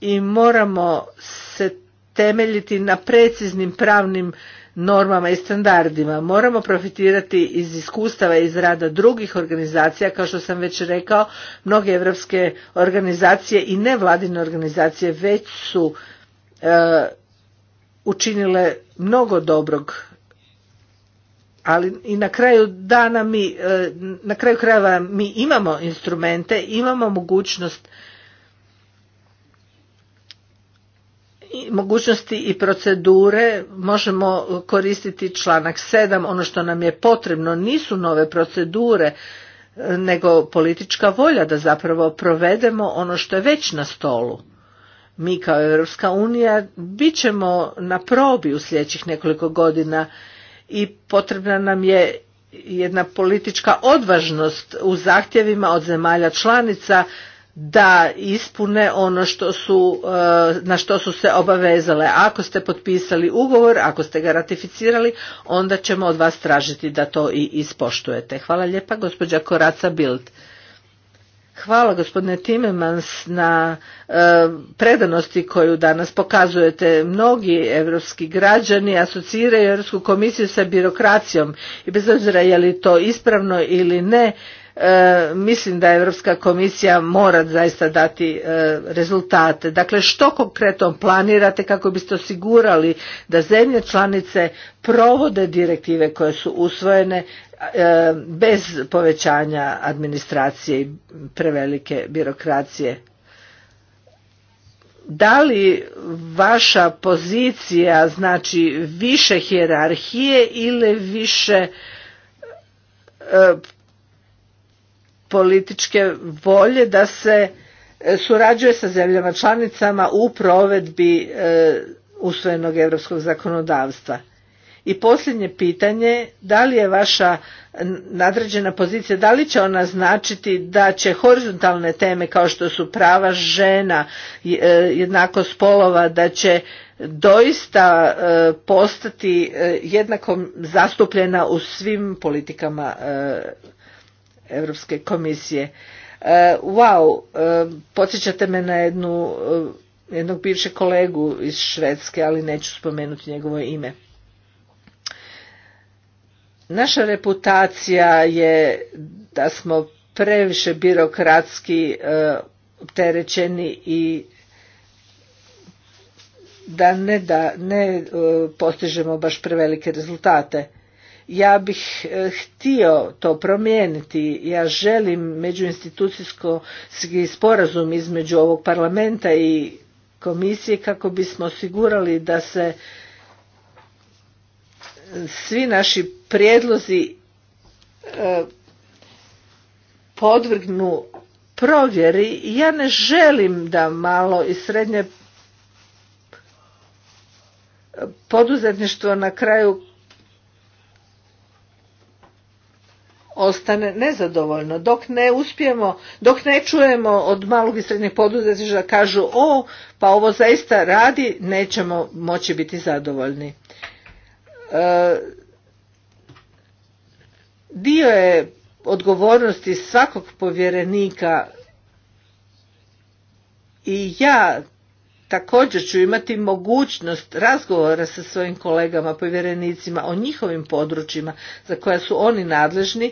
i moramo se temeljiti na preciznim pravnim normama i standardima. Moramo profitirati iz iskustava iz rada drugih organizacija, kao što sam već rekao, mnoge evropske organizacije i nevladine organizacije već su e, učinile mnogo dobrog ali i na kraju dana mi, e, na kraju krajeva mi imamo instrumente, imamo mogućnost mogućnosti i procedure možemo koristiti članak 7. Ono što nam je potrebno nisu nove procedure, e, nego politička volja da zapravo provedemo ono što je već na stolu. Mi kao Europska unija bit ćemo na probi u sljedećih nekoliko godina i potrebna nam je jedna politička odvažnost u zahtjevima od zemalja članica da ispune ono što su, e, na što su se obavezale. Ako ste potpisali ugovor, ako ste ga ratificirali, onda ćemo od vas tražiti da to i ispoštujete. Hvala lijepa, gospođa Koraca Bild. Hvala gospodine Timemans na e, predanosti koju danas pokazujete. Mnogi europski građani asociraju Europsku komisiju sa birokracijom i bez obzira je li to ispravno ili ne, E, mislim da Europska komisija mora zaista dati e, rezultate. Dakle, što konkretno planirate kako biste osigurali da zemlje članice provode direktive koje su usvojene e, bez povećanja administracije i prevelike birokracije? Da li vaša pozicija znači više hijerarhije ili više političke volje da se e, surađuje sa zemljama članicama u provedbi e, usvojenog europskog zakonodavstva. I posljednje pitanje, da li je vaša nadređena pozicija, da li će ona značiti da će horizontalne teme kao što su prava žena, e, jednako spolova, da će doista postati jednako zastupljena u svim politikama Europske komisije. E, wow, e, podsjećate me na jednu, e, jednog bivšeg kolegu iz Švedske, ali neću spomenuti njegovo ime. Naša reputacija je da smo previše birokratski opterećeni i da ne, da ne postižemo baš prevelike rezultate ja bih e, htio to promijeniti. Ja želim međuinstitucijsko sporazum između ovog parlamenta i komisije kako bismo osigurali da se e, svi naši prijedlozi e, podvrgnu provjeri. Ja ne želim da malo i srednje poduzetništvo na kraju ostane nezadovoljno. Dok ne uspijemo, dok ne čujemo od malog i srednjih poduzetništva da kažu o, pa ovo zaista radi, nećemo moći biti zadovoljni. E, dio je odgovornosti svakog povjerenika i ja također ću imati mogućnost razgovora sa svojim kolegama povjerenicima o njihovim područjima za koja su oni nadležni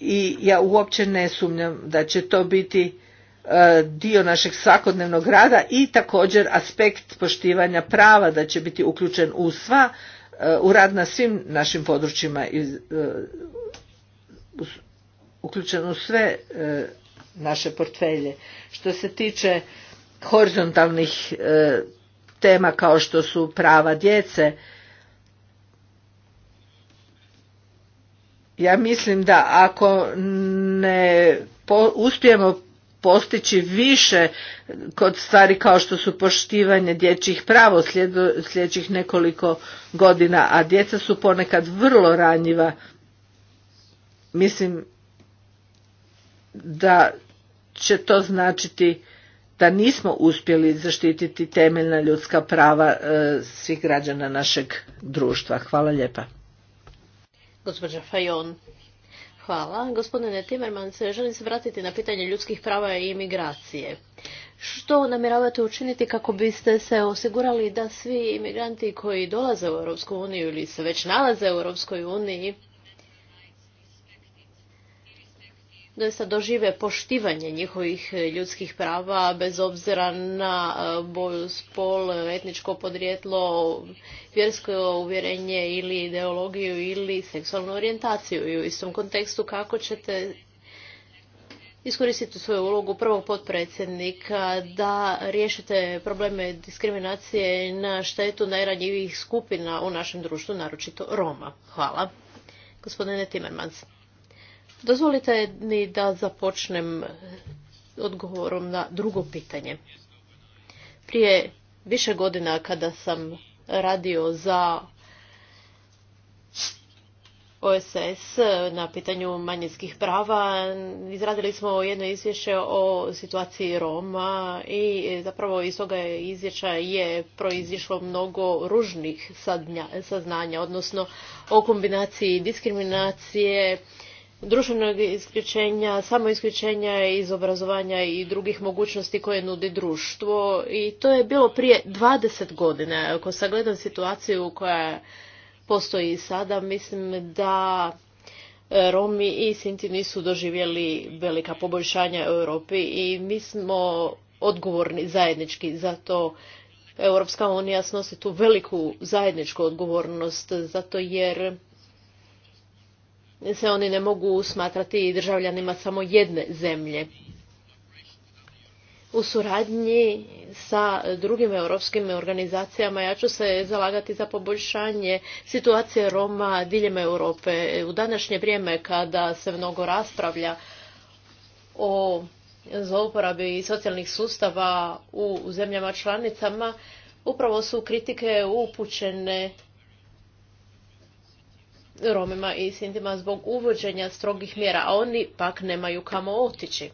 i ja uopće ne sumnjam da će to biti e, dio našeg svakodnevnog rada i također aspekt poštivanja prava da će biti uključen u sva e, u rad na svim našim područjima i e, uključen u sve naše portfelje. Što se tiče horizontalnih e, tema kao što su prava djece. Ja mislim da ako ne uspijemo postići više kod stvari kao što su poštivanje dječjih prava sljedećih nekoliko godina, a djeca su ponekad vrlo ranjiva. Mislim da će to značiti da nismo uspjeli zaštititi temeljna ljudska prava e, svih građana našeg društva. Hvala lijepa. Gospođa Fajon. Hvala. Gospodine Timmermans, želim se vratiti na pitanje ljudskih prava i imigracije. Što namjeravate učiniti kako biste se osigurali da svi imigranti koji dolaze u Europsku uniju ili se već nalaze u Europskoj uniji doista dožive poštivanje njihovih e, ljudskih prava bez obzira na e, boju, spol, etničko podrijetlo, vjersko uvjerenje ili ideologiju ili seksualnu orijentaciju. I u istom kontekstu kako ćete iskoristiti svoju ulogu prvog potpredsjednika da riješite probleme diskriminacije na štetu najranjivijih skupina u našem društvu, naročito Roma. Hvala. Gospodine Timmermans. Dozvolite mi da započnem odgovorom na drugo pitanje. Prije više godina kada sam radio za OSS na pitanju manjinskih prava. Izradili smo jedno izvješće o situaciji Roma i zapravo iz toga izvješća je proizišlo mnogo ružnih saznanja, odnosno o kombinaciji diskriminacije, društvenog isključenja, samo isključenja iz obrazovanja i drugih mogućnosti koje nudi društvo. I to je bilo prije 20 godina. Ako sagledam situaciju koja postoji sada, mislim da e, Romi i Sinti nisu doživjeli velika poboljšanja u Europi i mi smo odgovorni zajednički za to. Europska unija snosi tu veliku zajedničku odgovornost zato jer se oni ne mogu smatrati državljanima samo jedne zemlje. U suradnji sa drugim europskim organizacijama ja ću se zalagati za poboljšanje situacije Roma diljem Europe. U današnje vrijeme kada se mnogo raspravlja o zlouporabi socijalnih sustava u zemljama članicama, upravo su kritike upućene Romima i Sintima zbog uvođenja strogih mjera, a oni pak nemaju kamo otići.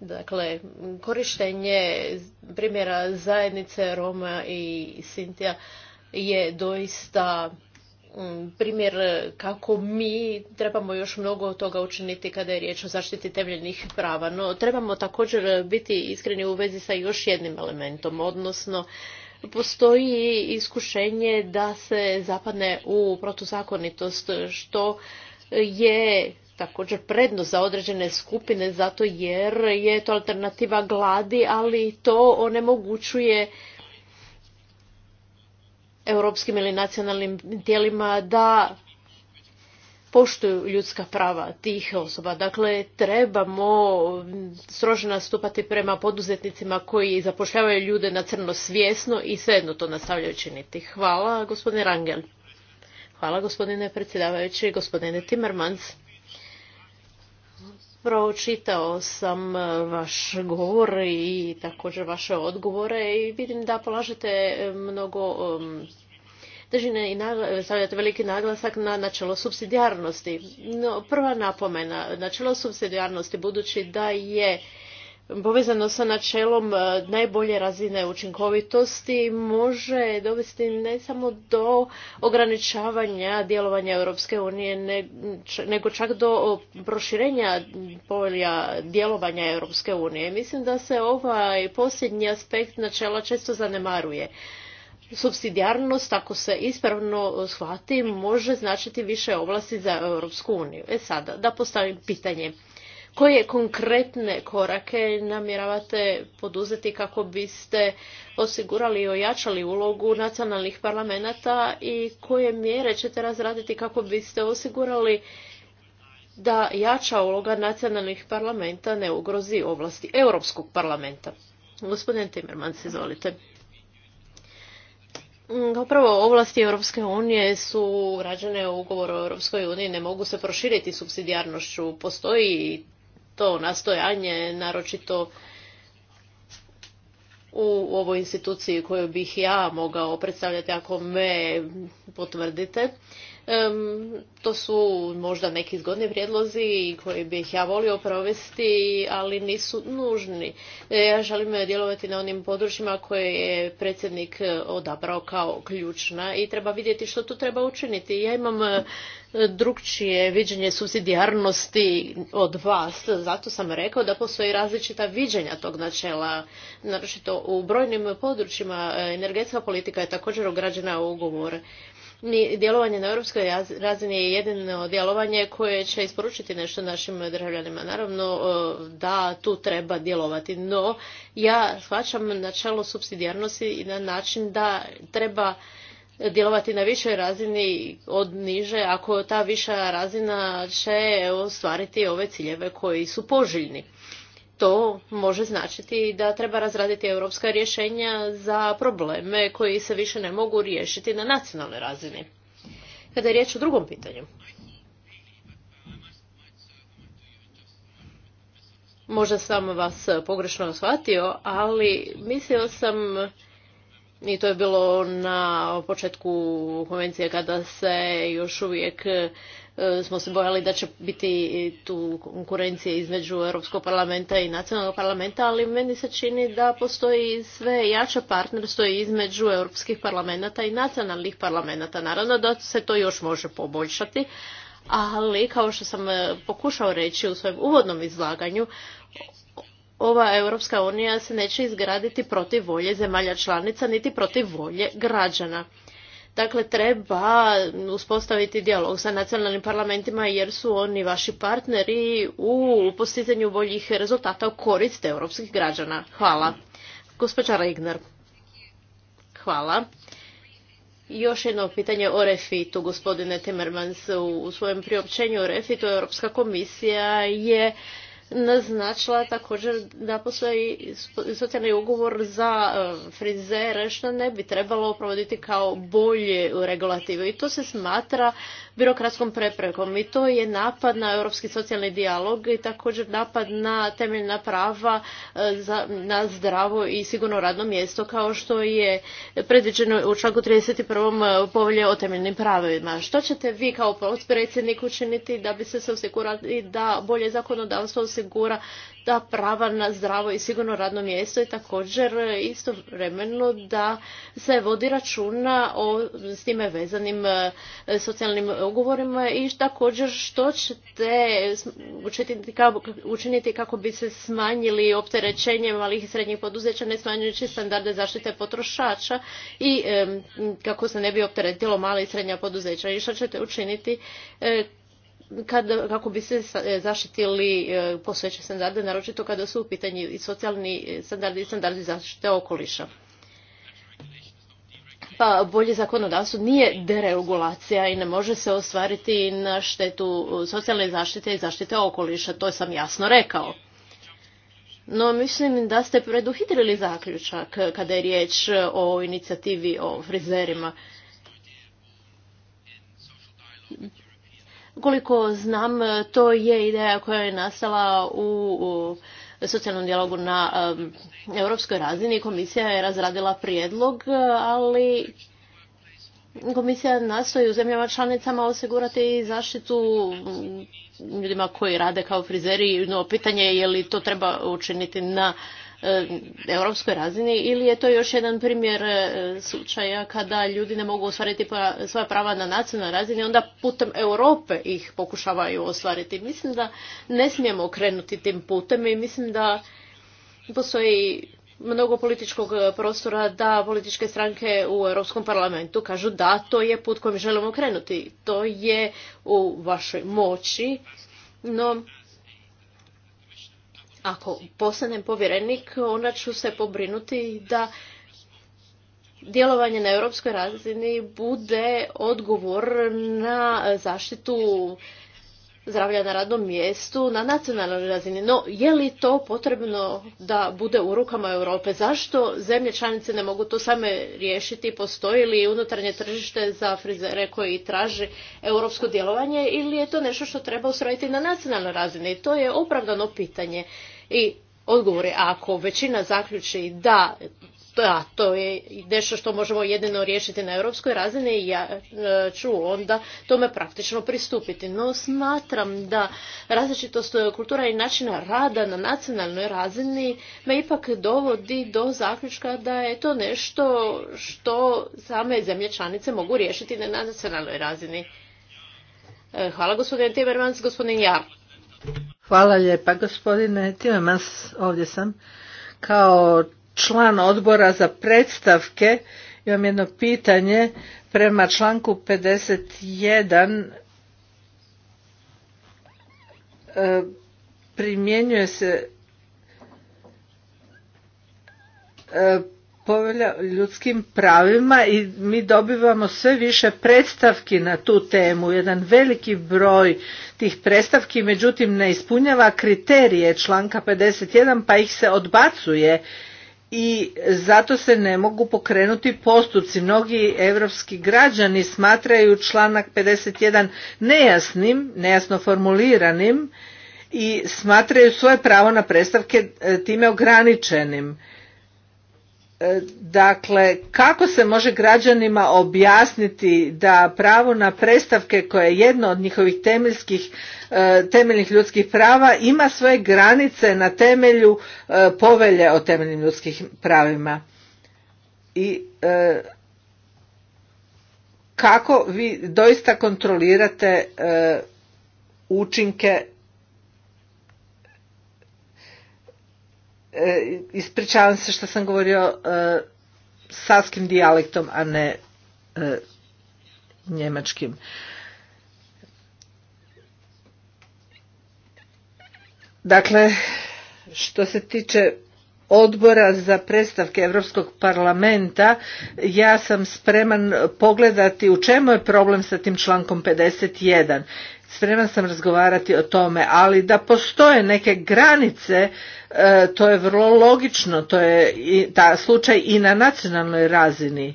Dakle, korištenje primjera zajednice Roma i Sintija je doista mm, primjer kako mi trebamo još mnogo toga učiniti kada je riječ o zaštiti temeljnih prava. No, trebamo također biti iskreni u vezi sa još jednim elementom, odnosno postoji iskušenje da se zapadne u protuzakonitost, što je također prednost za određene skupine, zato jer je to alternativa gladi, ali to onemogućuje europskim ili nacionalnim tijelima da poštuju ljudska prava tih osoba. Dakle, trebamo strože nastupati prema poduzetnicima koji zapošljavaju ljude na crno svjesno i svejedno to nastavljaju činiti. Hvala, gospodine Rangel. Hvala, gospodine predsjedavajući, gospodine Timmermans. Pročitao sam e, vaš govor i također vaše odgovore i vidim da polažete mnogo drži i e, stavljate veliki naglasak na načelo subsidijarnosti. No, prva napomena, načelo subsidijarnosti budući da je povezano sa načelom e, najbolje razine učinkovitosti može dovesti ne samo do ograničavanja djelovanja Europske unije nego čak do proširenja polja djelovanja Europske unije. Mislim da se ovaj posljednji aspekt načela često zanemaruje. Supsidijarnost ako se ispravno shvati, može značiti više ovlasti za Europsku uniju. E sada, da postavim pitanje. Koje konkretne korake namjeravate poduzeti kako biste osigurali i ojačali ulogu nacionalnih parlamenata i koje mjere ćete razraditi kako biste osigurali da jača uloga nacionalnih parlamenta ne ugrozi ovlasti Europskog parlamenta? Gospodine Timmermans, izvolite. Mm, upravo ovlasti Europske unije su rađene u ugovoru o Europskoj uniji, ne mogu se proširiti subsidijarnošću. Postoji to nastojanje, naročito u ovoj instituciji koju bih ja mogao predstavljati ako me potvrdite. To su možda neki zgodni prijedlozi koje bih ja volio provesti, ali nisu nužni. E, ja želim djelovati na onim područjima koje je predsjednik e, odabrao kao ključna i treba vidjeti što tu treba učiniti. Ja imam e, drugčije viđenje subsidijarnosti od vas, zato sam rekao da postoji različita viđenja tog načela, naročito u brojnim područjima energetska politika je također ugrađena u ugovor djelovanje na europskoj razini je jedino djelovanje koje će isporučiti nešto našim državljanima. Naravno e, da tu treba djelovati, no ja shvaćam načelo subsidijarnosti i na način da treba djelovati na višoj razini od niže ako ta viša razina će ostvariti ove ciljeve koji su poželjni to može značiti da treba razraditi europska rješenja za probleme koji se više ne mogu riješiti na nacionalnoj razini. Kada je riječ o drugom pitanju, možda sam vas pogrešno shvatio, ali mislio sam i to je bilo na početku konvencije kada se još uvijek E, smo se bojali da će biti tu konkurencije između Europskog parlamenta i nacionalnog parlamenta, ali meni se čini da postoji sve jače partnerstvo između Europskih parlamenta i nacionalnih parlamenta. Naravno da se to još može poboljšati, ali kao što sam e, pokušao reći u svojem uvodnom izlaganju, ova Europska unija se neće izgraditi protiv volje zemalja članica niti protiv volje građana. Dakle, treba uspostaviti dijalog sa nacionalnim parlamentima jer su oni vaši partneri u postizanju boljih rezultata u korist europskih građana. Hvala. Gospođa Regner. Hvala. Još jedno pitanje o refitu, gospodine Timmermans. U svojem priopćenju o refitu Europska komisija je naznačila također da postoji socijalni ugovor za e, frizere što ne bi trebalo provoditi kao bolje u regulativu i to se smatra birokratskom preprekom i to je napad na europski socijalni dijalog i također napad na temeljna prava e, za, na zdravo i sigurno radno mjesto kao što je predviđeno u članku 31. povelje o temeljnim pravima. Što ćete vi kao predsjednik učiniti da bi se osigurali da bolje zakonodavstvo osigura da prava na zdravo i sigurno radno mjesto i također istovremeno da se vodi računa o s time vezanim e, socijalnim ugovorima i također što ćete učiniti kako bi se smanjili opterećenje malih i srednjih poduzeća ne smanjujući standarde zaštite potrošača i kako se ne bi opteretilo mala i srednja poduzeća i što ćete učiniti e, kako bi se e, zaštitili e, posveće standarde, naročito kada su u pitanju i socijalni e, standardi i standardi zaštite okoliša. Pa bolje zakonodavstvo nije deregulacija i ne može se ostvariti na štetu socijalne zaštite i zaštite okoliša, to sam jasno rekao. No mislim da ste preduhitrili zaključak kada je riječ o inicijativi o frizerima koliko znam, to je ideja koja je nastala u socijalnom dijalogu na europskoj razini. Komisija je razradila prijedlog, ali komisija nastoji u zemljama članicama osigurati zaštitu ljudima koji rade kao frizeri, no pitanje je li to treba učiniti na E, europskoj razini ili je to još jedan primjer e, slučaja kada ljudi ne mogu ostvariti pa, svoja prava na nacionalnoj razini onda putem Europe ih pokušavaju ostvariti. Mislim da ne smijemo krenuti tim putem i mislim da postoji mnogo političkog prostora da političke stranke u Europskom parlamentu kažu da to je put kojim želimo krenuti. To je u vašoj moći, no ako postanem povjerenik, onda ću se pobrinuti da djelovanje na europskoj razini bude odgovor na zaštitu zdravlja na radnom mjestu na nacionalnoj razini. No, je li to potrebno da bude u rukama Europe? Zašto zemlje članice ne mogu to same riješiti? Postoji li unutarnje tržište za frizere koji traži europsko djelovanje ili je to nešto što treba ustrojiti na nacionalnoj razini? I To je opravdano pitanje. I odgovor je ako većina zaključi da da, to je nešto što možemo jedino riješiti na europskoj razini i ja e, ću onda tome praktično pristupiti. No smatram da različitost e, kultura i načina rada na nacionalnoj razini me ipak dovodi do zaključka da je to nešto što same zemlje članice mogu riješiti na nacionalnoj razini. E, hvala gospodine Timmermans, gospodin Ja. Hvala lijepa gospodine Timmermans, ovdje sam. Kao član odbora za predstavke imam jedno pitanje prema članku 51 e, primjenjuje se e, povelja ljudskim pravima i mi dobivamo sve više predstavki na tu temu. Jedan veliki broj tih predstavki međutim ne ispunjava kriterije članka 51 pa ih se odbacuje i zato se ne mogu pokrenuti postupci. Mnogi evropski građani smatraju članak 51 nejasnim, nejasno formuliranim i smatraju svoje pravo na predstavke e, time ograničenim. Dakle, kako se može građanima objasniti da pravo na predstavke koje je jedno od njihovih temeljskih, e, temeljnih ljudskih prava ima svoje granice na temelju e, povelje o temeljnim ljudskim pravima? I e, kako vi doista kontrolirate učinke E, ispričavam se što sam govorio e, savskim dijalektom, a ne e, njemačkim. Dakle, što se tiče odbora za predstavke Europskog parlamenta, ja sam spreman pogledati u čemu je problem sa tim člankom 51 spreman sam razgovarati o tome, ali da postoje neke granice, e, to je vrlo logično, to je i ta slučaj i na nacionalnoj razini. E,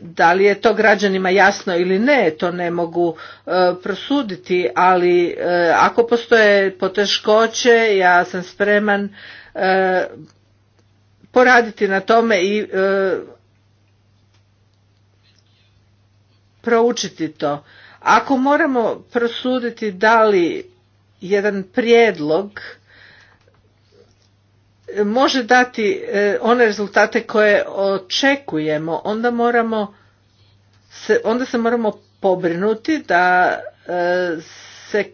da li je to građanima jasno ili ne, to ne mogu e, prosuditi, ali ako postoje poteškoće, ja sam spreman poraditi na tome i proučiti to ako moramo prosuditi da li jedan prijedlog e, može dati e, one rezultate koje očekujemo, onda moramo se, onda se moramo pobrinuti da e, se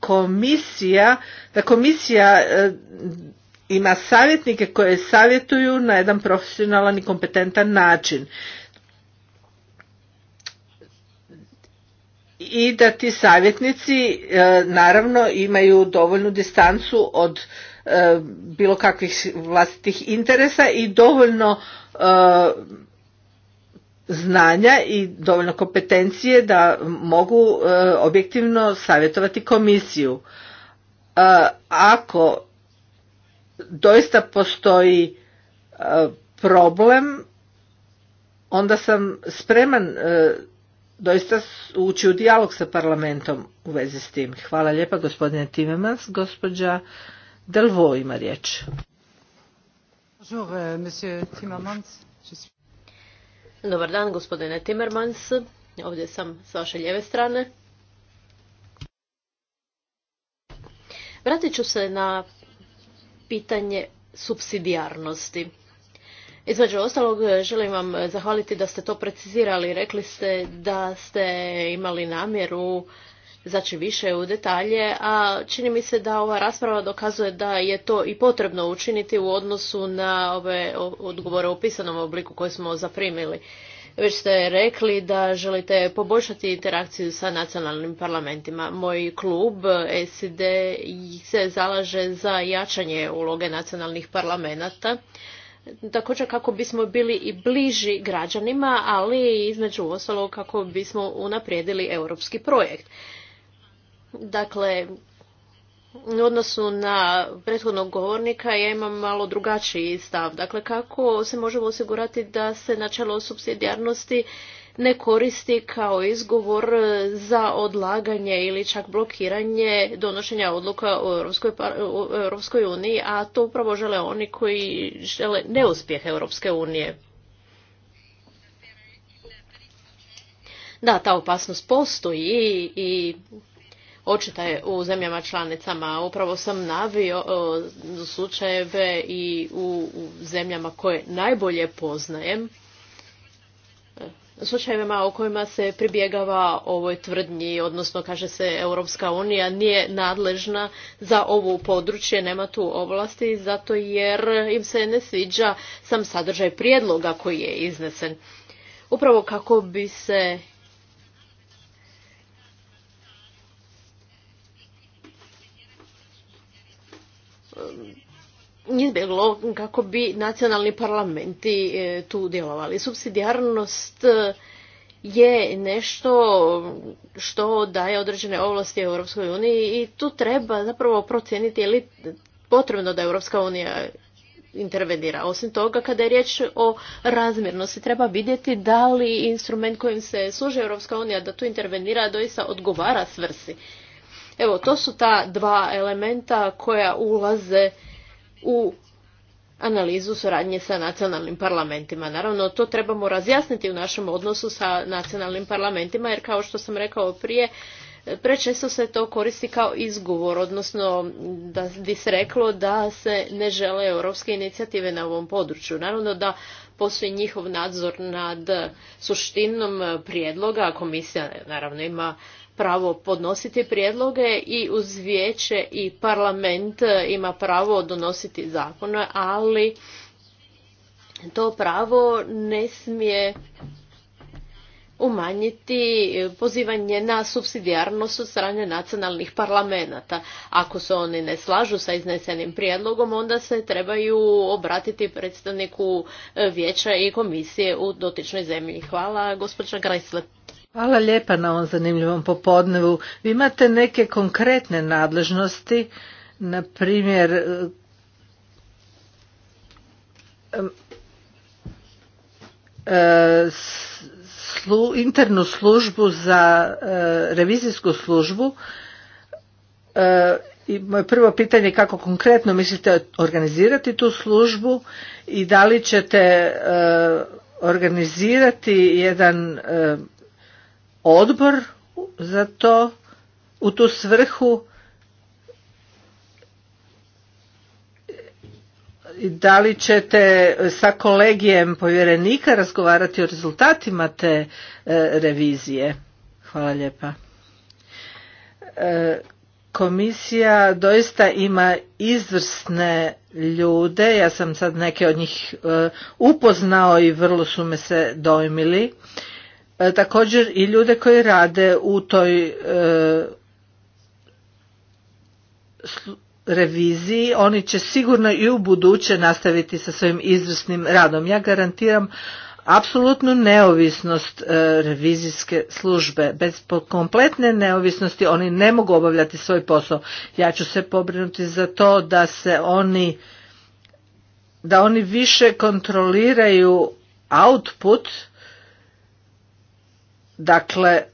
komisija, da komisija ima savjetnike koje savjetuju na jedan profesionalan i kompetentan način. i da ti savjetnici e, naravno imaju dovoljnu distancu od e, bilo kakvih vlastitih interesa i dovoljno e, znanja i dovoljno kompetencije da mogu objektivno savjetovati komisiju. Ako doista postoji problem, onda sam spreman doista ući u dijalog sa parlamentom u vezi s tim. Hvala lijepa gospodine Timemans. Gospođa Delvo ima riječ. Euh, Dobar dan gospodine Timmermans. Ovdje sam s vaše lijeve strane. Vratit ću se na pitanje subsidijarnosti. Između ostalog, e, želim vam e, zahvaliti da ste to precizirali. Rekli ste da ste imali namjeru zaći više u detalje, a čini mi se da ova rasprava dokazuje da je to i potrebno učiniti u odnosu na ove odgovore u pisanom obliku koje smo zaprimili. Već ste rekli da želite poboljšati interakciju sa nacionalnim parlamentima. Moj klub SID se zalaže za jačanje uloge nacionalnih parlamenta također kako bismo bili i bliži građanima, ali između ostalog kako bismo unaprijedili europski projekt. Dakle, u odnosu na prethodnog govornika ja imam malo drugačiji stav. Dakle, kako se možemo osigurati da se načelo supsidijarnosti ne koristi kao izgovor e, za odlaganje ili čak blokiranje donošenja odluka u Europskoj, uniji, a to upravo žele oni koji žele neuspjeh Europske unije. Da, ta opasnost postoji i, očita je u zemljama članicama. Upravo sam navio e, slučajeve i u, u zemljama koje najbolje poznajem slučajevima u kojima se pribjegava ovoj tvrdnji, odnosno kaže se Europska unija nije nadležna za ovo područje, nema tu ovlasti, zato jer im se ne sviđa sam sadržaj prijedloga koji je iznesen. Upravo kako bi se izbjeglo kako bi nacionalni parlamenti e, tu djelovali. Subsidijarnost e, je nešto što daje određene ovlasti Europskoj uniji i tu treba zapravo procijeniti je li potrebno da Europska unija intervenira. Osim toga, kada je riječ o razmjernosti, treba vidjeti da li instrument kojim se služi Europska unija da tu intervenira doista odgovara svrsi. Evo, to su ta dva elementa koja ulaze u analizu suradnje sa nacionalnim parlamentima. Naravno, to trebamo razjasniti u našem odnosu sa nacionalnim parlamentima, jer kao što sam rekao prije, prečesto se to koristi kao izgovor, odnosno da bi se reklo da se ne žele europske inicijative na ovom području. Naravno da postoji njihov nadzor nad suštinom prijedloga, komisija naravno ima pravo podnositi prijedloge i uz vijeće i parlament ima pravo donositi zakone, ali to pravo ne smije umanjiti pozivanje na subsidijarnost od strane nacionalnih parlamenata. Ako se oni ne slažu sa iznesenim prijedlogom, onda se trebaju obratiti predstavniku vijeća i komisije u dotičnoj zemlji. Hvala, gospođa Grajsle. Hvala lijepa na ovom zanimljivom popodnevu. Vi imate neke konkretne nadležnosti, na primjer e, e, internu službu za e, revizijsku službu i moje prvo pitanje je kako konkretno mislite organizirati tu službu i da li ćete organizirati jedan odbor za to u tu svrhu da li ćete sa kolegijem povjerenika razgovarati o rezultatima te e, revizije? Hvala lijepa. E, komisija doista ima izvrsne ljude, ja sam sad neke od njih e, upoznao i vrlo su me se dojmili. E, također i ljude koji rade u toj e, reviziji, oni će sigurno i u buduće nastaviti sa svojim izvrsnim radom. Ja garantiram apsolutnu neovisnost e, revizijske službe. Bez kompletne neovisnosti oni ne mogu obavljati svoj posao. Ja ću se pobrinuti za to da se oni da oni više kontroliraju output Dakle,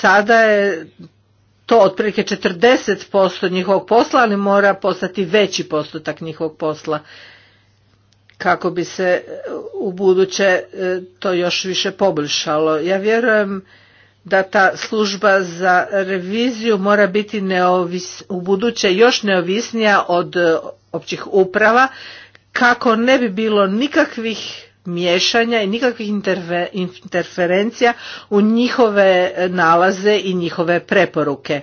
sada je to otprilike 40% njihovog posla, ali mora postati veći postotak njihovog posla kako bi se e, u buduće e, to još više poboljšalo. Ja vjerujem da ta služba za reviziju mora biti neovis, u buduće još neovisnija od e, općih uprava kako ne bi bilo nikakvih miješanja i nikakvih interferencija u njihove e, nalaze i njihove preporuke.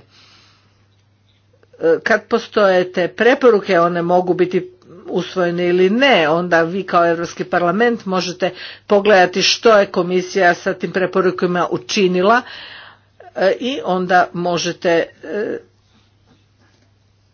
E, kad postoje te preporuke, one mogu biti usvojene ili ne, onda vi kao Europski parlament možete pogledati što je komisija sa tim preporukama učinila e, i onda možete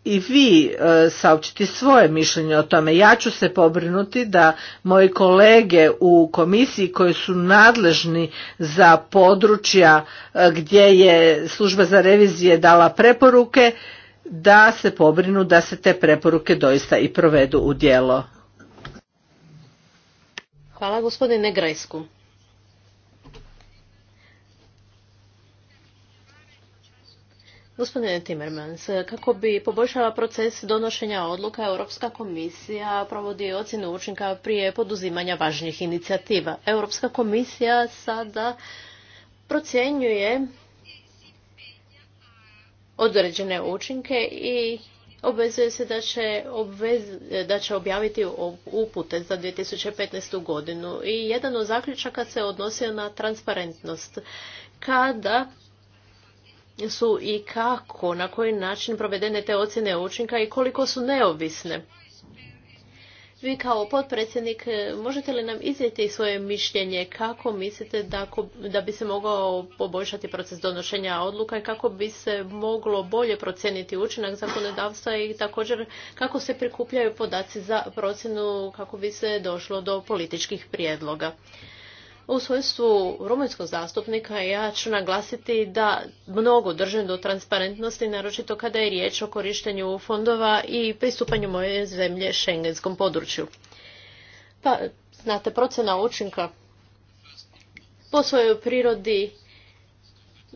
i vi e, saopćiti svoje mišljenje o tome. Ja ću se pobrinuti da moji kolege u komisiji koji su nadležni za područja e, gdje je služba za revizije dala preporuke, da se pobrinu da se te preporuke doista i provedu u djelo. Hvala gospodine Grajsku. Gospodine Timmermans, kako bi poboljšala proces donošenja odluka, Europska komisija provodi ocjenu učinka prije poduzimanja važnih inicijativa. Europska komisija sada procjenjuje određene učinke i obvezuje se da će, da će objaviti upute za 2015. godinu. I jedan od zaključaka se odnosio na transparentnost. Kada su i kako, na koji način provedene te ocjene učinka i koliko su neovisne. Vi kao potpredsjednik e, možete li nam iznijeti svoje mišljenje kako mislite da, da bi se mogao poboljšati proces donošenja odluka i kako bi se moglo bolje procijeniti učinak zakonodavstva i također kako se prikupljaju podaci za procjenu kako bi se došlo do političkih prijedloga. U svojstvu rumunjskog zastupnika ja ću naglasiti da mnogo držim do transparentnosti, naročito kada je riječ o korištenju fondova i pristupanju moje zemlje šengenskom području. Pa, znate, procjena učinka po svojoj prirodi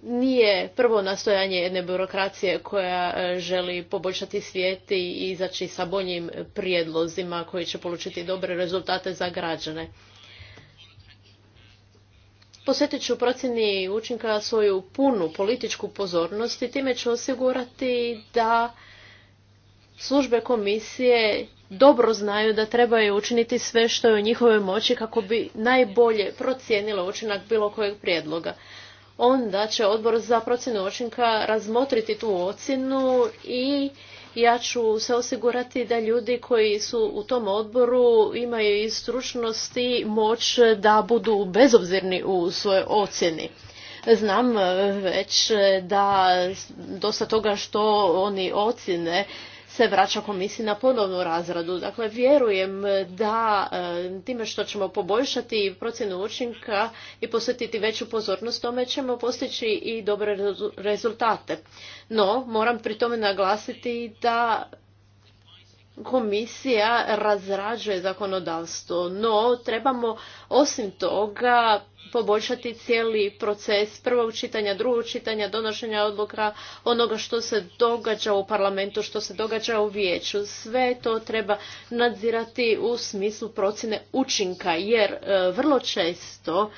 nije prvo nastojanje jedne birokracije koja e, želi poboljšati svijet i izaći sa boljim prijedlozima koji će polučiti dobre rezultate za građane. Posjetit ću procjeni učinka svoju punu političku pozornost i time ću osigurati da službe komisije dobro znaju da trebaju učiniti sve što je u njihovoj moći kako bi najbolje procijenile učinak bilo kojeg prijedloga. Onda će odbor za procjenu učinka razmotriti tu ocjenu i ja ću se osigurati da ljudi koji su u tom odboru imaju i stručnost i moć da budu bezobzirni u svojoj ocjeni. Znam već da dosta toga što oni ocjene se vraća komisiji na ponovnu razradu. Dakle, vjerujem da e, time što ćemo poboljšati procjenu učinka i posvetiti veću pozornost tome ćemo postići i dobre rezultate. No, moram pri tome naglasiti da komisija razrađuje zakonodavstvo, no trebamo osim toga poboljšati cijeli proces prvog čitanja, drugog čitanja, donošenja odluka, onoga što se događa u parlamentu, što se događa u vijeću. Sve to treba nadzirati u smislu procjene učinka, jer e, vrlo često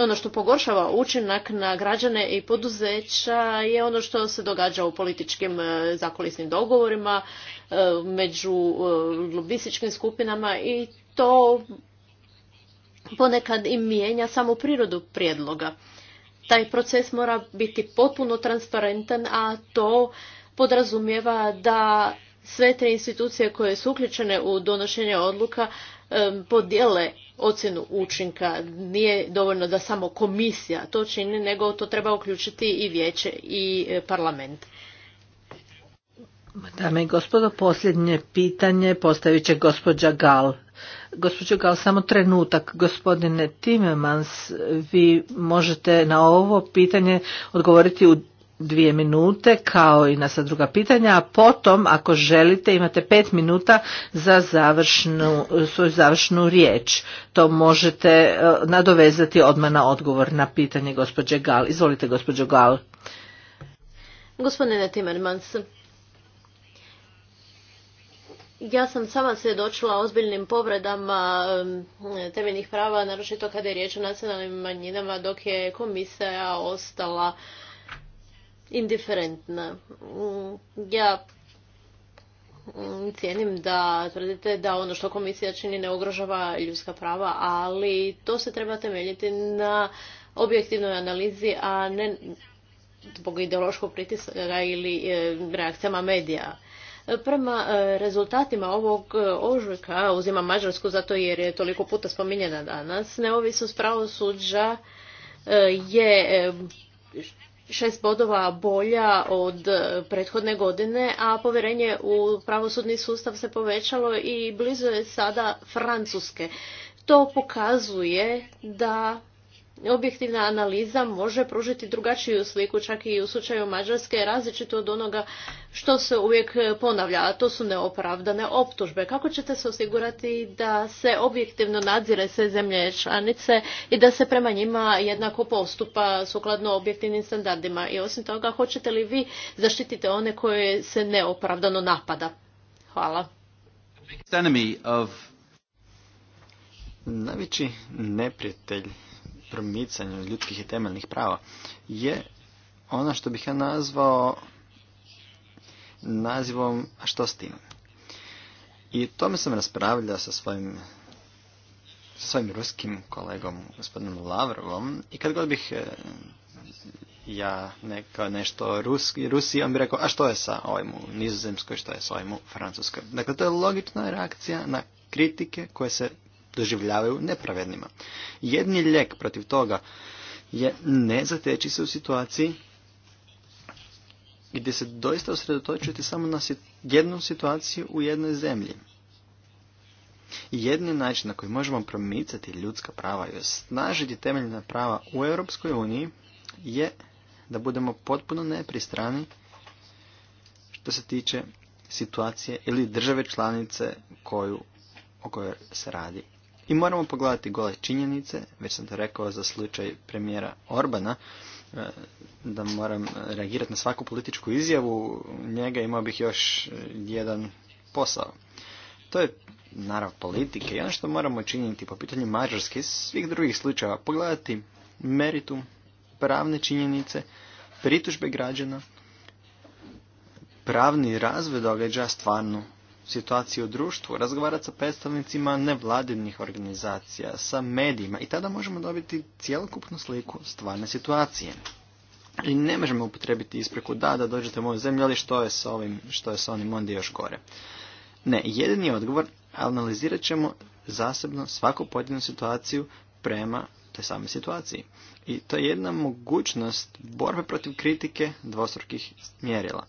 ono što pogoršava učinak na građane i poduzeća je ono što se događa u političkim e, zakulisnim dogovorima e, među e, lobističkim skupinama i to ponekad i mijenja samu prirodu prijedloga. Taj proces mora biti potpuno transparentan, a to podrazumijeva da sve te institucije koje su uključene u donošenje odluka podijele ocjenu učinka. Nije dovoljno da samo komisija to čini, nego to treba uključiti i vijeće i e, parlament. Dame i gospodo, posljednje pitanje postavit će gospođa Gal. Gospođo Gal, samo trenutak. Gospodine Timemans, vi možete na ovo pitanje odgovoriti u dvije minute kao i na sva druga pitanja, a potom ako želite imate pet minuta za završnu, svoju završnu riječ. To možete e, nadovezati odmah na odgovor na pitanje gospođe Gal. Izvolite gospođo Gal. Gospodine Timmermans, ja sam sama svjedočila ozbiljnim povredama e, temeljnih prava, naročito kada je riječ o nacionalnim manjinama, dok je komisija ostala indiferentna. Mm, ja mm, cijenim da tvrdite da ono što komisija čini ne ugrožava ljudska prava, ali to se treba temeljiti na objektivnoj analizi, a ne zbog ideološkog pritisaka ili e, reakcijama medija. Prema e, rezultatima ovog ožujka, uzimam Mađarsku zato jer je toliko puta spominjena danas, neovisnost pravosuđa e, je šest bodova bolja od e, prethodne godine, a povjerenje u pravosudni sustav se povećalo i blizu je sada Francuske. To pokazuje da objektivna analiza može pružiti drugačiju sliku, čak i u slučaju Mađarske, različito od onoga što se uvijek ponavlja, a to su neopravdane optužbe. Kako ćete se osigurati da se objektivno nadzire sve zemlje članice i da se prema njima jednako postupa sukladno objektivnim standardima? I osim toga, hoćete li vi zaštititi one koje se neopravdano napada? Hvala. Najveći neprijatelj promicanju ljudskih i temeljnih prava je ono što bih ja nazvao nazivom a što s tim. I tome sam raspravljao sa svojim sa svojim ruskim kolegom gospodinom Lavrovom i kad god bih e, ja neka nešto ruski, Rusi, on bi rekao, a što je sa ovim u Nizozemskoj, što je sa ovim u Francuskoj. Dakle, to je logična reakcija na kritike koje se doživljavaju nepravednima. Jedni lijek protiv toga je ne zateći se u situaciji gdje se doista osredotočujete samo na jednu situaciju u jednoj zemlji. Jedni način na koji možemo promicati ljudska prava i osnažiti temeljna prava u Europskoj uniji je da budemo potpuno nepristrani što se tiče situacije ili države članice koju, o kojoj se radi i moramo pogledati gole činjenice, već sam to rekao za slučaj premijera Orbana, e, da moram reagirati na svaku političku izjavu njega imao bih još e, jedan posao. To je narav politike i ono što moramo činiti po pitanju Mađarske i svih drugih slučajeva, pogledati meritum, pravne činjenice, pritužbe građana, pravni razvoj događa stvarno situaciju u društvu, razgovarati sa predstavnicima nevladinih organizacija, sa medijima i tada možemo dobiti cjelokupnu sliku stvarne situacije. I ne možemo upotrebiti ispreku da, da dođete u moju zemlju, ali što je s ovim, što je sa onim, onda još gore. Ne, jedini odgovor, analizirat ćemo zasebno svaku pojedinu situaciju prema te same situaciji. I to je jedna mogućnost borbe protiv kritike dvostrukih mjerila.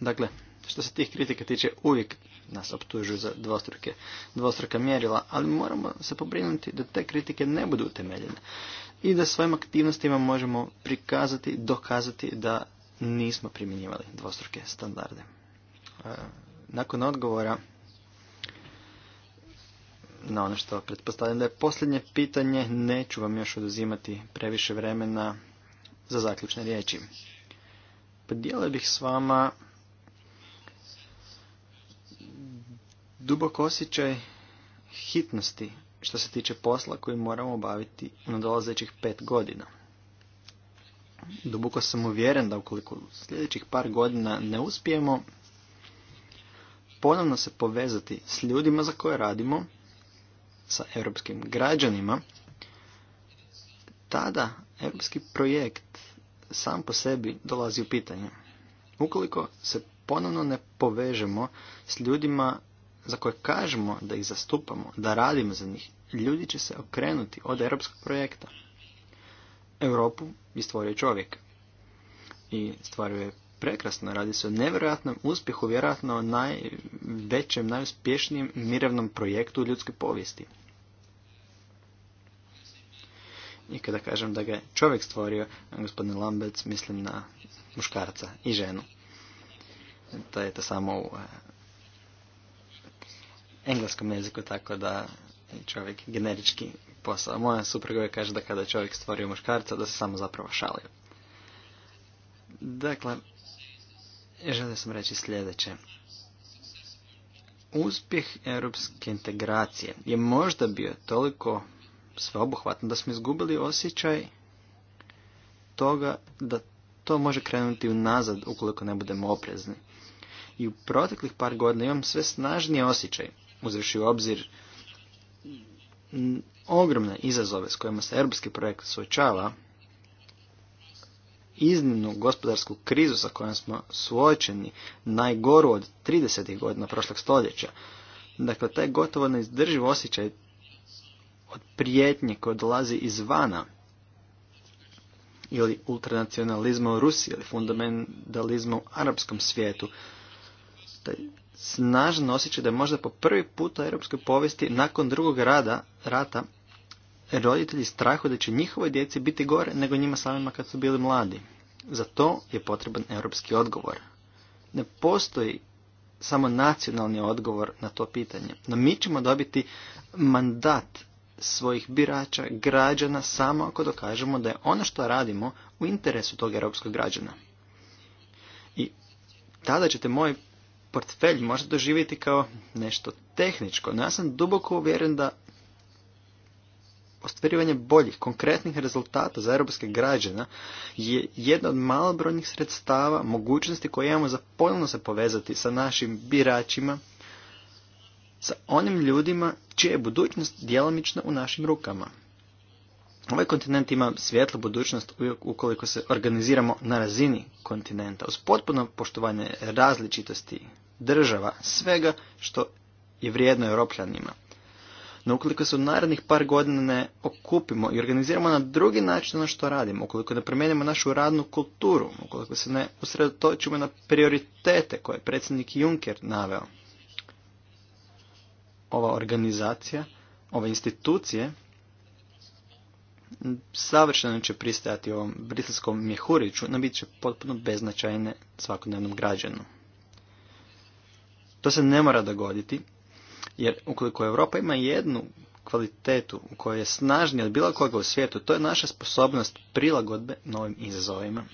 Dakle, što se tih kritika tiče, uvijek nas optužuju za dvostruke, dvostruka mjerila, ali moramo se pobrinuti da te kritike ne budu utemeljene i da svojim aktivnostima možemo prikazati, dokazati da nismo primjenjivali dvostruke standarde. E, nakon odgovora na ono što pretpostavljam da je posljednje pitanje, neću vam još oduzimati previše vremena za zaključne riječi. Podijelio bih s vama dubok osjećaj hitnosti što se tiče posla koji moramo obaviti na dolazećih pet godina. Duboko sam uvjeren da ukoliko sljedećih par godina ne uspijemo ponovno se povezati s ljudima za koje radimo, sa europskim građanima, tada europski projekt sam po sebi dolazi u pitanje. Ukoliko se ponovno ne povežemo s ljudima za koje kažemo da ih zastupamo, da radimo za njih, ljudi će se okrenuti od europskog projekta. Europu je stvorio čovjek i stvario je prekrasno. Radi se o nevjerojatnom uspjehu, vjerojatno o najvećem, najuspješnijem mirovnom projektu u ljudskoj povijesti. I kada kažem da ga je čovjek stvorio, gospodin Lambec, mislim na muškarca i ženu. To je to samo u engleskom jeziku, tako da čovjek generički posao. Moja supruga kaže da kada čovjek stvorio muškarca, da se samo zapravo šalio. Dakle, želio sam reći sljedeće. Uspjeh europske integracije je možda bio toliko sveobuhvatan da smo izgubili osjećaj toga da to može krenuti unazad ukoliko ne budemo oprezni. I u proteklih par godina imam sve snažnije osjećaj uzvrši u obzir ogromne izazove s kojima se europski projekt suočava, iznimnu gospodarsku krizu sa kojom smo suočeni, najgoru od 30. godina prošlog stoljeća. Dakle, taj gotovo neizdrživ osjećaj od prijetnje koje dolazi izvana ili ultranacionalizma u Rusiji ili fundamentalizma u arapskom svijetu. Taj snažno osjećaj da je možda po prvi put u europskoj povijesti nakon drugog rada, rata roditelji strahu da će njihovoj djeci biti gore nego njima samima kad su bili mladi. Za to je potreban europski odgovor. Ne postoji samo nacionalni odgovor na to pitanje. No mi ćemo dobiti mandat svojih birača, građana, samo ako dokažemo da je ono što radimo u interesu tog europskog građana. I tada ćete moj portfelj može doživjeti kao nešto tehničko. No ja sam duboko uvjeren da ostvarivanje boljih, konkretnih rezultata za europske građana je jedna od malobrojnih sredstava, mogućnosti koje imamo za ponovno se povezati sa našim biračima, sa onim ljudima čija je budućnost djelomična u našim rukama. Ovaj kontinent ima svjetlu budućnost ukoliko se organiziramo na razini kontinenta uz potpuno poštovanje različitosti država, svega što je vrijedno europljanima. No ukoliko se u narednih par godina ne okupimo i organiziramo na drugi način na ono što radimo, ukoliko ne promijenimo našu radnu kulturu, ukoliko se ne usredotočimo na prioritete koje je predsjednik Juncker naveo, ova organizacija, ove institucije savršeno će pristajati ovom britanskom mjehuriću, na bit će potpuno beznačajne svakodnevnom građanu. To se ne mora dogoditi, jer ukoliko Europa ima jednu kvalitetu koja je snažnija od bilo koga u svijetu, to je naša sposobnost prilagodbe novim izazovima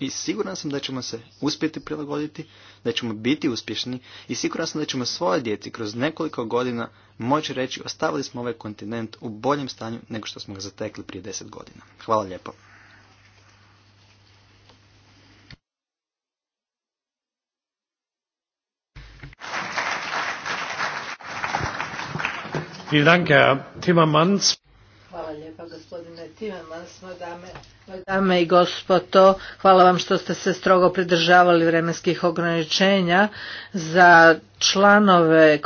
i siguran sam da ćemo se uspjeti prilagoditi, da ćemo biti uspješni i siguran sam da ćemo svoje djeci kroz nekoliko godina moći reći ostavili smo ovaj kontinent u boljem stanju nego što smo ga zatekli prije deset godina. Hvala lijepo. Vielen Dank, Herr Hvala lijepa gospodine Timemans, dame i gospodo, hvala vam što ste se strogo pridržavali vremenskih ograničenja za članove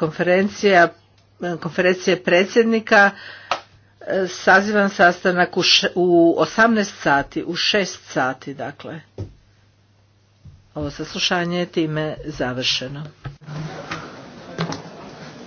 konferencije predsjednika. E, Sazivam sastanak u, u 18 sati, u 6 sati dakle. Ovo saslušanje je time završeno.